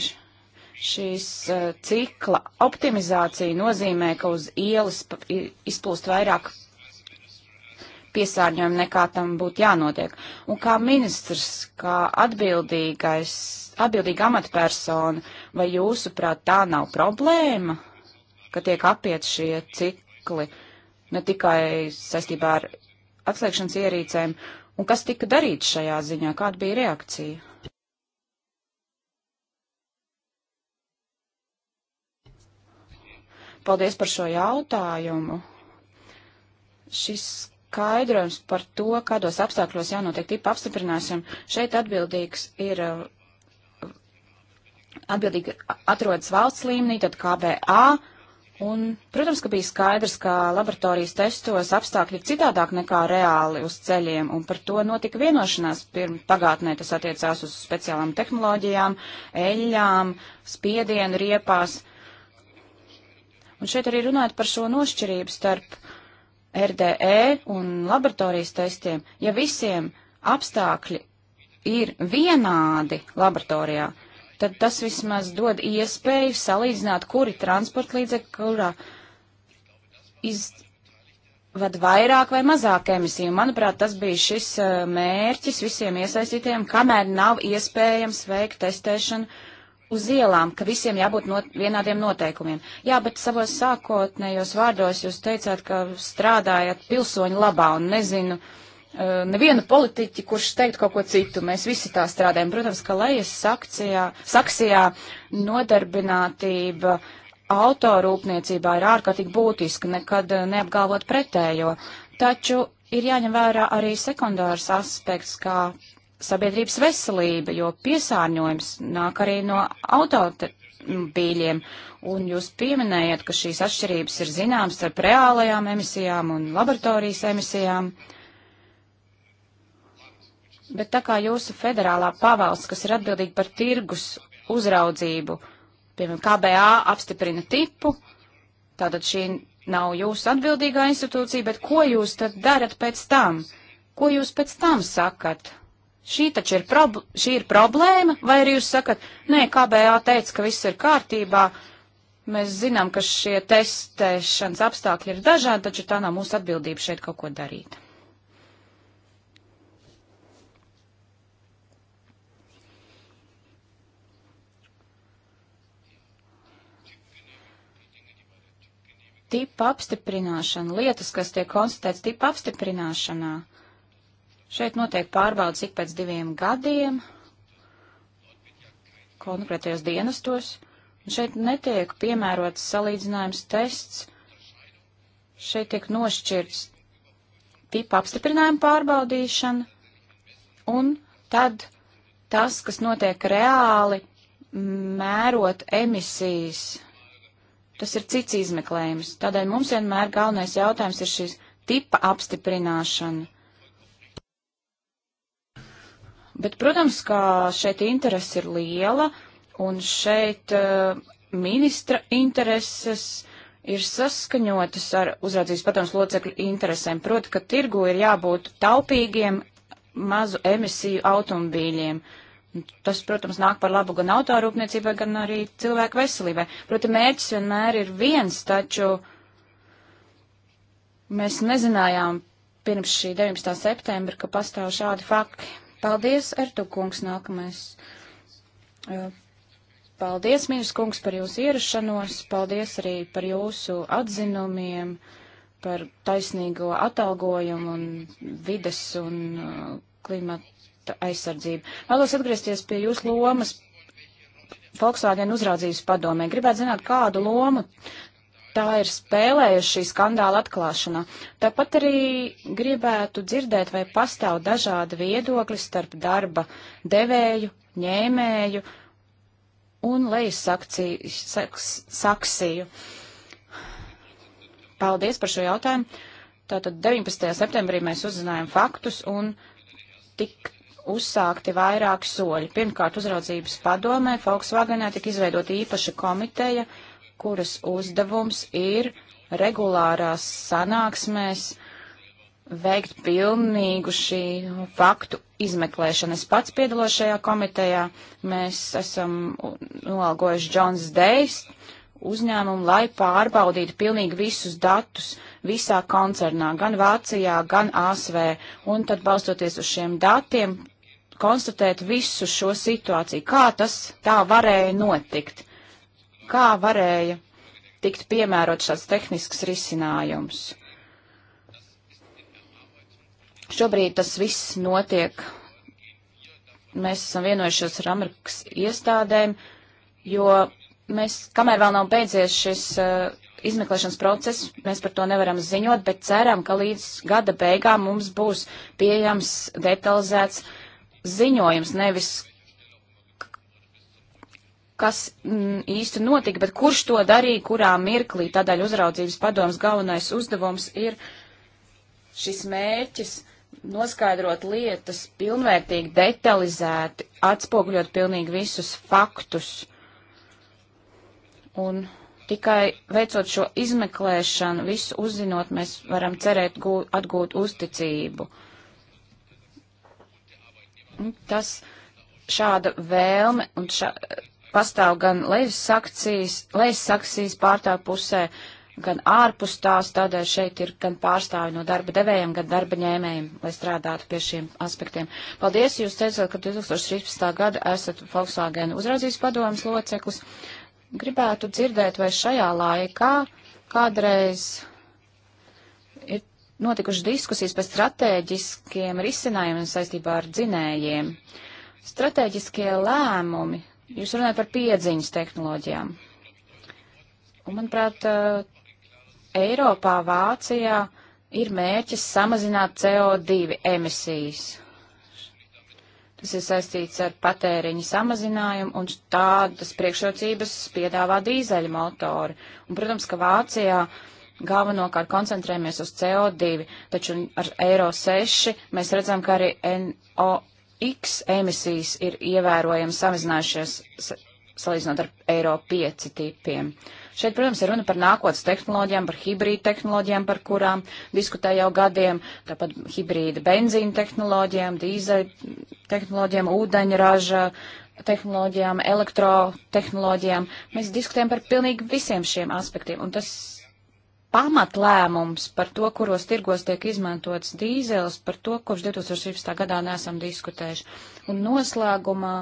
Šīs uh, eh, cikla optimizācija nozīmē, ka uz ielas izplūst vairāk piesārņojumu nekā tam būtu jānotiek. Un kā ministrs, kā atbildīgais, atbildīga amatpersona, vai jūsuprāt tā nav problēma, ka tiek apiet šie cikli ne tikai saistībā ar atslēgšanas ierīcēm, un kas tika darīts šajā ziņā, kāda bija reakcija? Paldies par šo jautājumu. Šis skaidrojums par to, kādos apstākļos jānotiek tipa apstiprināšana. Šeit atbildīgs ir uh, atbildīgi atrodas valsts līmenī, tad KBA. Un, protams, ka bija skaidrs, ka laboratorijas testos apstākļi ir citādāk nekā reāli uz ceļiem, un par to notika vienošanās. Pirm, pagātnē tas attiecās uz speciālām tehnoloģijām, eļļām, spiedienu riepās. Un šeit arī runājot par šo nošķirību starp RDE un laboratorijas testiem, ja visiem apstākļi ir vienādi laboratorijā, tad tas vismaz dod iespēju salīdzināt, kuri transporta līdzekļi, kurā izved vairāk vai mazāk emisiju. Manuprāt, tas bija šis eh, mērķis visiem iesaistītiem, kamēr nav iespējams veikt testēšanu uz ielām, ka visiem jābūt not, vienādiem noteikumiem. Jā, bet savos sākotnējos vārdos jūs teicāt, ka strādājat pilsoņu labā un nezinu uh, nevienu politiķi, kurš teikt kaut ko citu. Mēs visi tā strādājam. Protams, ka lejas sakcijā, saksijā nodarbinātība autorūpniecībā ir ārkārtīgi būtiska, nekad uh, neapgalvot pretējo. Taču ir jāņem vērā arī sekundārs aspekts, kā sabiedrības veselība, jo piesārņojums nāk arī no automobīļiem. Un jūs pieminējat, ka šīs atšķirības ir zināmas starp reālajām emisijām un laboratorijas emisijām. Bet tā kā jūsu federālā pavalsts, kas ir atbildīga par tirgus uzraudzību, piemēram, KBA apstiprina tipu, tātad šī nav jūsu atbildīgā institūcija, bet ko jūs tad darat pēc tam? Ko jūs pēc tam sakat? Šī taču ir, prob šī ir problēma, vai arī jūs sakat, nē, KBA teica, ka viss ir kārtībā, mēs zinām, ka šie testēšanas apstākļi ir dažādi, taču tā nav mūsu atbildība šeit kaut ko darīt. tipa apstiprināšana, lietas, kas tiek konstatētas tipa apstiprināšanā. Šeit notiek pārbaudas ik pēc diviem gadiem konkrētajos dienestos, un šeit netiek piemērots salīdzinājums tests, šeit tiek nošķirts tipa apstiprinājuma pārbaudīšana, un tad tas, kas notiek reāli, mērot emisijas, tas ir cits izmeklējums. Tādēļ mums vienmēr galvenais jautājums ir šīs tipa apstiprināšana. Bet, protams, kā šeit interese ir liela, un šeit uh, ministra intereses ir saskaņotas ar uzraudzības padomus locekļu interesēm. Proti, ka tirgu ir jābūt taupīgiem mazu emisiju automobīļiem. Tas, protams, nāk par labu gan autoārūpniecībai, gan arī cilvēku veselībai. Proti, mērķis vienmēr ir viens, taču mēs nezinājām pirms šī 19. septembra, ka pastāv šādi fakti. Paldies, Ertu kungs, nākamais. Paldies, mīļas kungs, par jūsu ierašanos, paldies arī par jūsu atzinumiem, par taisnīgo atalgojumu un vides un klimata aizsardzību. Vēlos atgriezties pie jūsu lomas Volkswagen uzraudzības padomē. Gribētu zināt, kādu lomu tā ir spēlējuši šī skandāla atklāšanā. Tāpat arī gribētu dzirdēt, vai pastāv dažādi viedokļi starp darba devēju, ņēmēju un lejasakciju. Saksiju. Paldies par šo jautājumu. Tātad 19. septembrī mēs uzzinājām faktus un tik uzsākti vairāki soļi. Pirmkārt, uzraudzības padomē Volkswagenē tika izveidota īpaša komiteja, uh, kuras uzdevums ir regulārās sanāksmēs veikt pilnīgu šī faktu izmeklēšanu. Es pats piedalos šajā komitejā. Mēs esam noalgojuši Džons Dejs uzņēmumu, lai pārbaudītu pilnīgi visus datus visā koncernā, gan Vācijā, gan ASV. Un tad balstoties uz šiem datiem, konstatēt visu šo situāciju, kā tas tā varēja notikt kā varēja tikt piemērot šāds tehnisks risinājums. Šobrīd tas viss notiek. Mēs esam vienojušies ar Amerikas iestādēm, jo mēs, kamēr vēl nav beidzies šis uh, izmeklēšanas process, mēs par to nevaram ziņot, bet ceram, ka līdz gada beigām mums būs pieejams detalizēts ziņojums, nevis kas m, mm, īsti notika, bet kurš to darīja, kurā mirklī. Tādēļ uzraudzības padoms galvenais uzdevums ir šis mērķis noskaidrot lietas pilnvērtīgi, detalizēti, atspoguļot pilnīgi visus faktus. Un tikai veicot šo izmeklēšanu, visu uzzinot, mēs varam cerēt gūt, atgūt uzticību. Tas šāda vēlme un šā, pastāv gan lejas sakcijas, lejas sakcijas pārtā pusē, gan ārpus tās, tādēļ šeit ir gan pārstāvi no darba devējiem, gan darba ņēmējiem, lai strādātu pie šiem aspektiem. Paldies, jūs teicat, ka 2013. gada esat Volkswagen uzraudzības padomas loceklis. Gribētu dzirdēt, vai šajā laikā kādreiz ir notikušas diskusijas par stratēģiskiem risinājumiem saistībā ar dzinējiem. Stratēģiskie lēmumi Jūs runājat par piedziņas tehnoloģijām. Un, manuprāt, uh, Eiropā, Vācijā ir mērķis samazināt CO2 emisijas. Tas ir saistīts ar patēriņa samazinājumu, un tādas priekšrocības piedāvā dīzeļa motori. Un, protams, ka Vācijā galvenokārt koncentrējamies uz CO2, taču ar Eiro 6 mēs redzam, ka arī NO X emisijas ir ievērojami samazinājušies salīdzinot ar Eiro 5 tipiem. Šeit, protams, ir runa par nākotnes tehnoloģijām, par hibrīdu tehnoloģijām, par kurām diskutē jau gadiem, tāpat hibrīda benzīna tehnoloģijām, dīzeļu tehnoloģijām, ūdeņraža tehnoloģijām, elektrotehnoloģijām. Mēs diskutējam par pilnīgi visiem šiem aspektiem, un tas pamatlēmums par to, kuros tirgos tiek izmantots dīzels, par to kopš 2016. gadā nesam diskutējuši. Un noslēgumā.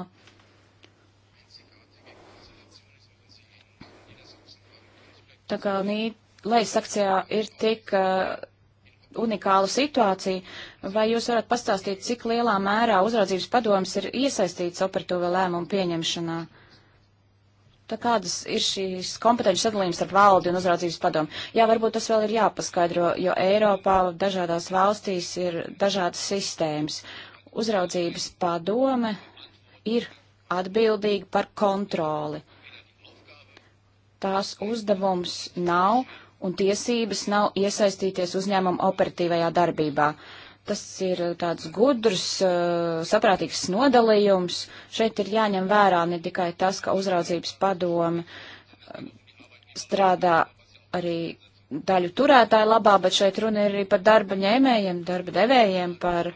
Tā kā Lejas akcijā ir tik uh, unikāla situācija, vai jūs varat pastāstīt, cik lielā mērā uzraudzības padomas ir iesaistīts operatīvo lēmumu pieņemšanā? Uh, Tā kādas ir šīs kompetences sadalījums starp valdi un uzraudzības padomu? Jā, varbūt tas vēl ir jāpaskaidro, jo Eiropā dažādās valstīs ir dažādas sistēmas. Uzraudzības padome ir atbildīga par kontroli. Tās uzdevums nav un tiesības nav iesaistīties uzņēmuma operatīvajā darbībā. Uh, Tas ir uh, tāds gudrs, uh, saprātīgs nodalījums. Šeit ir jāņem vērā ne tikai tas, ka uzraudzības padome um, strādā arī daļu turētāju labā, bet šeit runa ir arī par darba ņēmējiem, darba devējiem, par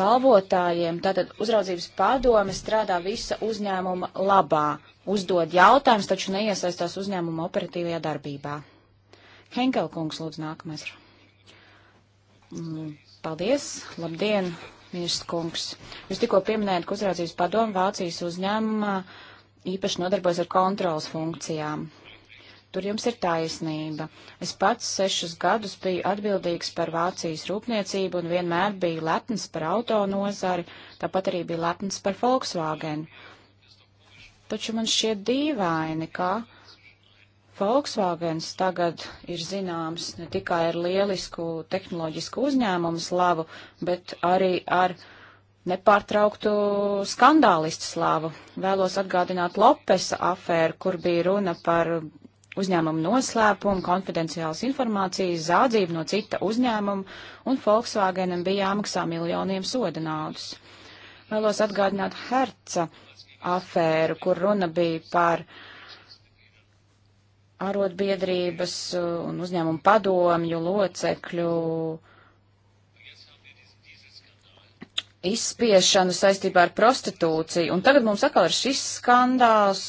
galvotājiem. Tātad uzraudzības padome strādā visa uzņēmuma labā, uzdod jautājumus, taču neiesaistās uzņēmuma operatīvajā darbībā. Henkel kungs lūdzu nākamais. Mm Paldies! Labdien, ministrs kungs! Jūs tikko pieminējāt, ka uzraudzības padomu Vācijas uzņēmumā īpaši nodarbojas ar kontrolas funkcijām. Tur jums ir taisnība. Es pats sešus gadus biju atbildīgs par Vācijas rūpniecību un vienmēr biju lepns par auto nozari, tāpat arī biju lepns par Volkswagen. Taču man šķiet dīvaini, ka Volkswagens tagad ir zināms ne tikai ar lielisku tehnoloģisku uzņēmumu slavu, bet arī ar nepārtrauktu skandālistu slavu. Vēlos atgādināt Lopesa afēru, kur bija runa par uzņēmumu noslēpumu, konfidenciālas informācijas, zādzību no cita uzņēmuma, un Volkswagenam bija jāmaksā miljoniem soda naudas. Vēlos atgādināt Herca afēru, kur runa bija par uh, arotbiedrības uh, un uzņēmumu padomju locekļu izspiešanu saistībā ar prostitūciju. Un tagad mums atkal ir šis skandāls,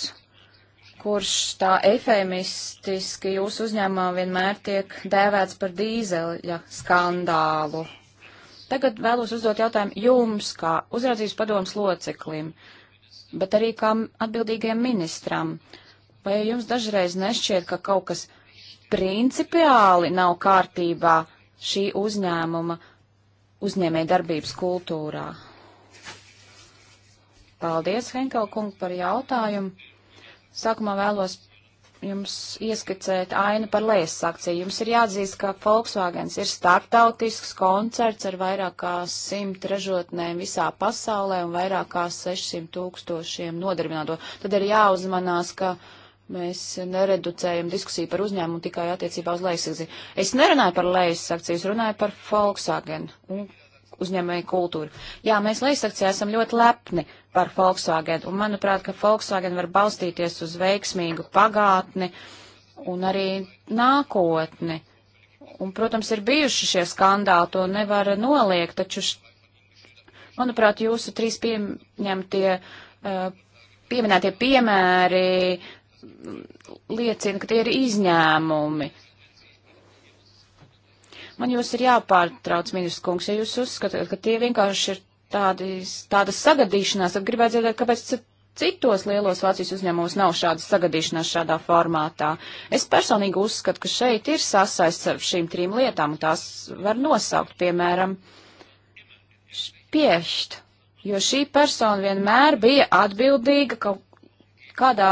kurš tā efemistiski jūsu uzņēmumā vienmēr tiek dēvēts par dīzeļa skandālu. Tagad vēlos uzdot jautājumu jums, kā uzraudzības padomas loceklim, bet arī kā atbildīgajam ministram. Uh, Vai jums dažreiz nešķiet, ka kaut kas principiāli nav kārtībā šī uzņēmuma uzņēmē darbības kultūrā? Paldies, Henkel kungu, par jautājumu. Sākumā vēlos jums ieskicēt ainu par lejas akciju. Jums ir jāatzīst, ka Volkswagens ir startautisks koncerts ar vairāk kā simt ražotnēm visā pasaulē un vairāk kā 600 tūkstošiem nodarbināto. Tad ir jāuzmanās, ka uh, Mēs nereducējam diskusiju par uzņēmumu tikai attiecībā uz lejasakci. Es nerunāju par lejasakci, es runāju par Volkswagen un uzņēmēju kultūru. Jā, mēs lejasakci esam ļoti lepni par Volkswagen, un manuprāt, ka Volkswagen var balstīties uz veiksmīgu pagātni un arī nākotni. Un, protams, ir bijuši šie skandāli, to nevar noliegt, taču, š... manuprāt, jūsu trīs pieņemtie, uh, pieminētie piemēri liecina, ka tie ir izņēmumi. Man jūs ir jāpārtrauc, ministrs kungs, ja jūs uzskatāt, ka tie vienkārši ir tādi, tādas sagadīšanās, tad gribētu dzirdēt, kāpēc citos lielos Vācijas uzņēmumos nav šādas sagadīšanās šādā formātā. Es personīgi uzskatu, ka šeit ir sasaists ar šīm trim lietām, un tās var nosaukt, piemēram, piešķi jo šī persona vienmēr bija atbildīga kaut kādā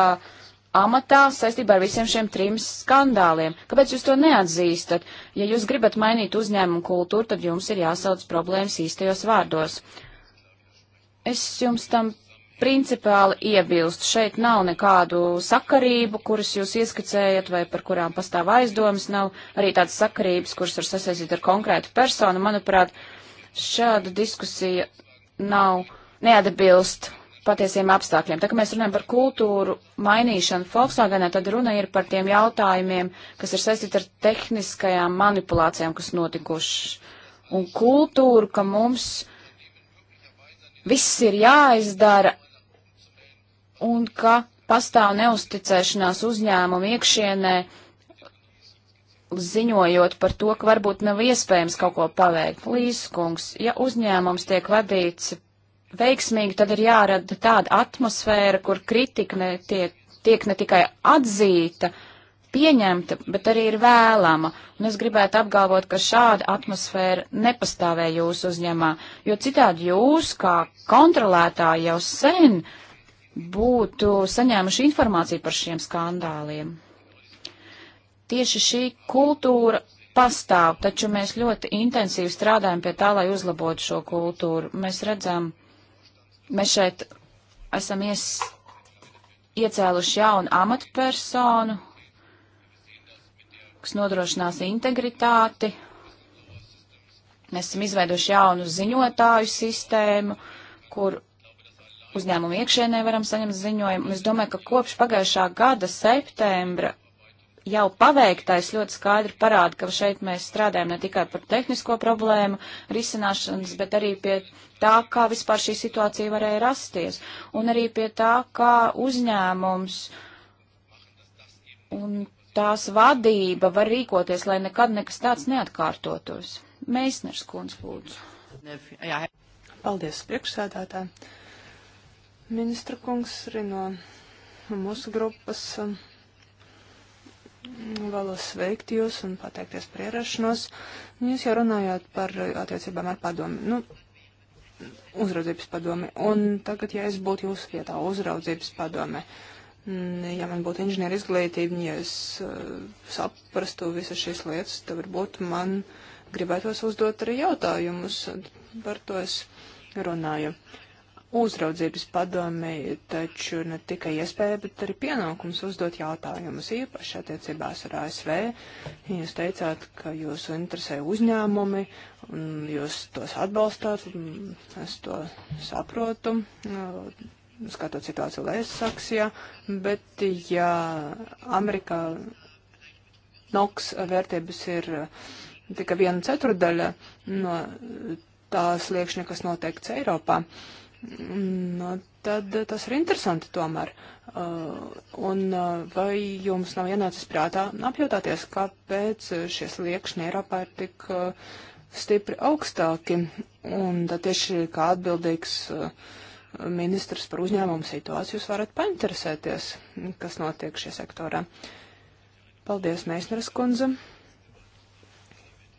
amatā saistībā ar visiem šiem trim skandāliem. Kāpēc jūs to neatzīstat? Ja jūs gribat mainīt uzņēmumu kultūru, tad jums ir jāsauc problēmas īstajos vārdos. Es jums tam principāli iebilstu. Šeit nav nekādu sakarību, kuras jūs ieskicējat vai par kurām pastāv aizdomas. Nav arī tādas sakarības, kuras var sasaistīt ar konkrētu personu. Manuprāt, šāda diskusija nav neatbilst patiesiem apstākļiem. Tā kā mēs runājam par kultūru mainīšanu Volkswagenē, tad runa ir par tiem jautājumiem, kas ir saistīti ar tehniskajām manipulācijām, kas notikušas. Un kultūru, ka mums viss ir jāizdara un ka pastāv neusticēšanās uzņēmumu iekšienē, ziņojot par to, ka varbūt nav iespējams kaut ko paveikt. Līskungs, ja uzņēmums tiek vadīts veiksmīgi, tad ir jārada tāda atmosfēra, kur kritika netiek, tiek ne tikai atzīta, pieņemta, bet arī ir vēlama. Un es gribētu apgalvot, ka šāda atmosfēra nepastāvē jūsu uzņemā, jo citādi jūs, kā kontrolētāji, jau sen būtu saņēmuši informāciju par šiem skandāliem. Tieši šī kultūra pastāv, taču mēs ļoti intensīvi strādājam pie tā, lai uzlabotu šo kultūru. Mēs redzam, ka Mēs šeit esam ies, iecēluši jaunu amatpersonu, kas nodrošinās integritāti. Mēs esam izveidojuši jaunu ziņotāju sistēmu, kur uzņēmumu iekšēnē varam saņemt ziņojumu. Es domāju, ka kopš pagājušā gada septembra jau paveiktais ļoti skaidri parāda, ka šeit mēs strādājam ne tikai par tehnisko problēmu risināšanas, bet arī pie tā, kā vispār šī situācija varēja rasties, un arī pie tā, kā uzņēmums un tās vadība var rīkoties, lai nekad nekas tāds neatkārtotos. Meisners kundz, lūdzu. Paldies, priekšsēdētāji. Ministra kungs arī no mūsu grupas. Um, Vēlos sveikt jūs un pateikties par ierašanos. Jūs jau runājāt par uh, attiecībām ar padomi, nu, uzraudzības padomi. Un tagad, ja es būtu jūsu vietā uzraudzības padome, mm, ja man būtu inženieru izglītība, ja es uh, saprastu visas šīs lietas, tad varbūt man gribētos uzdot arī jautājumus. Par to es runāju. Uh, uzraudzības padomi taču ne tikai iespēja, bet arī pienākums uzdot jautājumus īpaši attiecībās ar ASV. Jūs teicāt, ka jūs interesē uzņēmumi, un jūs tos atbalstāt, es to saprotu, skatot situāciju Lēsaksijā, bet ja Amerikā NOX vērtības ir tikai viena ceturdaļa no tās liekšņa, kas noteikts Eiropā, uh, Nu, tad tas ir interesanti tomēr. Uh, un uh, vai jums nav ienācis prātā apjautāties, kāpēc šie sliekšņi Eiropā ir tik uh, stipri augstāki? Un tad tieši kā atbildīgs uh, ministrs par uzņēmumu situāciju jūs varat painteresēties, kas notiek šajā sektorā. Paldies, Meisneres kundze.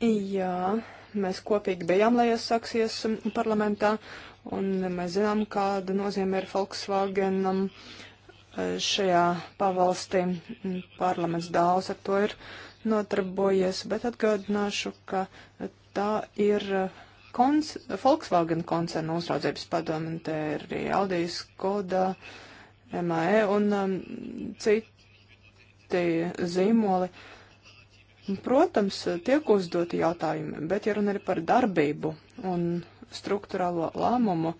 Jā, mēs kopīgi bijām, lai iesāksies parlamentā. Uh, Un mēs zinām, kāda nozīme ir Volkswagenam e, šajā pavalstī. Parlaments daudz ar to ir notarbojies, bet atgādināšu, ka tā ir konc Volkswagen koncerna uzraudzības padome, te ir arī Audi, Skoda, MAE un um, citi zīmoli. Protams, tiek uzdoti jautājumi, bet ja runa ir par darbību un struktūrālo lēmumu,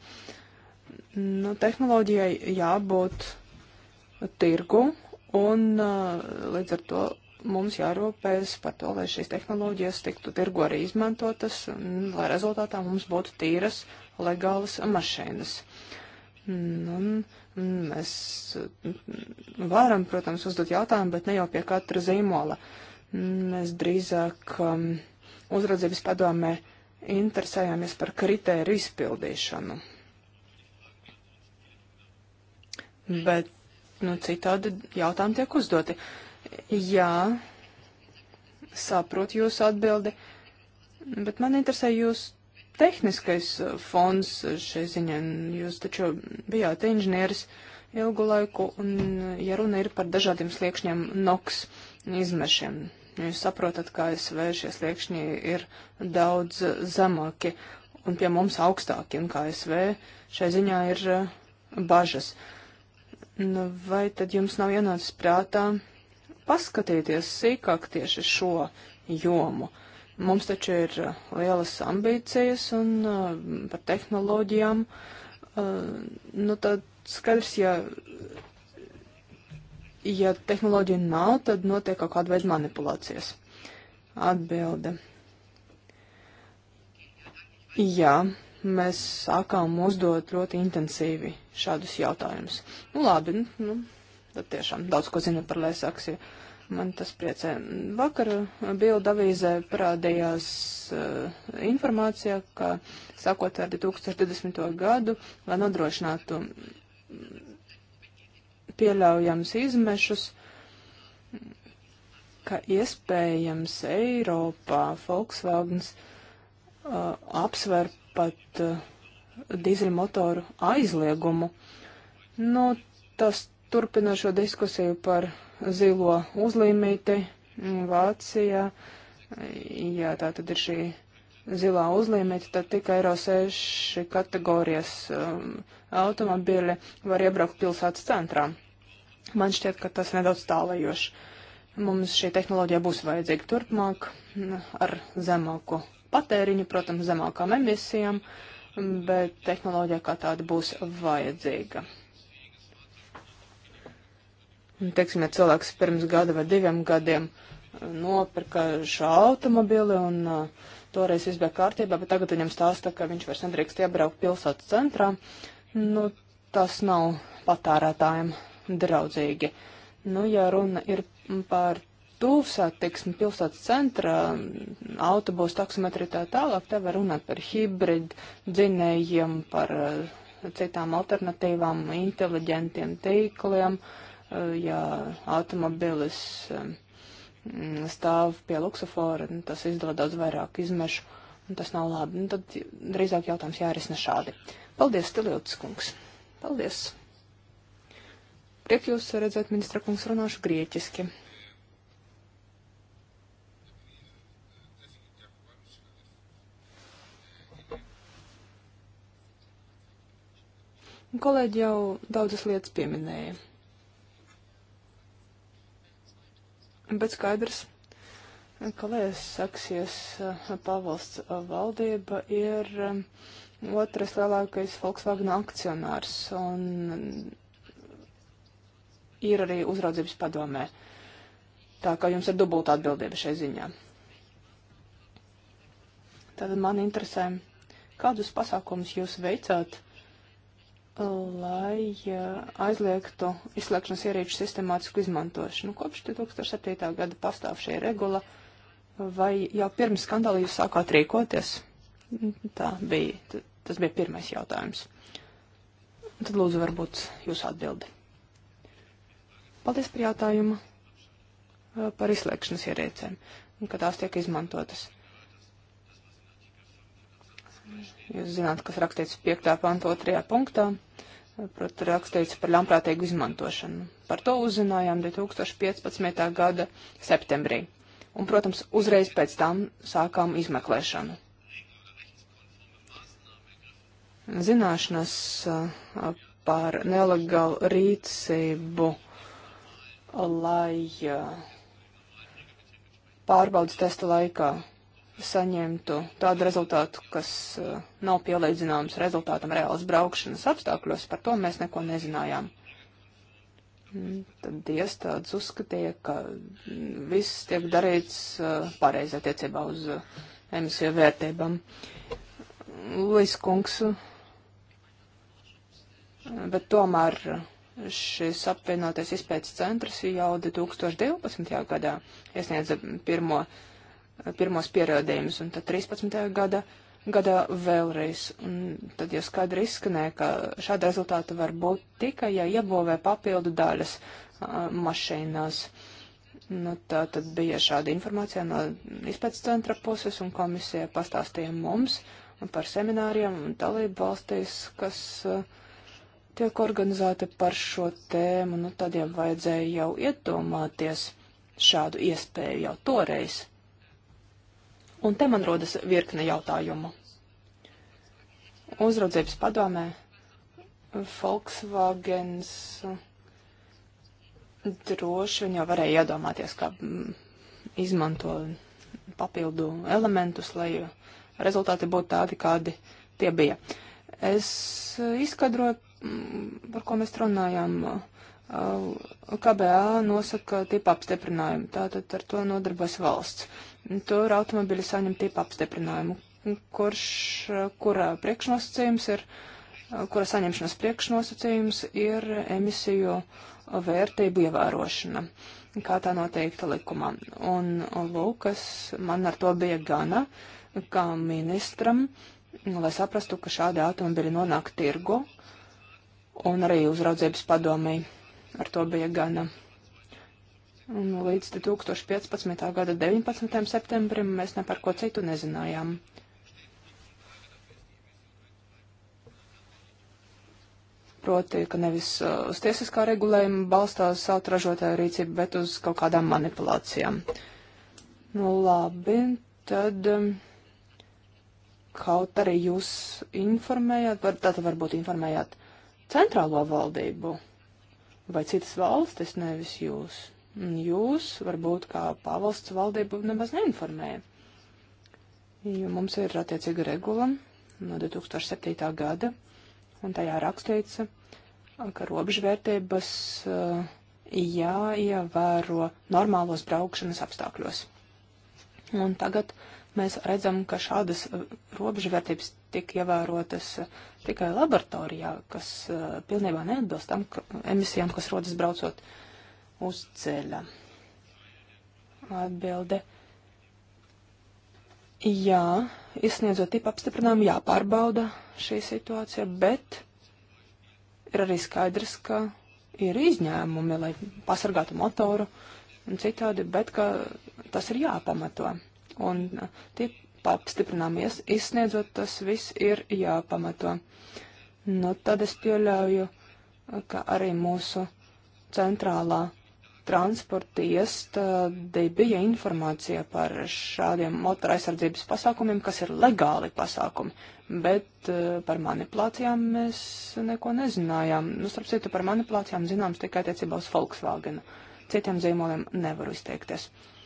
nu, tehnoloģijai jābūt tirgu, un uh, līdz ar to mums jārūpēs par to, lai šīs tehnoloģijas tiktu tirgu arī izmantotas, un, lai rezultātā mums būtu tīras, legālas mašīnas. Un, nu, un mēs nu, varam, protams, uzdot jautājumu, bet ne jau pie katra zīmola. Mēs drīzāk um, uzraudzības padomē uh, interesējāmies par kritēru izpildīšanu. Bet, nu, citādi jautājumi tiek uzdoti. Jā, saprotu jūsu atbildi, bet man interesē jūs tehniskais fons šai ziņā. Jūs taču bijāt inženieris ilgu laiku, un ja runa ir par dažādiem sliekšņiem NOX izmešiem, Jūs saprotat, ka ASV šie sliekšņi ir daudz zemāki un pie mums augstāki, un kā ASV šai ziņā ir eh, bažas. Nu, vai tad jums nav ienācis prātā paskatīties sīkāk tieši šo jomu? Mums taču ir eh, lielas ambīcijas un uh, par tehnoloģijām. Uh, nu, tad skaidrs, ja ja tehnoloģija nav, tad notiek kaut kāda veida manipulācijas. Atbilde. Jā, mēs sākām uzdot ļoti intensīvi šādus jautājumus. Nu, labi, nu, nu tad tiešām daudz ko zinu par lēsaksiju. Man tas priecē. Vakar bilda avīzē parādījās uh, informācija, ka sākot ar 2020. gadu, lai nodrošinātu pieļaujams izmešus, ka iespējams Eiropā Volkswagens uh, apsver pat uh, dīzeļmotoru aizliegumu. Nu, tas turpina šo diskusiju par zilo uzlīmīti Vācijā. Jā, tā tad ir šī zilā uzlīmīta, tad tikai Eiro 6 kategorijas um, automobīļi var iebraukt pilsētas centrā. Man šķiet, ka tas nedaudz tālajoši. Mums šī tehnoloģija būs vajadzīga turpmāk ar zemāku patēriņu, protams, zemākām emisijām, bet tehnoloģija kā tāda būs vajadzīga. Un, teiksim, ja cilvēks pirms gada vai diviem gadiem nopirka šo automobili un uh, toreiz viss bija kārtībā, bet tagad viņam stāsta, ka viņš vairs nedrīkst iebraukt pilsētas centrā. Nu, tas nav patērētājiem draudzīgi. Nu, ja runa ir par tūvsātiksmi pilsētas centrā, autobusu taksometri tā tālāk, te var runāt par hibridu dzinējiem, par eh, citām alternatīvām, inteliģentiem tīkliem, eh, ja automobilis eh, stāv pie luksofora, nu, tas izdod daudz vairāk izmešu, un tas nav labi. Un nu, tad drīzāk jautājums jārisina šādi. Paldies, Stiljotis kungs! Paldies! Priek jūs redzēt, ministra kungs, runāšu grieķiski. Kolēģi jau daudzas lietas pieminēja. Bet skaidrs, ka, lai saksies uh, pavalsts uh, valdība, ir um, otrais lielākais Volkswagen akcionārs. Un ir arī uzraudzības padomē. Tā kā jums ir dubulta atbildība šai ziņā. Tad man interesē, kādus pasākumus jūs veicāt, lai e, aizliegtu izslēgšanas ierīču sistemātisku izmantošanu. Nu, kopš 2007. gada pastāv šī regula, vai jau pirms skandāla jūs sākāt rīkoties? Tā bija, tas bija pirmais jautājums. Tad lūdzu varbūt jūs atbildi. Paldies par jautājumu eh, par izslēgšanas ierīcēm un kad tās tiek izmantotas. Jūs zināt, kas rakstīts 5. panta 2. punktā, eh, proti rakstīts par ļaunprātīgu izmantošanu. Par to uzzinājām 2015. gada septembrī. Un, protams, uzreiz pēc tam sākām izmeklēšanu. Zināšanas eh, par nelegālu rīcību uh, lai pārbaudas testa laikā saņemtu tādu rezultātu, kas nav pielīdzināms rezultātam reālas braukšanas apstākļos, par to mēs neko nezinājām. Mm, tad iestādes uzskatīja, ka mm, viss tiek darīts pareizi attiecībā uz emisiju vērtībām. Luis Kungs, bet tomēr Šis apvienotais izpētes centrs jau 2012. gadā iesniedza pirmo, pirmos pierādījumus, un tad 13. gada, gadā vēlreiz. Un tad jau skaidri izskanēja, ka šāda rezultāta var būt tikai, ja iebūvē papildu daļas a, mašīnās. Nu, tā tad bija šāda informācija no izpētes centra puses, un komisija pastāstīja mums par semināriem un dalību valstīs, kas uh, tiek organizēti par šo tēmu, nu tādiem vajadzēja jau iedomāties šādu iespēju jau toreiz. Un te man rodas virkne jautājumu. Uzraudzības padomē Volkswagens droši vien jau varēja iedomāties, kā mm, izmanto papildu elementus, lai rezultāti būtu tādi, kādi tie bija. Es izskaidroju Mm, par ko mēs runājām. KBA nosaka tipa apstiprinājumu, tātad ar to nodarbojas valsts. Tur automobiļi saņem tipa apstiprinājumu, kurš, kura priekšnosacījums ir, kura saņemšanas priekšnosacījums ir emisiju vērtību ievērošana, kā tā noteikta likumā. Un, lūkas, man ar to bija gana, kā ministram, lai saprastu, ka šādi automobili nonāk tirgu, un arī uzraudzības padomēji. Ar to bija gana. Un līdz 2015. gada 19. septembrim mēs ne par ko citu nezinājām. Proti, ka nevis uh, uz tiesiskā regulējuma balstās autražotāja rīcība, bet uz kaut kādām manipulācijām. Nu, labi, tad um, kaut arī jūs informējāt, var, tātad varbūt informējāt uh, centrālo valdību vai citas valstis, nevis jūs. Jūs varbūt kā pavalsts valdību nemaz neinformēja. Jo mums ir attiecīga regula no 2007. gada, un tajā rakstīts, ka robežvērtības uh, jāievēro normālos braukšanas apstākļos. Un tagad mēs redzam, ka šādas uh, robežvērtības tik ievērotas eh, tikai laboratorijā, kas eh, pilnībā neatbilst tam ka emisijām, kas rodas braucot uz ceļa. Atbilde. Jā, izsniedzot tipu apstiprinājumu, jāpārbauda šī situācija, bet ir arī skaidrs, ka ir izņēmumi, lai pasargātu motoru un citādi, bet ka tas ir jāpamato. Un eh, tie apstiprinām izsniedzot, tas viss ir jāpamato. Nu, tad es pieļauju, ka arī mūsu centrālā transporta iestāde bija informācija par šādiem motora aizsardzības pasākumiem, kas ir legāli pasākumi, bet uh, par manipulācijām mēs neko nezinājām. Nu, starp citu, par manipulācijām zināms tikai attiecībā uz Volkswagenu. Citiem zīmoliem nevaru izteikties. Uh,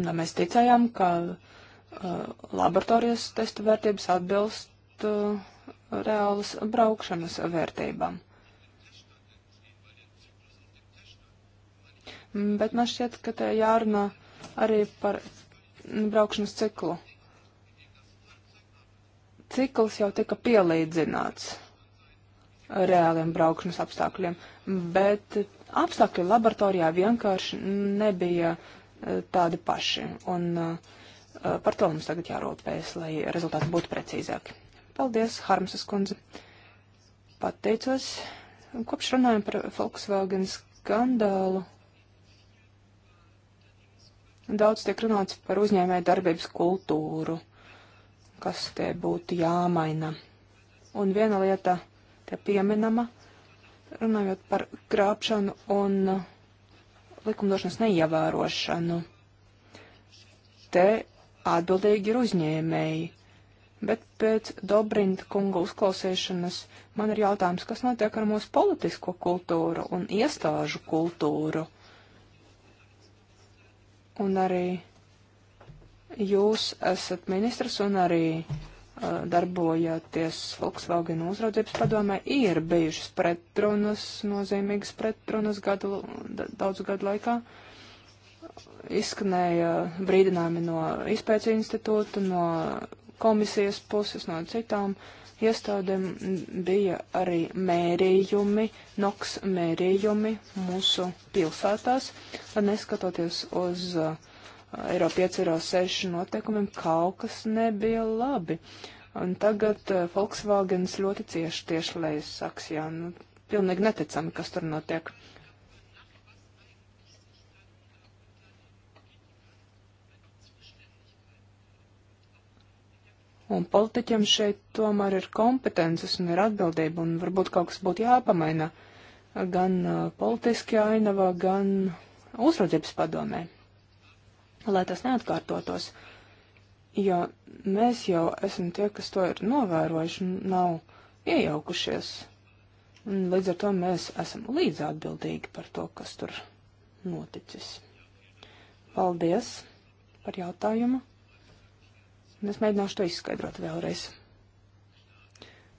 Un nu, mēs ticējām, ka uh, laboratorijas testa vērtības atbilst uh, reālas braukšanas vērtībām. Mm, bet man šķiet, ka te jārunā arī par braukšanas ciklu. Cikls jau tika pielīdzināts reāliem braukšanas apstākļiem, bet apstākļi laboratorijā vienkārši nebija uh, tādi paši. Un eh, par to mums tagad jārūpējas, lai rezultāti būtu precīzāki. Paldies, Harmsas kundze. Pateicos. Kopš runājam par Volkswagen skandālu. Daudz tiek runāts par uzņēmēju darbības kultūru, kas te būtu jāmaina. Un viena lieta te pieminama, runājot par krāpšanu un uh, likumdošanas neievērošanu. Te atbildīgi ir uzņēmēji. Bet pēc Dobrinda kunga uzklausīšanas man ir jautājums, kas notiek ar mūsu politisko kultūru un iestāžu kultūru. Un arī jūs esat ministrs un arī Uh, darbojoties Volkswagen uzraudzības padomē, ir bijušas pretrunas, nozīmīgas pretrunas gadu, daudzu gadu laikā. Izskanēja brīdinājumi no izpētes institūta, no komisijas puses, no citām iestādēm. Bija arī mērījumi, NOX mērījumi mūsu pilsētās, neskatoties uz uh, Eiro 5, Eiro 6 noteikumiem kaut kas nebija labi. Un tagad uh, Volkswagens ļoti cieši tieši lejas saksjā. Nu, pilnīgi neticami, kas tur notiek. Un politiķiem šeit tomēr ir kompetences un ir atbildība, un varbūt kaut kas būtu jāpamaina gan uh, eh, politiskajā ainavā, gan uzraudzības padomē lai tas neatkārtotos. Jo mēs jau esam tie, kas to ir novērojuši, nav iejaukušies. Un līdz ar to mēs esam līdz atbildīgi par to, kas tur noticis. Paldies par jautājumu. Un es mēģināšu to izskaidrot vēlreiz.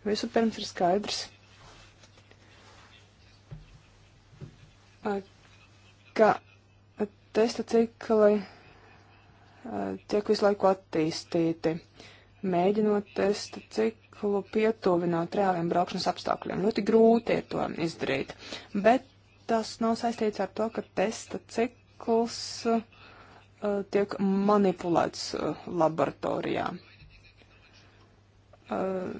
Vispirms ir skaidrs, ka testa cikli tiek visu laiku attīstīti, mēģinot testa ciklu pietuvināt reāliem braukšanas apstākļiem. Ļoti grūti ir to izdarīt, bet tas nav saistīts ar to, ka testa cikls uh, tiek manipulēts uh, laboratorijā. Uh,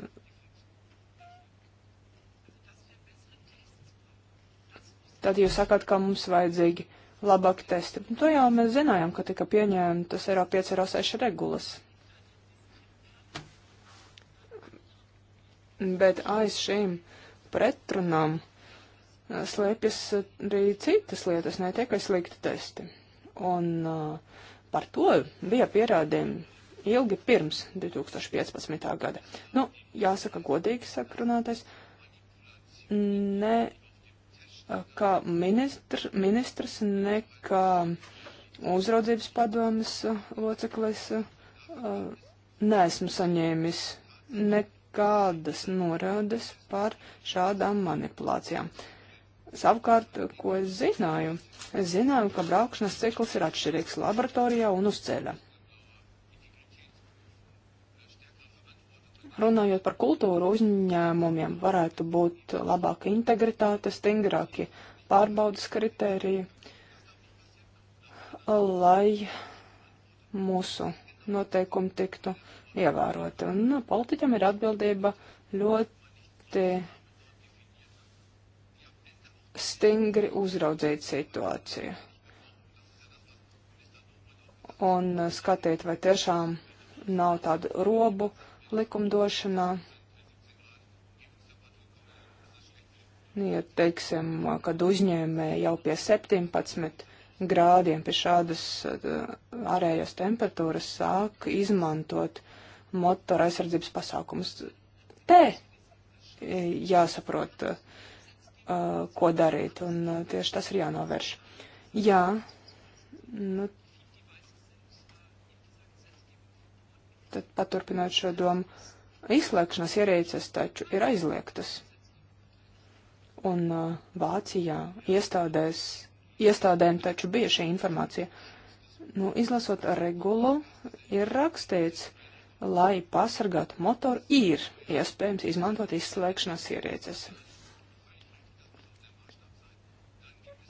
tad jūs sakāt, ka mums vajadzīgi uh, labāki testi. Un nu, to jau mēs zinājām, ka tika pieņemtas Eiro 5, Eiro 6 regulas. Bet aiz šīm pretrunām eh, slēpjas arī citas lietas, ne tikai slikti testi. Un uh, par to bija pierādījumi ilgi pirms 2015. gada. Nu, jāsaka godīgi sakrunātais, ne kā ministr, ministrs, ne kā uzraudzības padomas uh, loceklis. Uh, uh, neesmu saņēmis nekādas norādes par šādām manipulācijām. Savukārt, ko es zināju? Es zināju, ka braukšanas cikls ir atšķirīgs laboratorijā un uz ceļa. runājot par kultūru uzņēmumiem, varētu būt labāka integritāte, stingrāki pārbaudas kritēriji, lai mūsu noteikumi tiktu ievēroti. Un nu, politiķam ir atbildība ļoti stingri uzraudzīt situāciju un uh, skatīt, vai tiešām nav tādu robu, uh, likumdošanā. Nu, ja teiksim, kad uzņēmēji jau pie 17 grādiem pie šādas eh, ārējās temperatūras sāk izmantot motora aizsardzības pasākumus. Te eh, jāsaprot, eh, ko darīt, un tieši tas ir jānovērš. Jā, nu, Tad paturpinot šo domu, izslēgšanas ierīces taču ir aizliegtas. Un uh, Vācijā iestādēs, iestādēm taču bija šī informācija. Nu, izlasot regulu, ir rakstīts, lai pasargātu motoru, ir iespējams izmantot izslēgšanas ierīces.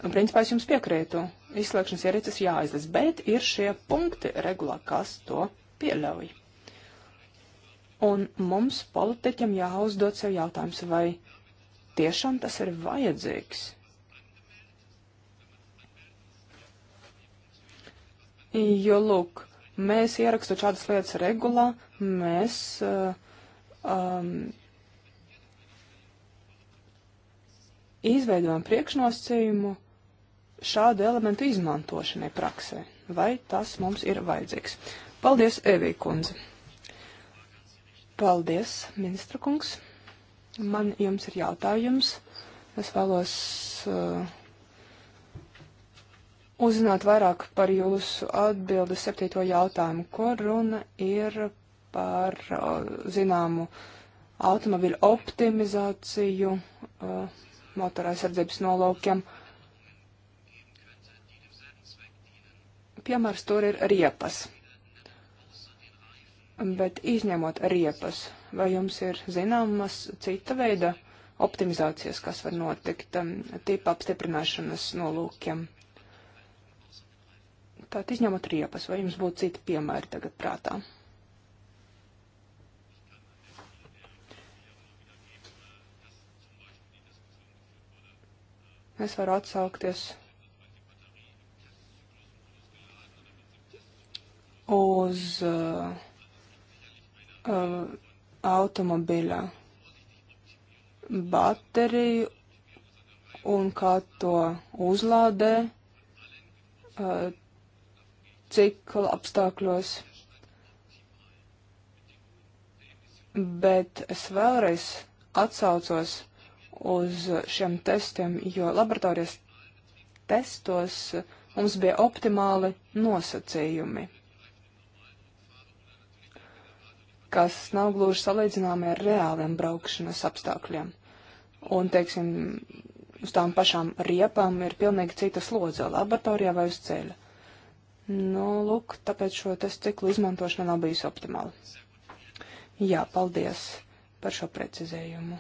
Un, principā es jums piekrītu. Izslēgšanas ierīces jāaizliedz, bet ir šie punkti regulā, kas to pieļauj. Un mums, politiķiem, jāuzdod sev jautājums, vai tiešām tas ir vajadzīgs. Jo, lūk, mēs ierakstot šādas lietas regulā, mēs uh, um, izveidojam priekšnosacījumu šādu elementu izmantošanai praksē. Vai tas mums ir vajadzīgs? Paldies, Evī kundze! Paldies, ministra kungs. Man jums ir jautājums. Es vēlos uh, uzzināt vairāk par jūsu atbildi septīto jautājumu, ko runa ir par uh, zināmu automobiļu optimizāciju uh, motorāsardzības nolūkiem. Piemērs tur ir riepas bet izņemot riepas, vai jums ir zināmas cita veida optimizācijas, kas var notikt um, tīpa apstiprināšanas nolūkiem? Tātad izņemot riepas, vai jums būtu citi piemēri tagad prātā? Es varu atsaukties uz uh, um, uh, automobiļa bateriju un kā to uzlādē, uh, cik apstākļos. Bet es vēlreiz atsaucos uz šiem testiem, jo laboratorijas testos mums bija optimāli nosacījumi. kas nav gluži salīdzināmi ar reāliem braukšanas apstākļiem. Un, teiksim, uz tām pašām riepām ir pilnīgi cita slodze laboratorijā vai uz ceļa. Nu, lūk, tāpēc šo testu ciklu izmantošana nav bijusi optimāla. Jā, paldies par šo precizējumu.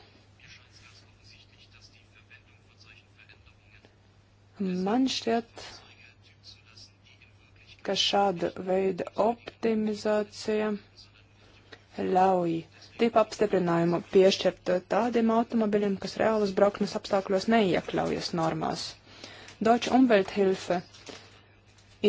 Man šķiet, ka šāda veida optimizācija ļauj tipa apstiprinājumu piešķirt tādiem automobiļiem, kas reālas braukšanas apstākļos neiekļaujas normās. Deutsche Umwelthilfe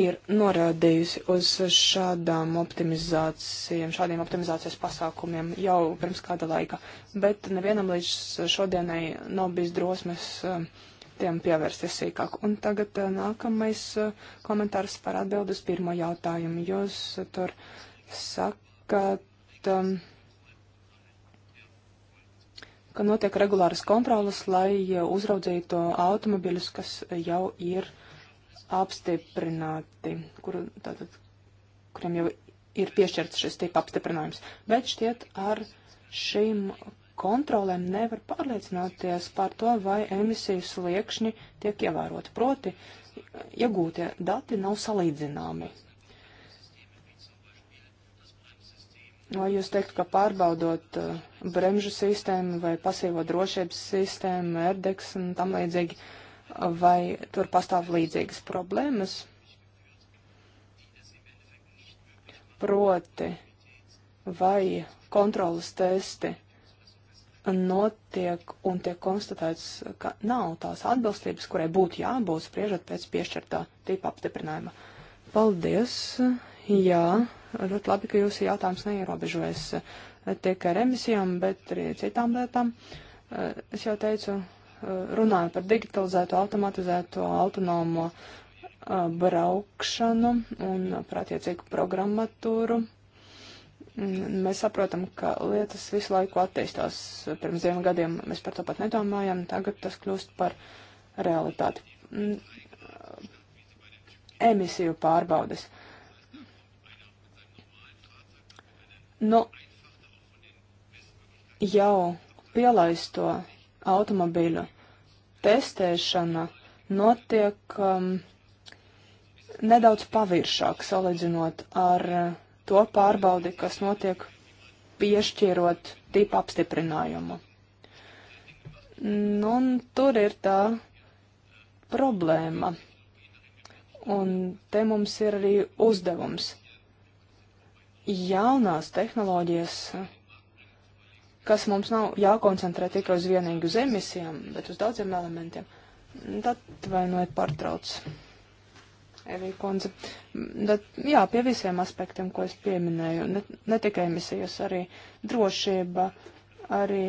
ir norādījusi uz šādām optimizācijām, šādiem optimizācijas pasākumiem jau pirms kāda laika, bet nevienam līdz šodienai nav bijis drosmes eh, tiem pievērsties sīkāk. Un tagad eh, nākamais eh, komentārs par atbildus pirmo jautājumu. Jūs tur sakat, um, ka notiek regulāras kontrolas, lai uh, uzraudzītu automobiļus, kas jau ir apstiprināti, kur, tātad, kuriem jau ir piešķirts šis tipa apstiprinājums. Bet šķiet ar šīm kontrolēm nevar pārliecināties par to, vai emisiju sliekšņi tiek ievēroti. Proti, iegūtie dati nav salīdzināmi. Vai jūs teiktu, ka pārbaudot uh, bremžu sistēmu vai pasīvo drošības sistēmu, erdeks un tam līdzīgi, uh, vai tur pastāv līdzīgas problēmas? Proti, vai kontrolas testi notiek un tiek konstatēts, ka nav tās atbilstības, kurai būtu jābūt spriežot pēc piešķirtā tipa apstiprinājuma? Paldies! Jā ļoti labi, ka jūsu jautājums neierobežojas tikai ar emisijām, bet arī citām lietām. Eh, es jau teicu, eh, runāju par digitalizēto, automatizēto, autonomo eh, braukšanu un par attiecīgu programmatūru. Mm, mēs saprotam, ka lietas visu laiku attīstās. Pirms diviem gadiem mēs par to pat nedomājām, tagad tas kļūst par realitāti. Mm, emisiju pārbaudes. Uh, nu, jau pielaisto automobīļu testēšana notiek um, nedaudz paviršāk salīdzinot ar uh, to pārbaudi, kas notiek piešķirot tipu apstiprinājumu. Nu, un tur ir tā problēma. Un te mums ir arī uzdevums jaunās tehnoloģijas, kas mums nav jākoncentrē tikai uz vienīgu uz emisijām, bet uz daudziem elementiem. Tad vainojiet pārtrauc. Evija Konze. Bet, jā, pie visiem aspektiem, ko es pieminēju, ne, ne tikai emisijas, arī drošība, arī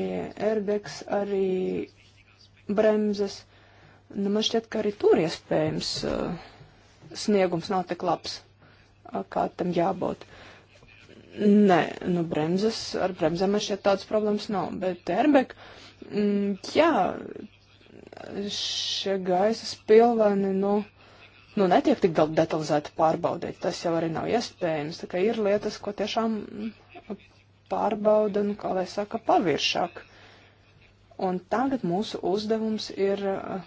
airbags, arī bremzes. Nu, man šķiet, ka arī tur iespējams uh, sniegums nav tik labs, uh, kā tam jābūt. Nē, nu bremzes, ar bremzēm man šķiet tādas problēmas nav, bet airbag, mm, jā, šie gaisa spilveni, nu, nu netiek tik detalizēti pārbaudīt, tas jau arī nav iespējams, tā kā ir lietas, ko tiešām pārbauda, nu, kā lai saka, paviršāk. Un tagad mūsu uzdevums ir uh,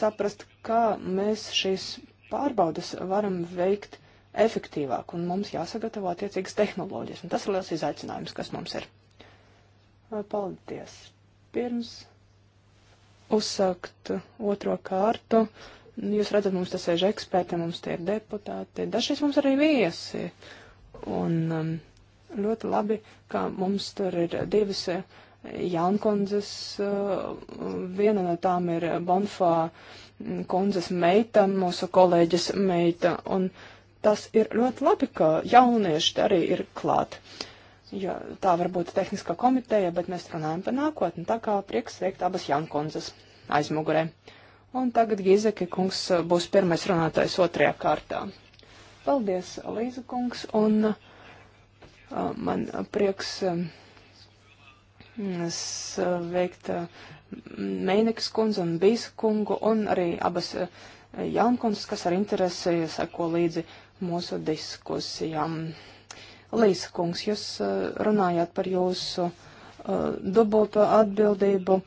saprast, kā mēs šīs pārbaudas varam veikt efektīvāk, un mums jāsagatavo attiecīgas tehnoloģijas, un tas ir liels izaicinājums, kas mums ir. Paldies! Pirms uzsākt otro kārtu, jūs redzat, mums tas ir eksperti, mums tie ir deputāti, dažreiz mums arī viesi, un um, ļoti labi, ka mums tur ir divas jaunkundzes, uh, viena no tām ir Bonfā mm, kundzes meita, mūsu kolēģis meita, un uh, Tas ir ļoti labi, ka jaunieši arī ir klāt. Ja, tā var būt tehniskā komiteja, bet mēs runājam par nākotni. Tā kā prieks sveikt abas Jankonzas aizmugurē. Un tagad Gizeke kungs būs pirmais runātājs otrajā kārtā. Paldies, Līza kungs, un uh, man prieks uh, sveikt uh, Meinikas kundzi un Bīsa kungu un arī abas uh, Jankundzes, kas ar interesi seko līdzi uh, mūsu diskusijām. Līsa kungs, jūs eh, runājāt par jūsu eh, dubulto atbildību.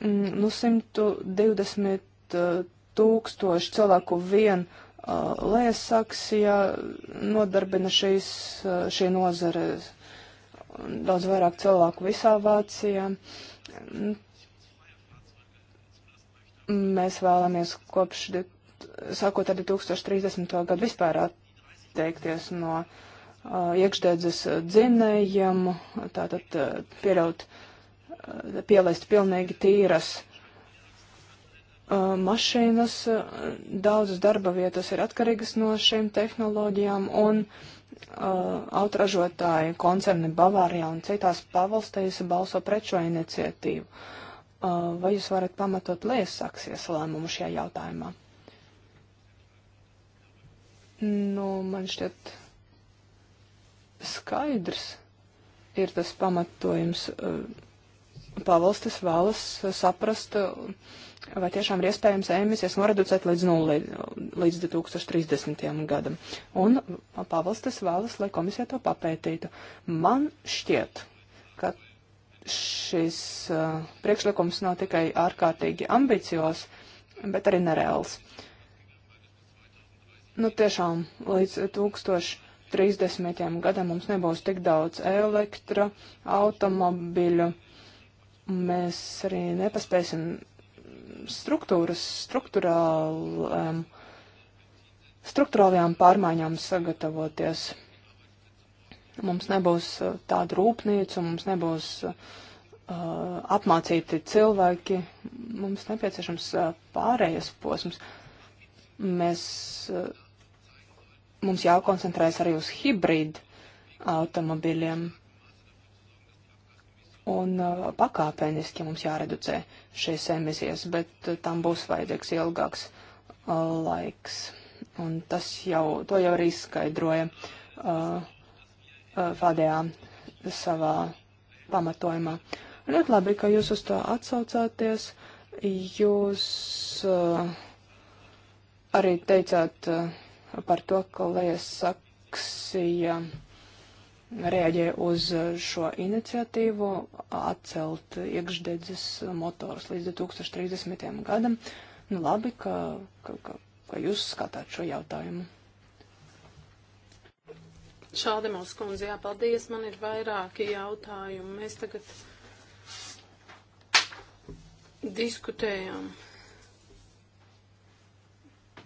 Mm, nu, 120 eh, tūkstoši cilvēku vien Lēsaksijā nodarbina šīs, šī nozare daudz vairāk cilvēku visā Vācijā. Mēs vēlamies kopš, sākot ar 2030. gadu, vispār at, atteikties no uh, iekšdedzes uh, dzinējiem, tātad uh, pieļaut, pielaist pilnīgi tīras mašīnas, daudzas darba vietas ir atkarīgas no šīm tehnoloģijām, un autražotāji koncerni Bavārijā un citās pavalstīs balso pret šo iniciatīvu. Vai jūs varat pamatot liesaks ieslēmumu šajā jautājumā? Nu, man šķiet skaidrs ir tas pamatojums. Eh, pavalstis vēlas eh, saprast, eh, vai tiešām ir iespējams emisijas noreducēt līdz nulli, līdz 2030. gadam. Un pavalstis vēlas, lai komisija to papētītu. Man šķiet, ka šis priekšlikums nav tikai ārkārtīgi ambicios, bet arī nereāls. Uh, Nu, tiešām līdz 2030. gadam mums nebūs tik daudz elektra, automobiļu. Mēs arī nepaspēsim struktūras, struktūrālām, struktūrālajām pārmaiņām sagatavoties. Mums nebūs uh, tāda rūpnīca, mums nebūs uh, apmācīti cilvēki, mums nepieciešams uh, pārējais posms. Mēs uh, mums jākoncentrējas arī uz hibrīdu automobiļiem. Un uh, pakāpeniski mums jāreducē šīs emisijas, bet uh, tam būs vajadzīgs ilgāks uh, laiks. Un tas jau, to jau arī izskaidroja uh, uh Fadējā savā pamatojumā. Ļoti labi, ka jūs uz to atsaucāties. Jūs uh, arī teicāt. Uh, par to, ka Lēja Saksija reaģēja uz šo iniciatīvu atcelt iekšdedzes motors līdz 2030. gadam. Nu, labi, ka, ka, ka, ka jūs skatāt šo jautājumu. Šādi mums, kundze, jāpaldies. Man ir vairāki jautājumi. Mēs tagad diskutējam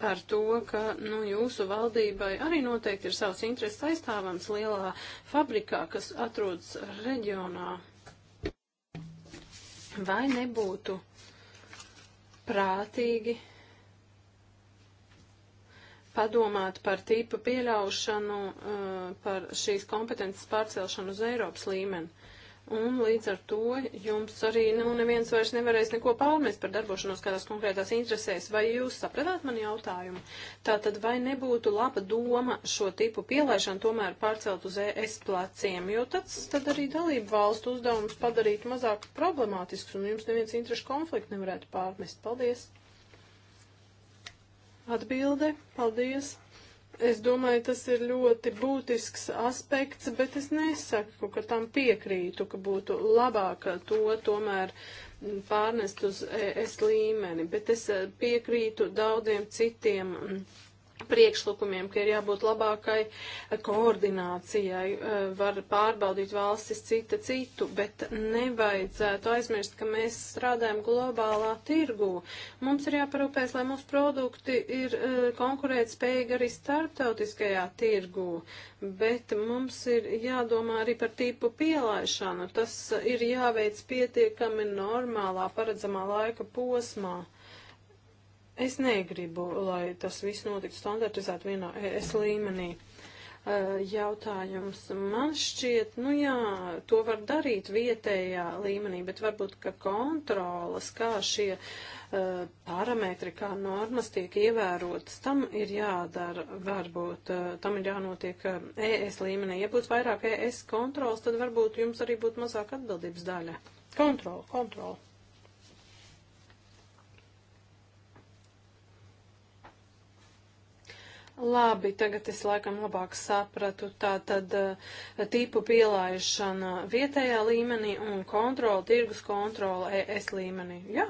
par to, ka nu, jūsu valdībai arī noteikti ir savs intereses aizstāvams lielā fabrikā, kas atrodas reģionā. Vai nebūtu prātīgi padomāt par tīpa pieļaušanu, eh, par šīs kompetences pārcelšanu uz Eiropas līmeni? Un līdz ar to jums arī nu, neviens vairs nevarēs neko pārmest par darbošanos kādās konkrētās interesēs. Vai jūs sapratāt mani jautājumu? Tātad vai nebūtu laba doma šo tipu pielaišanu tomēr pārcelt uz ES pleciem, jo tas tad arī dalību valstu uzdevums padarītu mazāk problemātisks un jums neviens interešu konfliktu nevarētu pārmest. Paldies! Atbilde. Paldies! Es domāju, tas ir ļoti būtisks aspekts, bet es nesaku, ka tam piekrītu, ka būtu labāk to tomēr pārnest uz es līmeni, bet es piekrītu daudziem citiem. Mm, priekšlikumiem, ka ir jābūt labākai koordinācijai, eh, var pārbaudīt valstis cita citu, bet nevajadzētu aizmirst, ka mēs strādājam globālā tirgū. Mums ir jāparūpēs, lai mūsu produkti ir eh, konkurēt spējīgi arī starptautiskajā tirgū, bet mums ir jādomā arī par tīpu pielaišanu. Tas ir jāveic pietiekami normālā, paredzamā laika posmā Es negribu, lai tas viss notiktu standartizēt vienā ES līmenī. Uh, jautājums man šķiet, nu jā, to var darīt vietējā līmenī, bet varbūt, ka kontrolas, kā šie uh, parametri, kā normas tiek ievērotas, tam ir jādara, varbūt, uh, tam ir jānotiek uh, ES līmenī. Ja būtu vairāk ES kontrolas, tad varbūt jums arī būtu mazāk atbildības daļa. Kontrola, kontrola. Labi, tagad es laikam labāk sapratu. Tā tad eh, tipu pielaišana vietējā līmenī un kontrola, tirgus kontrola ES līmenī. Jā.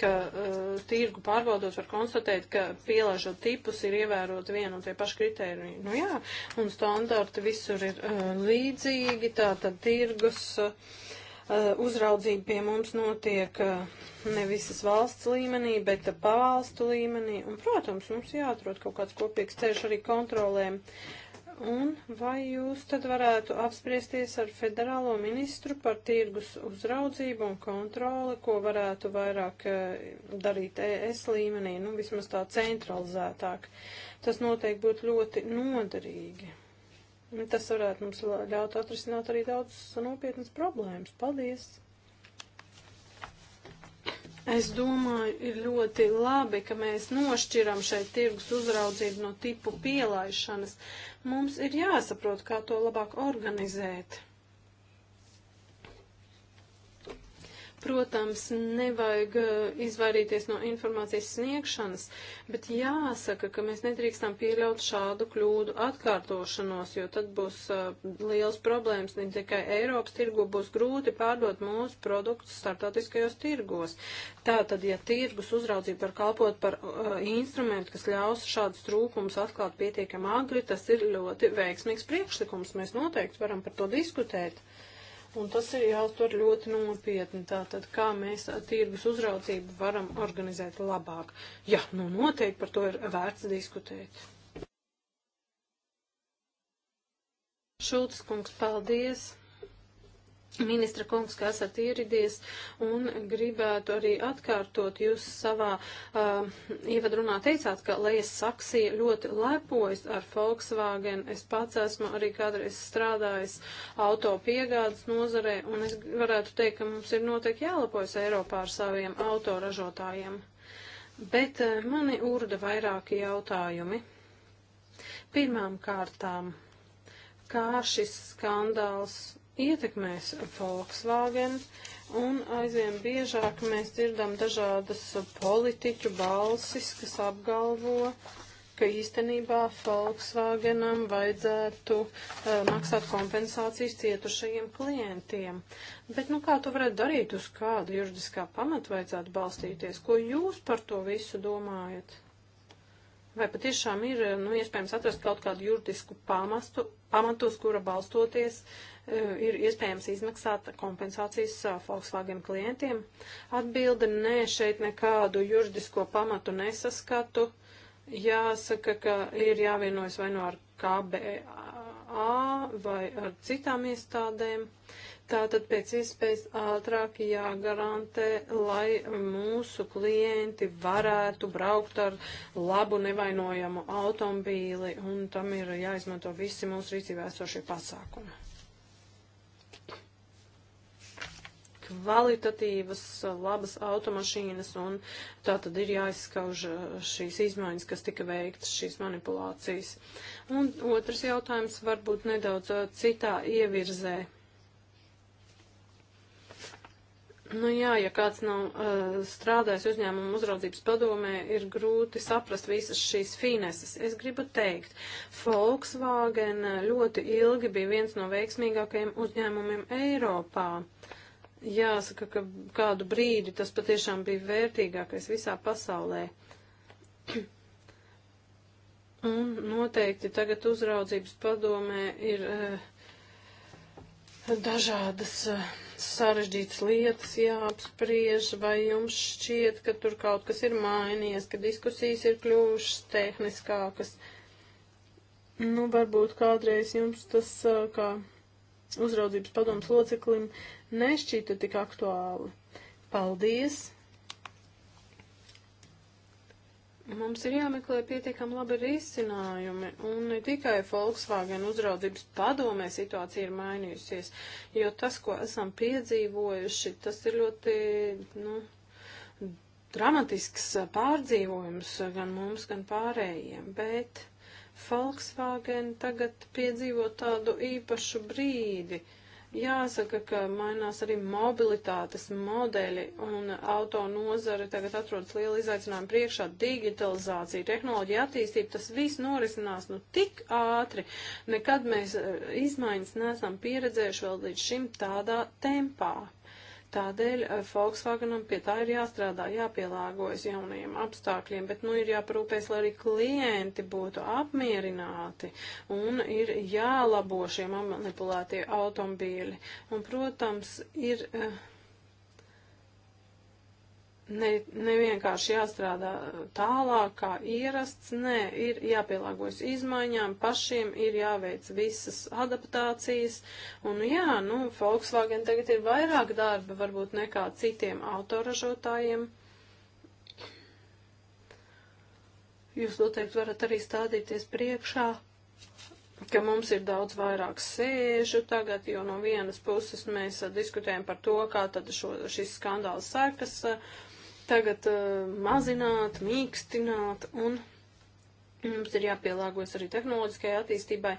Ka uh, tirgu pārbaudot var konstatēt, ka pielaižot tipus ir ievērot vienu un tie paši kriteriji. Nu jā, un standarti visur ir uh, līdzīgi, tā tad tirgus. Uh, Eh, uzraudzība pie mums notiek eh, ne visas valsts līmenī, bet eh, pavalstu līmenī. Un, protams, mums jāatrod kaut kāds kopīgs ceļš arī kontrolēm. Un vai jūs tad varētu apspriesties ar federālo ministru par tirgus uzraudzību un kontroli, ko varētu vairāk darīt ES līmenī, nu vismaz tā centralizētāk? Tas noteikti būtu ļoti noderīgi. Nu, tas varētu mums ļaut atrisināt arī daudzas nopietnas problēmas. Paldies! Es domāju, ir ļoti labi, ka mēs nošķiram šeit tirgus uzraudzību no tipu pielaišanas. Mums ir jāsaprot, kā to labāk organizēt. Protams, nevajag uh, izvairīties no informācijas sniegšanas, bet jāsaka, ka mēs nedrīkstam pieļaut šādu kļūdu atkārtošanos, jo tad būs uh, liels problēmas ne tikai Eiropas tirgu, būs grūti pārdot mūsu produktus startautiskajos tirgos. Tātad, ja tirgus uzraudzība var kalpot par uh, instrumentu, kas ļaus šādus trūkumus atklāt pietiekam agri, tas ir ļoti veiksmīgs priekšlikums. Mēs noteikti varam par to diskutēt un tas ir jāuztver ļoti nopietni. Tātad, kā mēs tirgus uzraudzību varam organizēt labāk? Jā, nu noteikti par to ir vērts diskutēt. Šulcis kungs, paldies! ministra kungs, ka esat ieradies un gribētu arī atkārtot, jūs savā uh, ievadrunā teicāt, ka Lejas Saksija ļoti lepojas ar Volkswagen. Es pats esmu arī kādreiz strādājis auto piegādes nozarē un es varētu teikt, ka mums ir noteikti jālepojas Eiropā ar saviem autoražotājiem. Bet uh, mani urda vairāki jautājumi. Pirmām kārtām, kā šis skandāls ietekmēs Volkswagen. Un aizvien biežāk mēs dzirdam dažādas politiķu balsis, kas apgalvo, ka īstenībā Volkswagenam vajadzētu uh, maksāt kompensācijas cietušajiem klientiem. Bet nu kā to varētu darīt, uz kādu juridiskā pamatu vajadzētu balstīties? Ko jūs par to visu domājat? Vai patiešām ir nu, iespējams atrast kaut kādu juridisku pamastu, pamatus, kura balstoties Eh, ir iespējams izmaksāt kompensācijas eh, Volkswagen klientiem? Atbilde nē, šeit nekādu juridisko pamatu nesaskatu. Jāsaka, ka ir jāvienojas vai no nu ar KBA vai ar citām iestādēm. Tātad pēc iespējas ātrāk jāgarantē, lai mūsu klienti varētu braukt ar labu nevainojamu automobīli, un tam ir jāizmanto visi mūsu rīcībā esošie pasākumi. kvalitatīvas, labas automašīnas, un tā tad ir jāizskauž eh, šīs izmaiņas, kas tika veiktas, šīs manipulācijas. Un otrs jautājums varbūt nedaudz eh, citā ievirzē. Nu jā, ja kāds nav uh, strādājis uzņēmuma uzraudzības padomē, ir grūti saprast visas šīs fineses. Es gribu teikt, Volkswagen ļoti ilgi bija viens no veiksmīgākajiem uzņēmumiem Eiropā. Uh, Jāsaka, ka kādu brīdi tas patiešām bija vērtīgākais visā pasaulē. Un noteikti tagad uzraudzības padomē ir uh, dažādas uh, sarežģītas lietas jāapspriež, vai jums šķiet, ka tur kaut kas ir mainījies, ka diskusijas ir kļuvušas tehniskākas. Nu, varbūt kādreiz jums tas, uh, kā uzraudzības padomas loceklim, uh, nešķita tik aktuāli. Paldies! Mums ir jāmeklē pietiekami labi risinājumi, un ne tikai Volkswagen uzraudzības padomē situācija ir mainījusies, jo tas, ko esam piedzīvojuši, tas ir ļoti, nu, dramatisks pārdzīvojums gan mums, gan pārējiem, bet Volkswagen tagad piedzīvo tādu īpašu brīdi. Uh, Jāsaka, ka mainās arī mobilitātes modeļi un auto nozare tagad atrodas liela izaicinājuma priekšā - digitalizācija, tehnoloģija attīstība, tas viss norisinās nu tik ātri. Nekad mēs e, izmaiņas nesam pieredzējuši vēl līdz šim tādā tempā. Tādēļ eh, Volkswagenam pie tā ir jāstrādā, jāpielāgojas jaunajiem apstākļiem, bet nu ir jāparūpēs, lai arī klienti būtu apmierināti un ir jālabo šie manipulētie automobīļi. Un, protams, ir. Uh, ne, ne vienkārši jāstrādā tālāk kā ierasts, nē, ir jāpielāgojas izmaiņām, pašiem ir jāveic visas adaptācijas, un jā, nu, Volkswagen tagad ir vairāk darba varbūt nekā citiem autoražotājiem. Jūs noteikti varat arī stādīties priekšā ka mums ir daudz vairāk sēžu tagad, jo no vienas puses mēs uh, diskutējam par to, kā tad šo, šis skandāls sekas uh, tagad uh, mazināt, mīkstināt un mums ir jāpielāgojas arī tehnoloģiskajai attīstībai.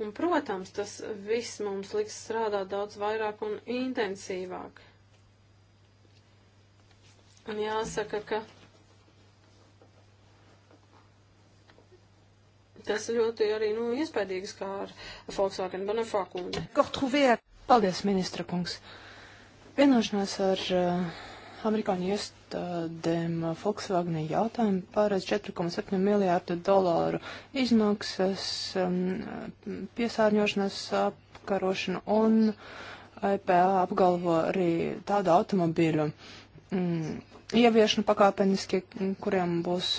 Un, protams, tas viss mums liks strādāt daudz vairāk un intensīvāk. Un jāsaka, ka tas ļoti arī, nu, iespaidīgs kā ar Volkswagen Bonafā kundi. Paldies, ministra kungs. Vienošanās ar uh, amerikāņu iestādēm Volkswagen jautājumu pārēc 4,7 miljārdu dolāru izmaksas piesārņošanas apkarošanu un IPA apgalvo arī tādu automobīļu ieviešanu pakāpeniski, kuriem būs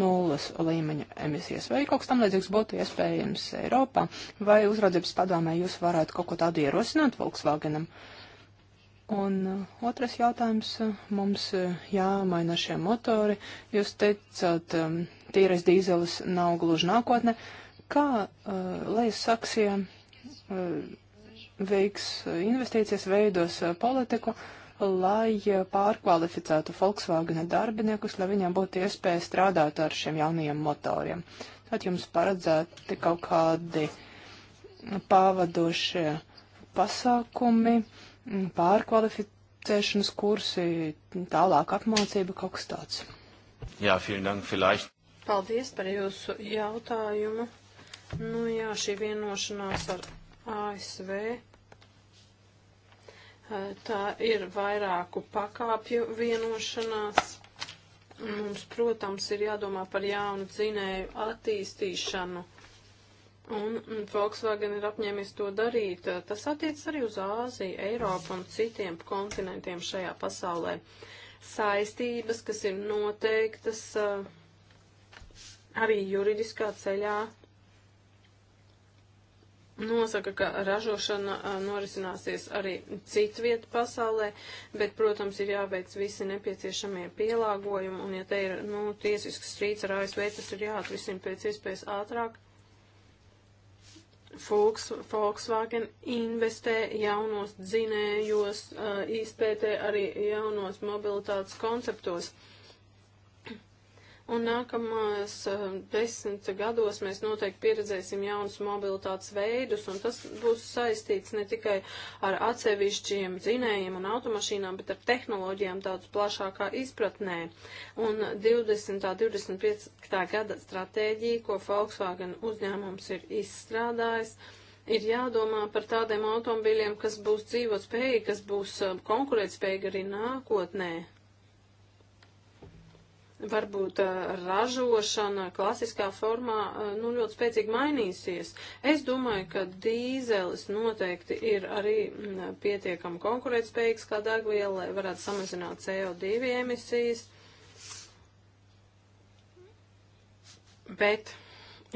nulles līmeņa emisijas. Vai kaut kas tam līdzīgs būtu iespējams Eiropā? Vai uzraudzības padomē jūs varētu kaut ko tādu ierosināt Volkswagenam? Uh, Un uh, otrs jautājums uh, mums uh, jāmaina šie motori. Jūs teicāt, um, tīrais dīzelis nav gluži nākotne. Kā lejas saksija veiks investīcijas veidos politiku, lai pārkvalificētu Volkswagen darbiniekus, lai viņiem būtu iespēja strādāt ar šiem jaunajiem motoriem? Tad jums paredzēti kaut kādi pavadošie pasākumi Mm, pārkvalificēšanas kursi, tālāk apmācība, kaut kas tāds. Jā, vielen dank, vielleicht. Paldies par jūsu jautājumu. Nu jā, šī vienošanās ar ASV. Tā ir vairāku pakāpju vienošanās. Mums, protams, ir jādomā par jaunu dzinēju attīstīšanu Un mm, Volkswagen ir apņēmies to darīt. Tas attiecas arī uz Āziju, Eiropu un citiem kontinentiem šajā pasaulē. Saistības, kas ir noteiktas eh, arī juridiskā ceļā, nosaka, ka ražošana eh, norisināsies arī citviet pasaulē, bet, protams, ir jāveic visi nepieciešamie pielāgojumi, un ja te ir, nu, tiesisks strīds ar ASV, tas ir jāatrisina pēc iespējas ātrāk. Volks, Volkswagen investē jaunos dzinējos, uh, izpētē arī jaunos mobilitātes konceptos. Un nākamās eh, desmit gados mēs noteikti pieredzēsim jaunus mobilitātes veidus, un tas būs saistīts ne tikai ar atsevišķiem dzinējiem un automašīnām, bet ar tehnoloģijām daudz plašākā izpratnē. Un 20. 25. gada stratēģija, ko Volkswagen uzņēmums ir izstrādājis, ir jādomā par tādiem automobīļiem, kas būs dzīvotspējīgi, kas būs eh, konkurētspējīgi arī nākotnē varbūt ražošana klasiskā formā nu, ļoti spēcīgi mainīsies. Es domāju, ka dīzelis noteikti ir arī pietiekami konkurētspējīgs kā degviela, lai varētu samazināt CO2 emisijas. Bet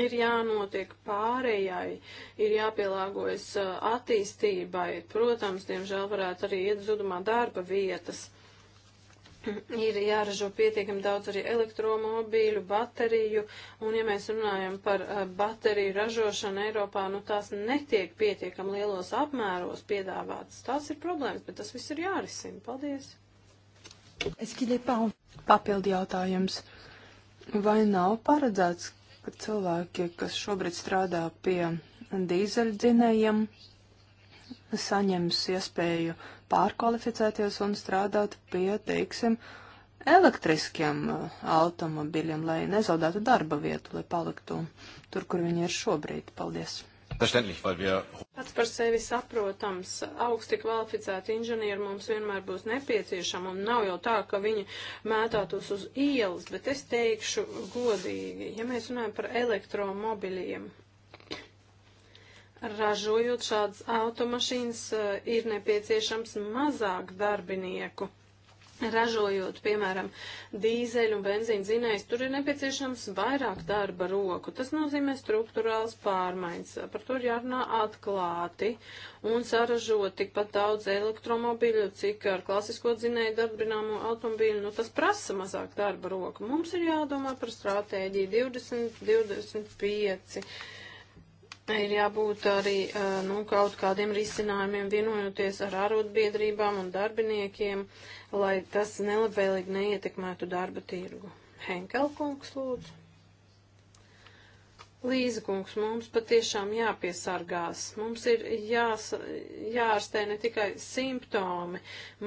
ir jānotiek pārējai, ir jāpielāgojas attīstībai. Protams, diemžēl varētu arī iet zudumā darba vietas ir jāražo pietiekami daudz arī elektromobīļu, bateriju, un ja mēs runājam par uh, bateriju ražošanu Eiropā, nu tās netiek pietiekami lielos apmēros piedāvātas. Tās ir problēmas, bet tas viss ir jārisina. Paldies! Es gribēju papildi jautājums. Vai nav paredzēts, ka cilvēki, kas šobrīd strādā pie dīzeļdzinējiem, saņems iespēju pārkvalificēties un strādāt pie, teiksim, elektriskiem eh, automobiļiem, lai nezaudētu darba vietu, lai paliktu tur, kur viņi ir šobrīd. Paldies! Pats par sevi saprotams, augsti kvalificēti inženieri mums vienmēr būs nepieciešami, un nav jau tā, ka viņi mētātos uz ielas, bet es teikšu godīgi, ja mēs runājam par elektromobiļiem, ražojot šādas automašīnas, eh, ir nepieciešams mazāk darbinieku. Ražojot, piemēram, dīzeļu un benzīnu zinējus, tur ir nepieciešams vairāk darba roku. Tas nozīmē struktūrāls pārmaiņas. Par to ir jārunā atklāti un saražot tikpat daudz elektromobīļu, cik ar klasisko dzinēju darbināmo automobīļu. Nu, tas prasa mazāk darba roku. Mums ir jādomā par stratēģiju 2025 ir jābūt arī nu, kaut kādiem risinājumiem, vienojoties ar arotbiedrībām un darbiniekiem, lai tas nelabvēlīgi neietekmētu darba tirgu. Henkel kungs lūdzu. Līza kungs, mums patiešām jāpiesargās. Mums ir jās, jārastē ne tikai simptomi.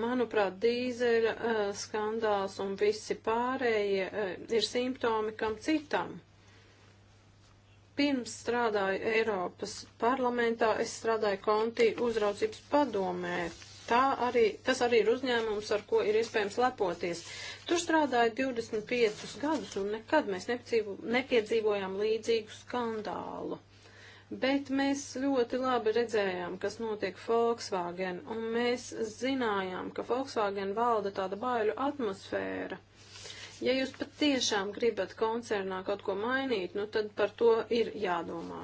Manuprāt, dīzeļa uh, skandāls un visi pārējie uh, ir simptomi kam citam. Pirms strādāju Eiropas parlamentā, es strādāju konti uzraudzības padomē. Tā arī, tas arī ir uzņēmums, ar ko ir iespējams lepoties. Tur strādāju 25 gadus un nekad mēs nepiedzīvojām līdzīgu skandālu bet mēs ļoti labi redzējām, kas notiek Volkswagen, un mēs zinājām, ka Volkswagen valda tāda baiļu atmosfēra. Ja jūs patiešām gribat koncernā kaut ko mainīt, nu tad par to ir jādomā.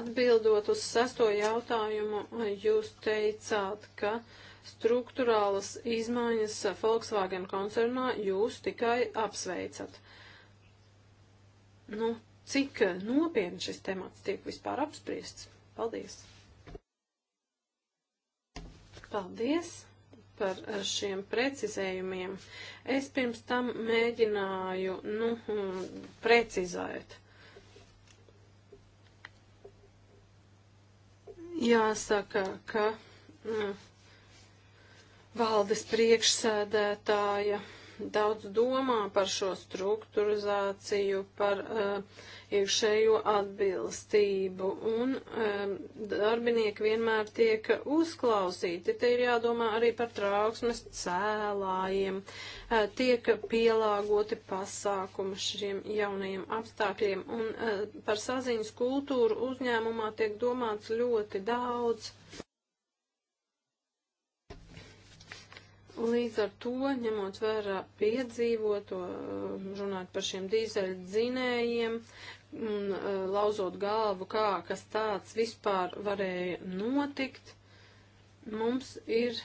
Atbildot uz sesto jautājumu, jūs teicāt, ka struktūrālas izmaiņas Volkswagen koncernā jūs tikai apsveicat. Nu, cik nopietni šis temats tiek vispār apspriests? Paldies! Paldies! par šiem precizējumiem. Es pirms tam mēģināju, nu, hmm, precizēt. Jāsaka, ka nu, valdes priekšsēdētāja daudz domā par šo struktūrizāciju, par uh, iekšējo atbilstību, un um, darbinieki vienmēr tiek uzklausīti. Te ir jādomā arī par trauksmes cēlājiem, uh, tiek pielāgoti pasākumi šiem jaunajiem apstākļiem, un uh, par saziņas kultūru uzņēmumā tiek domāts ļoti daudz. Līdz ar to, ņemot vērā piedzīvoto, runāt par šiem dīzeļu dzinējiem, un uh, lauzot galvu, kā kas tāds vispār varēja notikt, mums ir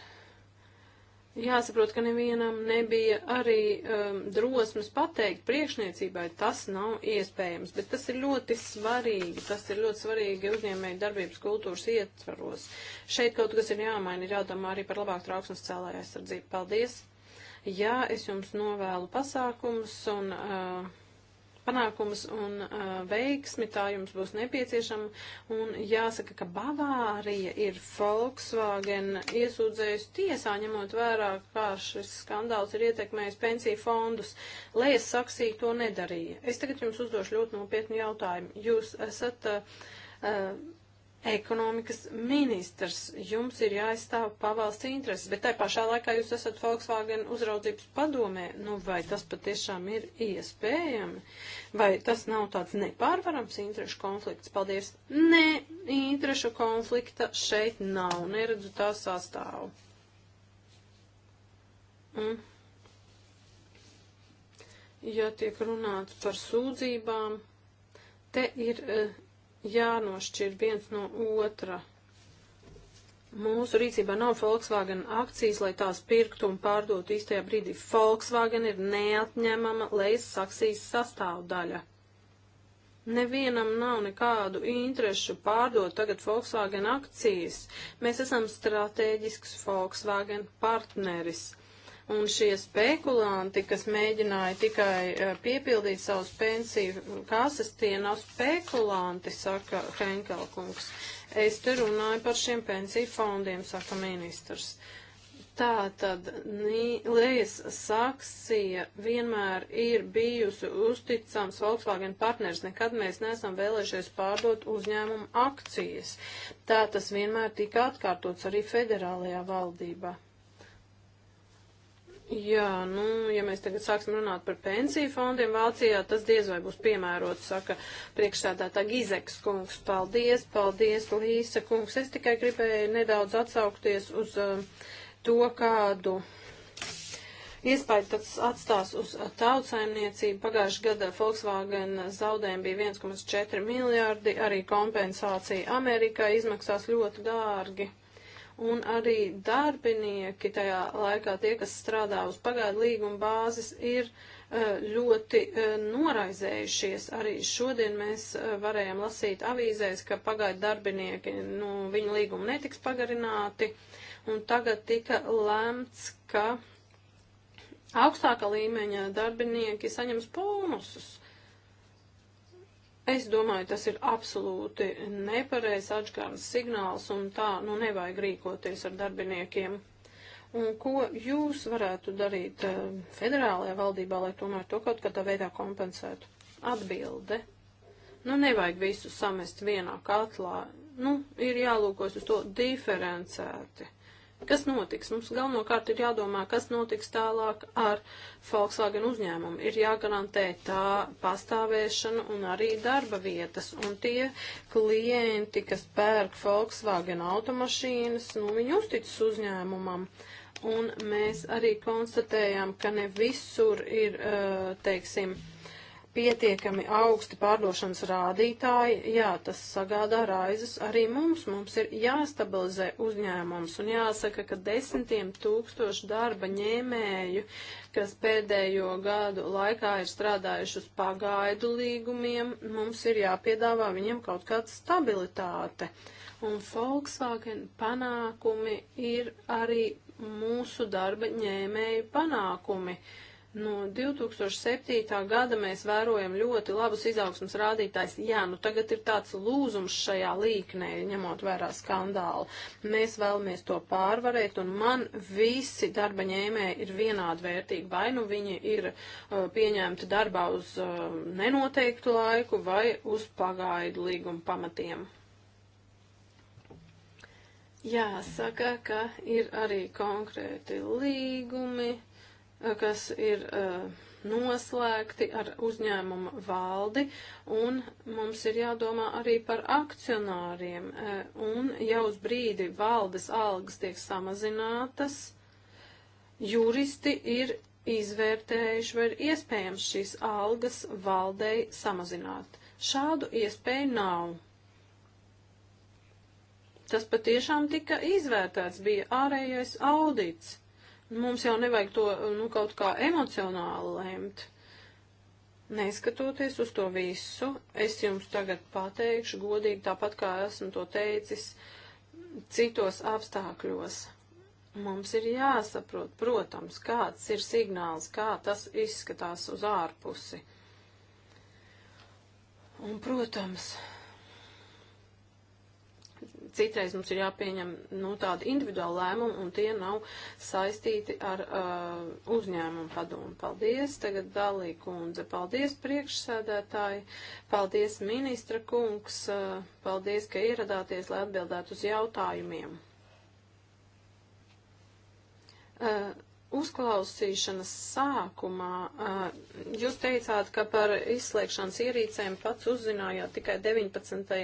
jāsaprot, ka nevienam nebija arī um, drosmes pateikt priekšniecībai, tas nav iespējams, bet tas ir ļoti svarīgi, tas ir ļoti svarīgi uzņēmēju darbības kultūras ietvaros. Šeit kaut kas ir jāmaina, ir jādomā arī par labāku trauksmes cēlāju aizsardzību. Paldies! Jā, es jums novēlu pasākums un. Uh, panākumus un uh, veiksmi, tā jums būs nepieciešama. Un jāsaka, ka Bavārija ir Volkswagen iesūdzējusi tiesā, ņemot vērā, kā šis skandāls ir ietekmējis pensiju fondus. Lējas Saksija to nedarīja. Es tagad jums uzdošu ļoti nopietnu jautājumu. Jūs esat. Uh, uh, ekonomikas ministrs. Jums ir jāizstāv pavalsts intereses, bet tai pašā laikā jūs esat Volkswagen uzraudzības padomē. Nu, vai tas patiešām ir iespējami? Vai tas nav tāds nepārvarams interešu konflikts? Paldies. Nē, interešu konflikta šeit nav. Neredzu tā sastāvu. Un, mm. ja tiek runāts par sūdzībām, te ir. Uh, jānošķir viens no otra. Mūsu rīcībā nav Volkswagen akcijas, lai tās pirktu un pārdotu īstajā brīdī. Volkswagen ir neatņemama lejas saksijas sastāvdaļa. Nevienam nav nekādu interešu pārdot tagad Volkswagen akcijas. Mēs esam strateģisks Volkswagen partneris un šie spekulanti, kas mēģināja tikai eh, piepildīt savus pensiju kases, tie nav spekulanti, saka Henkelkungs. Es te runāju par šiem pensiju fondiem, saka ministrs. Tā tad Lējas Saksija vienmēr ir bijusi uzticams Volkswagen partners, nekad mēs neesam vēlējušies pārdot uzņēmumu akcijas. Tā tas vienmēr tika atkārtots arī federālajā valdībā. Jā, nu, ja mēs tagad sāksim runāt par pensiju fondiem Vācijā, tas diez vai būs piemērots, saka priekšsēdētā Gizeks kungs. Paldies, paldies, Līsa kungs. Es tikai gribēju nedaudz atsaukties uz uh, to, kādu iespēju tas atstās uz uh, tautsaimniecību. Pagājuši gada Volkswagen zaudējumi bija 1,4 miljārdi, arī kompensācija Amerikai izmaksās ļoti dārgi un arī darbinieki tajā laikā, tie, kas strādā uz pagaidu līguma bāzes, ir eh, ļoti eh, noraizējušies. Arī šodien mēs eh, varējām lasīt avīzēs, ka pagaidu darbinieki, nu, viņu līgumi netiks pagarināti, un tagad tika lēmts, ka augstāka līmeņa darbinieki saņems bonusus. Es domāju, tas ir absolūti nepareizs atšķirības signāls un tā, nu, nevajag rīkoties ar darbiniekiem. Un ko jūs varētu darīt eh, federālajā valdībā, lai tomēr to kaut kādā veidā kompensētu? Atbilde. Nu, nevajag visu samest vienā katlā. Nu, ir jālūkojas uz to diferencēti. Kas notiks? Mums galvenokārt ir jādomā, kas notiks tālāk ar Volkswagen uzņēmumu. Ir jāgarantē tā pastāvēšana un arī darba vietas. Un tie klienti, kas pērk Volkswagen automašīnas, nu, viņi uzticas uzņēmumam. Un mēs arī konstatējām, ka ne visur ir, eh, teiksim, uh, pietiekami augsti pārdošanas rādītāji, jā, tas sagādā raizes arī mums. Mums ir jāstabilizē uzņēmums un jāsaka, ka desmitiem tūkstoši darba ņēmēju, kas pēdējo gadu laikā ir strādājuši uz pagaidu līgumiem, mums ir jāpiedāvā viņiem kaut kāda stabilitāte. Un Volkswagen panākumi ir arī mūsu darba ņēmēju panākumi. Uh, No nu, 2007. gada mēs vērojam ļoti labus izaugsmas rādītājs. Jā, nu tagad ir tāds lūzums šajā līknē, ņemot vērā skandālu. Mēs vēlamies to pārvarēt, un man visi darba ņēmēji ir vienādi vērtīgi. Vai nu viņi ir uh, pieņemti darbā uz uh, nenoteiktu laiku vai uz pagaidu līguma pamatiem. Jāsaka, ka ir arī konkrēti līgumi Eh, kas ir eh, noslēgti ar uzņēmuma valdi, un mums ir jādomā arī par akcionāriem, eh, un jau uz brīdi valdes algas tiek samazinātas, juristi ir izvērtējuši, vai ir iespējams šīs algas valdei samazināt. Šādu iespēju nav. Tas patiešām tika izvērtēts, bija ārējais audits. Mums jau nevajag to nu, kaut kā emocionāli lemt. Neskatoties uz to visu, es jums tagad pateikšu godīgi, tāpat kā esmu to teicis, citos apstākļos. Mums ir jāsaprot, protams, kāds ir signāls, kā tas izskatās uz ārpusi. Un, protams, citreiz mums ir jāpieņem nu, tādi individuāli lēmumi, un tie nav saistīti ar uh, uzņēmumu padomu. Paldies, tagad Dalī kundze, paldies priekšsēdētāji, paldies ministra kungs, uh, paldies, ka ieradāties, lai atbildētu uz jautājumiem. Uh, uzklausīšanas sākumā uh, jūs teicāt, ka par izslēgšanas ierīcēm pats uzzinājāt tikai 19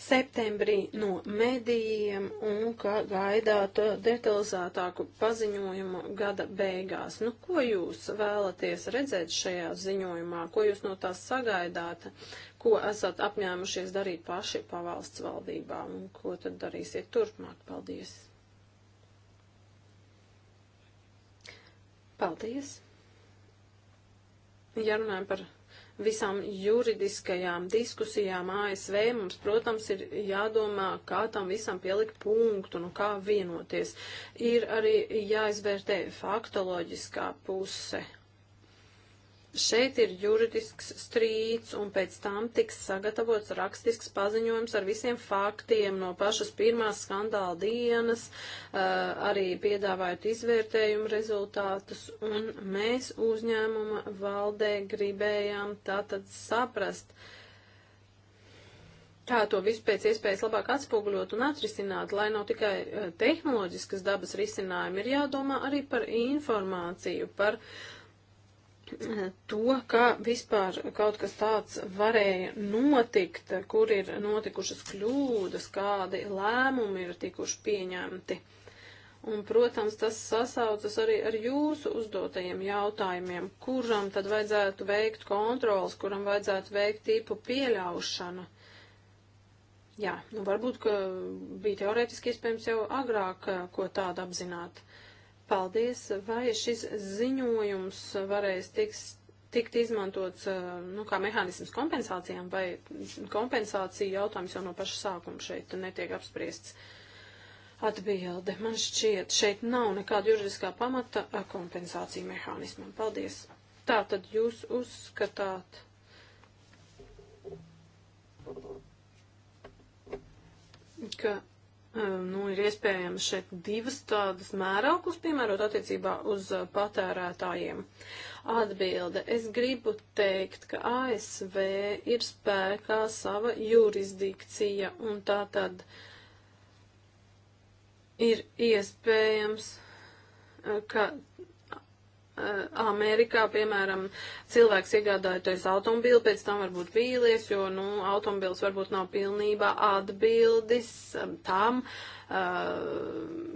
septembrī no medijiem un ka gaidāt detalizētāku paziņojumu gada beigās. Nu, ko jūs vēlaties redzēt šajā ziņojumā? Ko jūs no tās sagaidāt? Ko esat apņēmušies darīt paši pavalsts valdībā un ko tad darīsiet turpmāk? Paldies! Paldies! Ja runājam par visām juridiskajām diskusijām ASV, mums, protams, ir jādomā, kā tam visam pielikt punktu, nu kā vienoties. Ir arī jāizvērtē faktoloģiskā puse Šeit ir juridisks strīds, un pēc tam tiks sagatavots rakstisks paziņojums ar visiem faktiem no pašas pirmās skandāla dienas, arī piedāvājot izvērtējumu rezultātus, un mēs uzņēmuma valdē gribējām tātad saprast, kā to visu pēc iespējas labāk atspoguļot un atrisināt, lai nav tikai tehnoloģiskas dabas risinājumi, ir jādomā arī par informāciju, par uh, to, ka vispār kaut kas tāds varēja notikt, kur ir notikušas kļūdas, kādi lēmumi ir tikuši pieņemti. Un, protams, tas sasaucas arī ar jūsu uzdotajiem jautājumiem, kuram tad vajadzētu veikt kontrols, kuram vajadzētu veikt tipu pieļaušanu. Jā, nu varbūt, ka bija teorētiski iespējams jau agrāk eh, ko tādu apzināt. Paldies, vai šis ziņojums varēs tiks, tikt izmantots nu, kā mehānisms kompensācijām, vai kompensācija jautājums jau no paša sākuma šeit netiek apspriests? Atbilde. Man šķiet, šeit nav nekāda juridiskā pamata kompensācija mehānismam. Paldies. Tā tad jūs uzskatāt. ka nu, ir iespējams šeit divas tādas mērauklus piemērot attiecībā uz eh, patērētājiem. Atbilde. Es gribu teikt, ka ASV ir spēkā sava jurisdikcija un tā tad ir iespējams, eh, ka Amerikā, piemēram, cilvēks iegādājoties automobili, pēc tam varbūt vīlies, jo, nu, automobils varbūt nav pilnībā atbildis um, tam,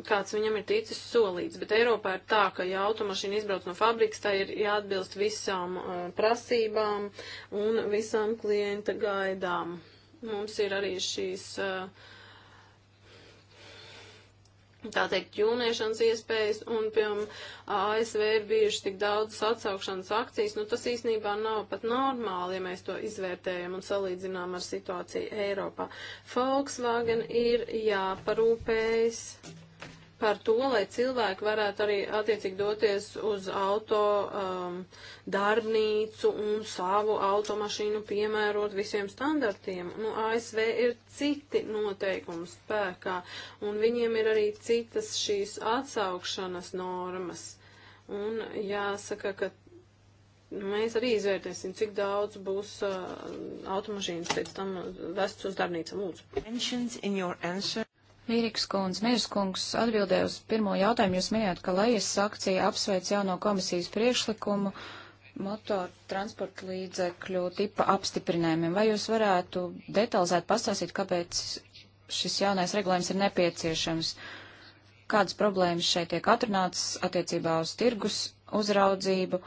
kāds viņam ir ticis solīts. Bet Eiropā ir tā, ka, ja automašīna izbrauc no fabrikas, tā ir jāatbilst visām prasībām un visām klienta gaidām. Mums ir arī šīs uh, tā teikt, jūniešanas iespējas, un, piemēram, ASV ir bijuši tik daudz atsaukšanas akcijas, nu tas īstenībā nav pat normāli, ja mēs to izvērtējam un salīdzinām ar situāciju Eiropā. Volkswagen ir jāparūpējas. Ja, par to, lai cilvēki varētu arī attiecīgi doties uz auto um, darbnīcu un savu automašīnu piemērot visiem standartiem. Nu, ASV ir citi noteikumi spēkā, un viņiem ir arī citas šīs atsaukšanas normas. Un jāsaka, ka mēs arī izvērtēsim, cik daudz būs uh, automašīnas pēc tam vests uz darbnīcu. Lūdzu. Mīriks kundze, Mīriks kungs, atbildēju uz pirmo jautājumu. Jūs minējāt, ka lejas akcija apsveic jauno komisijas priekšlikumu motoru transporta līdzekļu tipa apstiprinājumiem. Vai jūs varētu detalizēt pastāstīt, kāpēc šis jaunais regulējums ir nepieciešams? Kādas problēmas šeit tiek atrunātas attiecībā uz tirgus uzraudzību?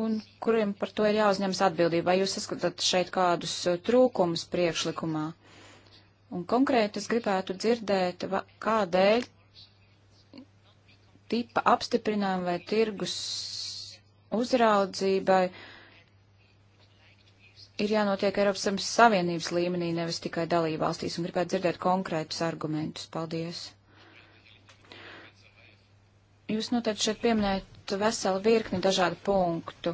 Un kuriem par to ir jāuzņemas atbildība? Vai jūs saskatāt šeit kādus trūkumus priekšlikumā? Un konkrēti es gribētu dzirdēt, kādēļ tipa apstiprinājumu vai tirgus uzraudzībai ir jānotiek Eiropas Savienības līmenī, nevis tikai dalībvalstīs, un gribētu dzirdēt konkrētus argumentus. Paldies! Jūs noteikti šeit pieminējat veselu virkni dažādu punktu.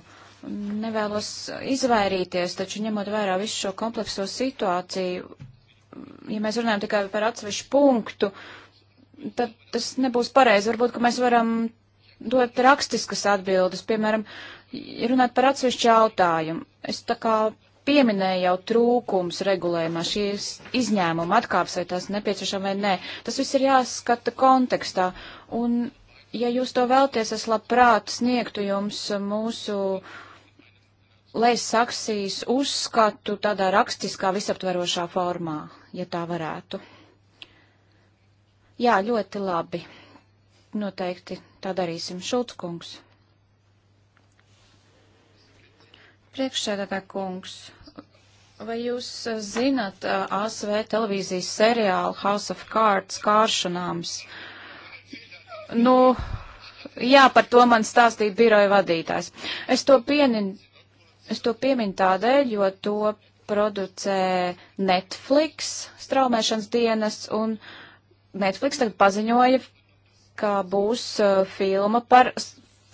Nevēlos izvairīties, taču ņemot vērā visu šo komplekso situāciju, ja mēs runājam tikai par atsevišķu punktu, tad tas nebūs pareizi. Varbūt, ka mēs varam dot rakstiskas atbildes, piemēram, runāt par atsevišķu jautājumu. Es tā kā pieminēju jau trūkums regulējumā, šīs izņēmuma atkāps, vai tās nepieciešama vai nē. Tas viss ir jāskata kontekstā. Un, ja jūs to vēlties, es labprāt sniegtu jums mūsu Lēs Saksijas uzskatu tādā rakstiskā visaptverošā formā ja tā varētu. Jā, ļoti labi. Noteikti tā darīsim, Šulc kungs. Priekšsēdētā kungs, vai jūs eh, zinat eh, ASV televīzijas seriālu House of Cards kāršanāms? Nu, jā, par to man stāstīja biroja vadītājs. Es to pieninu. Es to pieminu tādēļ, jo to producē Netflix straumēšanas dienas, un Netflix tagad paziņoja, ka būs uh, filma par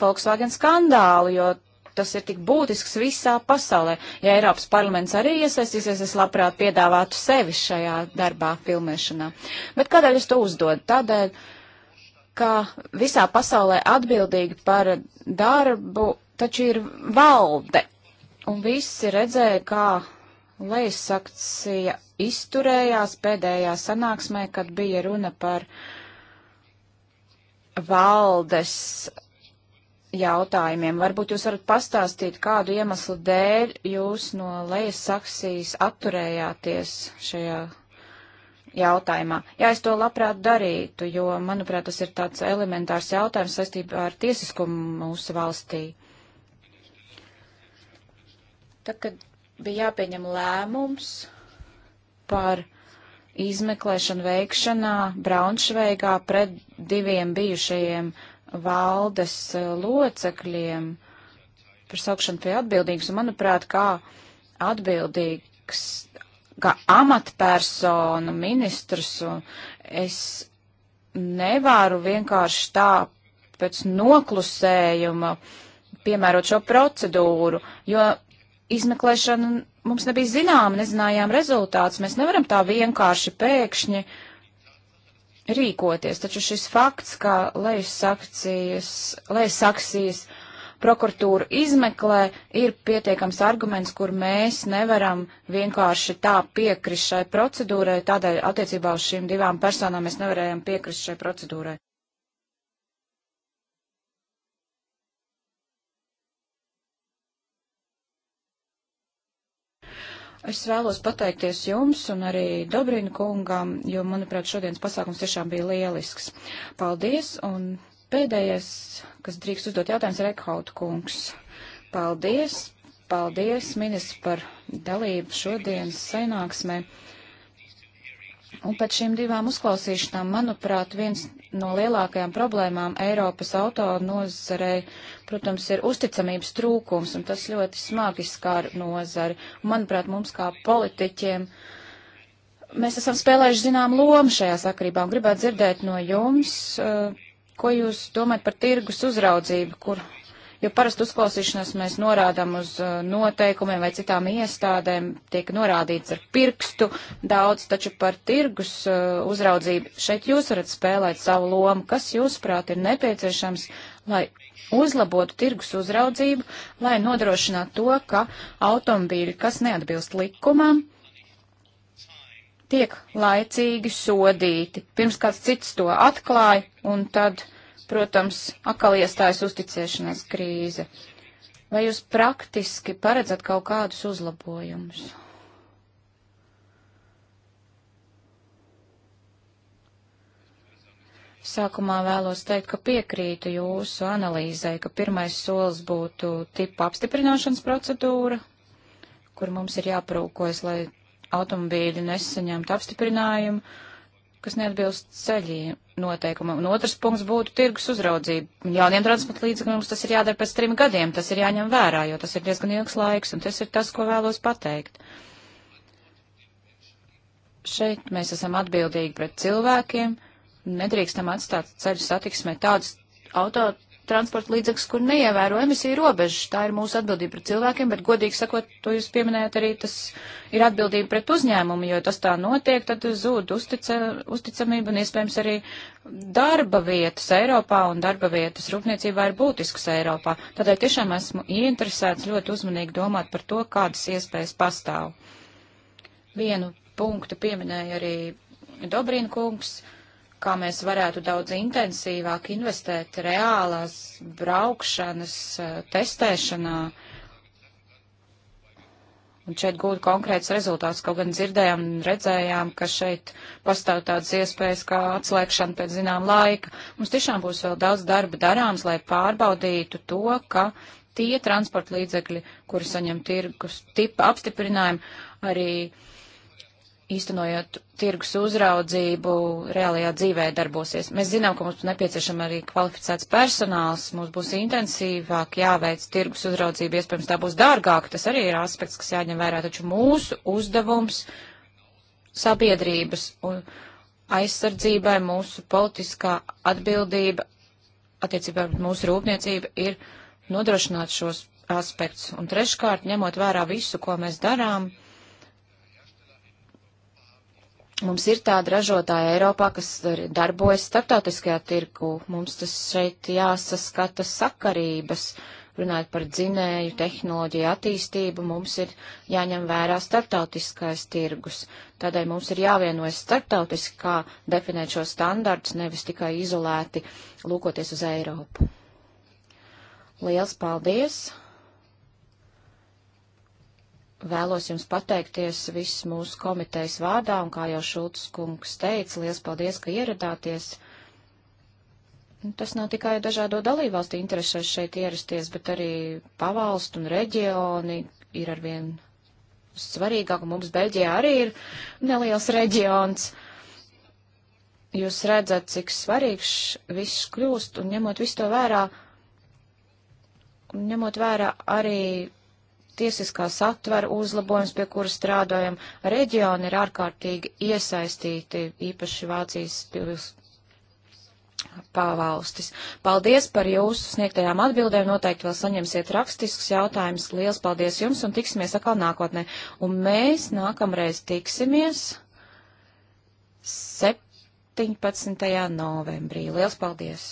Volkswagen skandālu, jo tas ir tik būtisks visā pasaulē. Ja Eiropas parlaments arī iesaistīsies, es labprāt piedāvātu sevi šajā darbā filmēšanā. Bet kādēļ es to uzdodu? Tādēļ, ka visā pasaulē atbildīgi par darbu taču ir valde. Un visi redzēja, kā Lejasakcija izturējās pēdējā sanāksmē, kad bija runa par valdes jautājumiem. Varbūt jūs varat pastāstīt, kādu iemeslu dēļ jūs no Lejasakcijas atturējāties šajā jautājumā. Jā, es to labprāt darītu, jo, manuprāt, tas ir tāds elementārs jautājums saistībā ar tiesiskumu mūsu valstī. Tad, kad bija jāpieņem lēmums par izmeklēšanu veikšanā Braunšveigā pret diviem bijušajiem valdes eh, locekļiem par saukšanu pie atbildīgas. Un, manuprāt, kā atbildīgs, kā amatpersonu ministrs, es nevaru vienkārši tā pēc noklusējuma piemērot šo procedūru, jo izmeklēšana mums nebija zināma, nezinājām rezultāts. Mēs nevaram tā vienkārši pēkšņi rīkoties. Taču šis fakts, ka lejasakcijas prokuratūra izmeklē, ir pietiekams arguments, kur mēs nevaram vienkārši tā piekrist šai procedūrai. Tādēļ attiecībā uz šīm divām personām mēs nevarējām piekrist šai procedūrai. Es vēlos pateikties jums un arī Dobrina kungam, jo, manuprāt, šodienas pasākums tiešām bija lielisks. Paldies, un pēdējais, kas drīkst uzdot jautājums, ir Ekhaut kungs. Paldies, paldies, ministrs, par dalību šodienas sanāksmē. Un pēc šīm divām uzklausīšanām, manuprāt, viens no lielākajām problēmām Eiropas auto nozarei, protams, ir uzticamības trūkums, un tas ļoti smagi skār nozari. Un, manuprāt, mums kā politiķiem, mēs esam spēlējuši zinām lomu šajā sakarībā, un gribētu dzirdēt no jums, eh, ko jūs domājat par tirgus uzraudzību, kur jo parasti uzklausīšanās mēs norādām uz uh, noteikumiem vai citām iestādēm, tiek norādīts ar pirkstu daudz, taču par tirgus uh, uzraudzību šeit jūs varat spēlēt savu lomu, kas jūsuprāt ir nepieciešams, lai uzlabotu tirgus uzraudzību, lai nodrošinātu to, ka automobīļi, kas neatbilst likumam, tiek laicīgi sodīti, pirms kāds cits to atklāja, un tad protams, atkal iestājas uzticēšanās krīze. Vai jūs praktiski paredzat kaut kādus uzlabojumus? Sākumā vēlos teikt, ka piekrītu jūsu analīzai, ka pirmais solis būtu tipa apstiprināšanas procedūra, kur mums ir jāprūkojas, lai automobīļi nesaņemtu apstiprinājumu, kas neatbilst ceļiem, noteikuma. Un otrs punkts būtu tirgus uzraudzība. Jauniem transporta līdzekļiem mums tas ir jādara pēc trim gadiem, tas ir jāņem vērā, jo tas ir diezgan ilgs laiks, un tas ir tas, ko vēlos pateikt. Šeit mēs esam atbildīgi pret cilvēkiem, nedrīkstam atstāt ceļu satiksmē tādus auto transporta līdzeklis, kur neievēro emisiju robežas. Tā ir mūsu atbildība pret cilvēkiem, bet godīgi sakot, to jūs pieminējat arī, tas ir atbildība pret uzņēmumu, jo tas tā notiek, tad zūd uztica, uzticamība un iespējams arī darba vietas Eiropā un darba vietas rūpniecībā ir būtiskas Eiropā. Tādēļ tiešām esmu ieinteresēts ļoti uzmanīgi domāt par to, kādas iespējas pastāv. Vienu punktu pieminēja arī Dobrīna kungs kā mēs varētu daudz intensīvāk investēt reālās braukšanas eh, testēšanā un šeit gūt konkrēts rezultāts. Kaut gan dzirdējām un redzējām, ka šeit pastāv tādas iespējas kā atslēgšana pēc zinām laika. Mums tiešām būs vēl daudz darba darāms, lai pārbaudītu to, ka tie transporta līdzekļi, kuri saņem tirgus tipa apstiprinājumu, arī uh, īstenojot tirgus uzraudzību, reālajā dzīvē darbosies. Mēs zinām, ka mums nepieciešama arī kvalificēts personāls, mums būs intensīvāk jāveic tirgus uzraudzība, iespējams tā būs dārgāk, tas arī ir aspekts, kas jāņem vērā, taču mūsu uzdevums sabiedrības un aizsardzībai mūsu politiskā atbildība attiecībā pret mūsu rūpniecību ir nodrošināt šos aspektus. Un treškārt, ņemot vērā visu, ko mēs darām, Mums ir tāda ražotāja Eiropā, kas darbojas starptautiskajā tirku. Mums tas šeit jāsaskata sakarības. Runājot par dzinēju, tehnoloģiju attīstību, mums ir jāņem vērā starptautiskais tirgus. Tādēļ mums ir jāvienojas starptautiski, kā definēt šo standartus, nevis tikai izolēti lūkoties uz Eiropu. Liels paldies! vēlos jums pateikties viss mūsu komitejas vārdā, un kā jau Šulcs kungs teica, liels paldies, ka ieradāties. Nu, tas nav tikai dažādo dalībvalstu interesēs šeit ierasties, bet arī pavalstu un reģioni ir arvien svarīgāk, un mums Beļģijā arī ir neliels reģions. Jūs redzat, cik svarīgs viss kļūst, un ņemot visu to vērā, un ņemot vērā arī tiesiskā satvera uzlabojums, pie kura strādājam. Reģioni ir ārkārtīgi iesaistīti, īpaši Vācijas pils pavalstis. Paldies par jūsu sniegtajām atbildēm. Noteikti vēl saņemsiet rakstiskus jautājumus. Liels paldies jums un tiksimies atkal nākotnē. Un mēs nākamreiz tiksimies 17. novembrī. Liels paldies!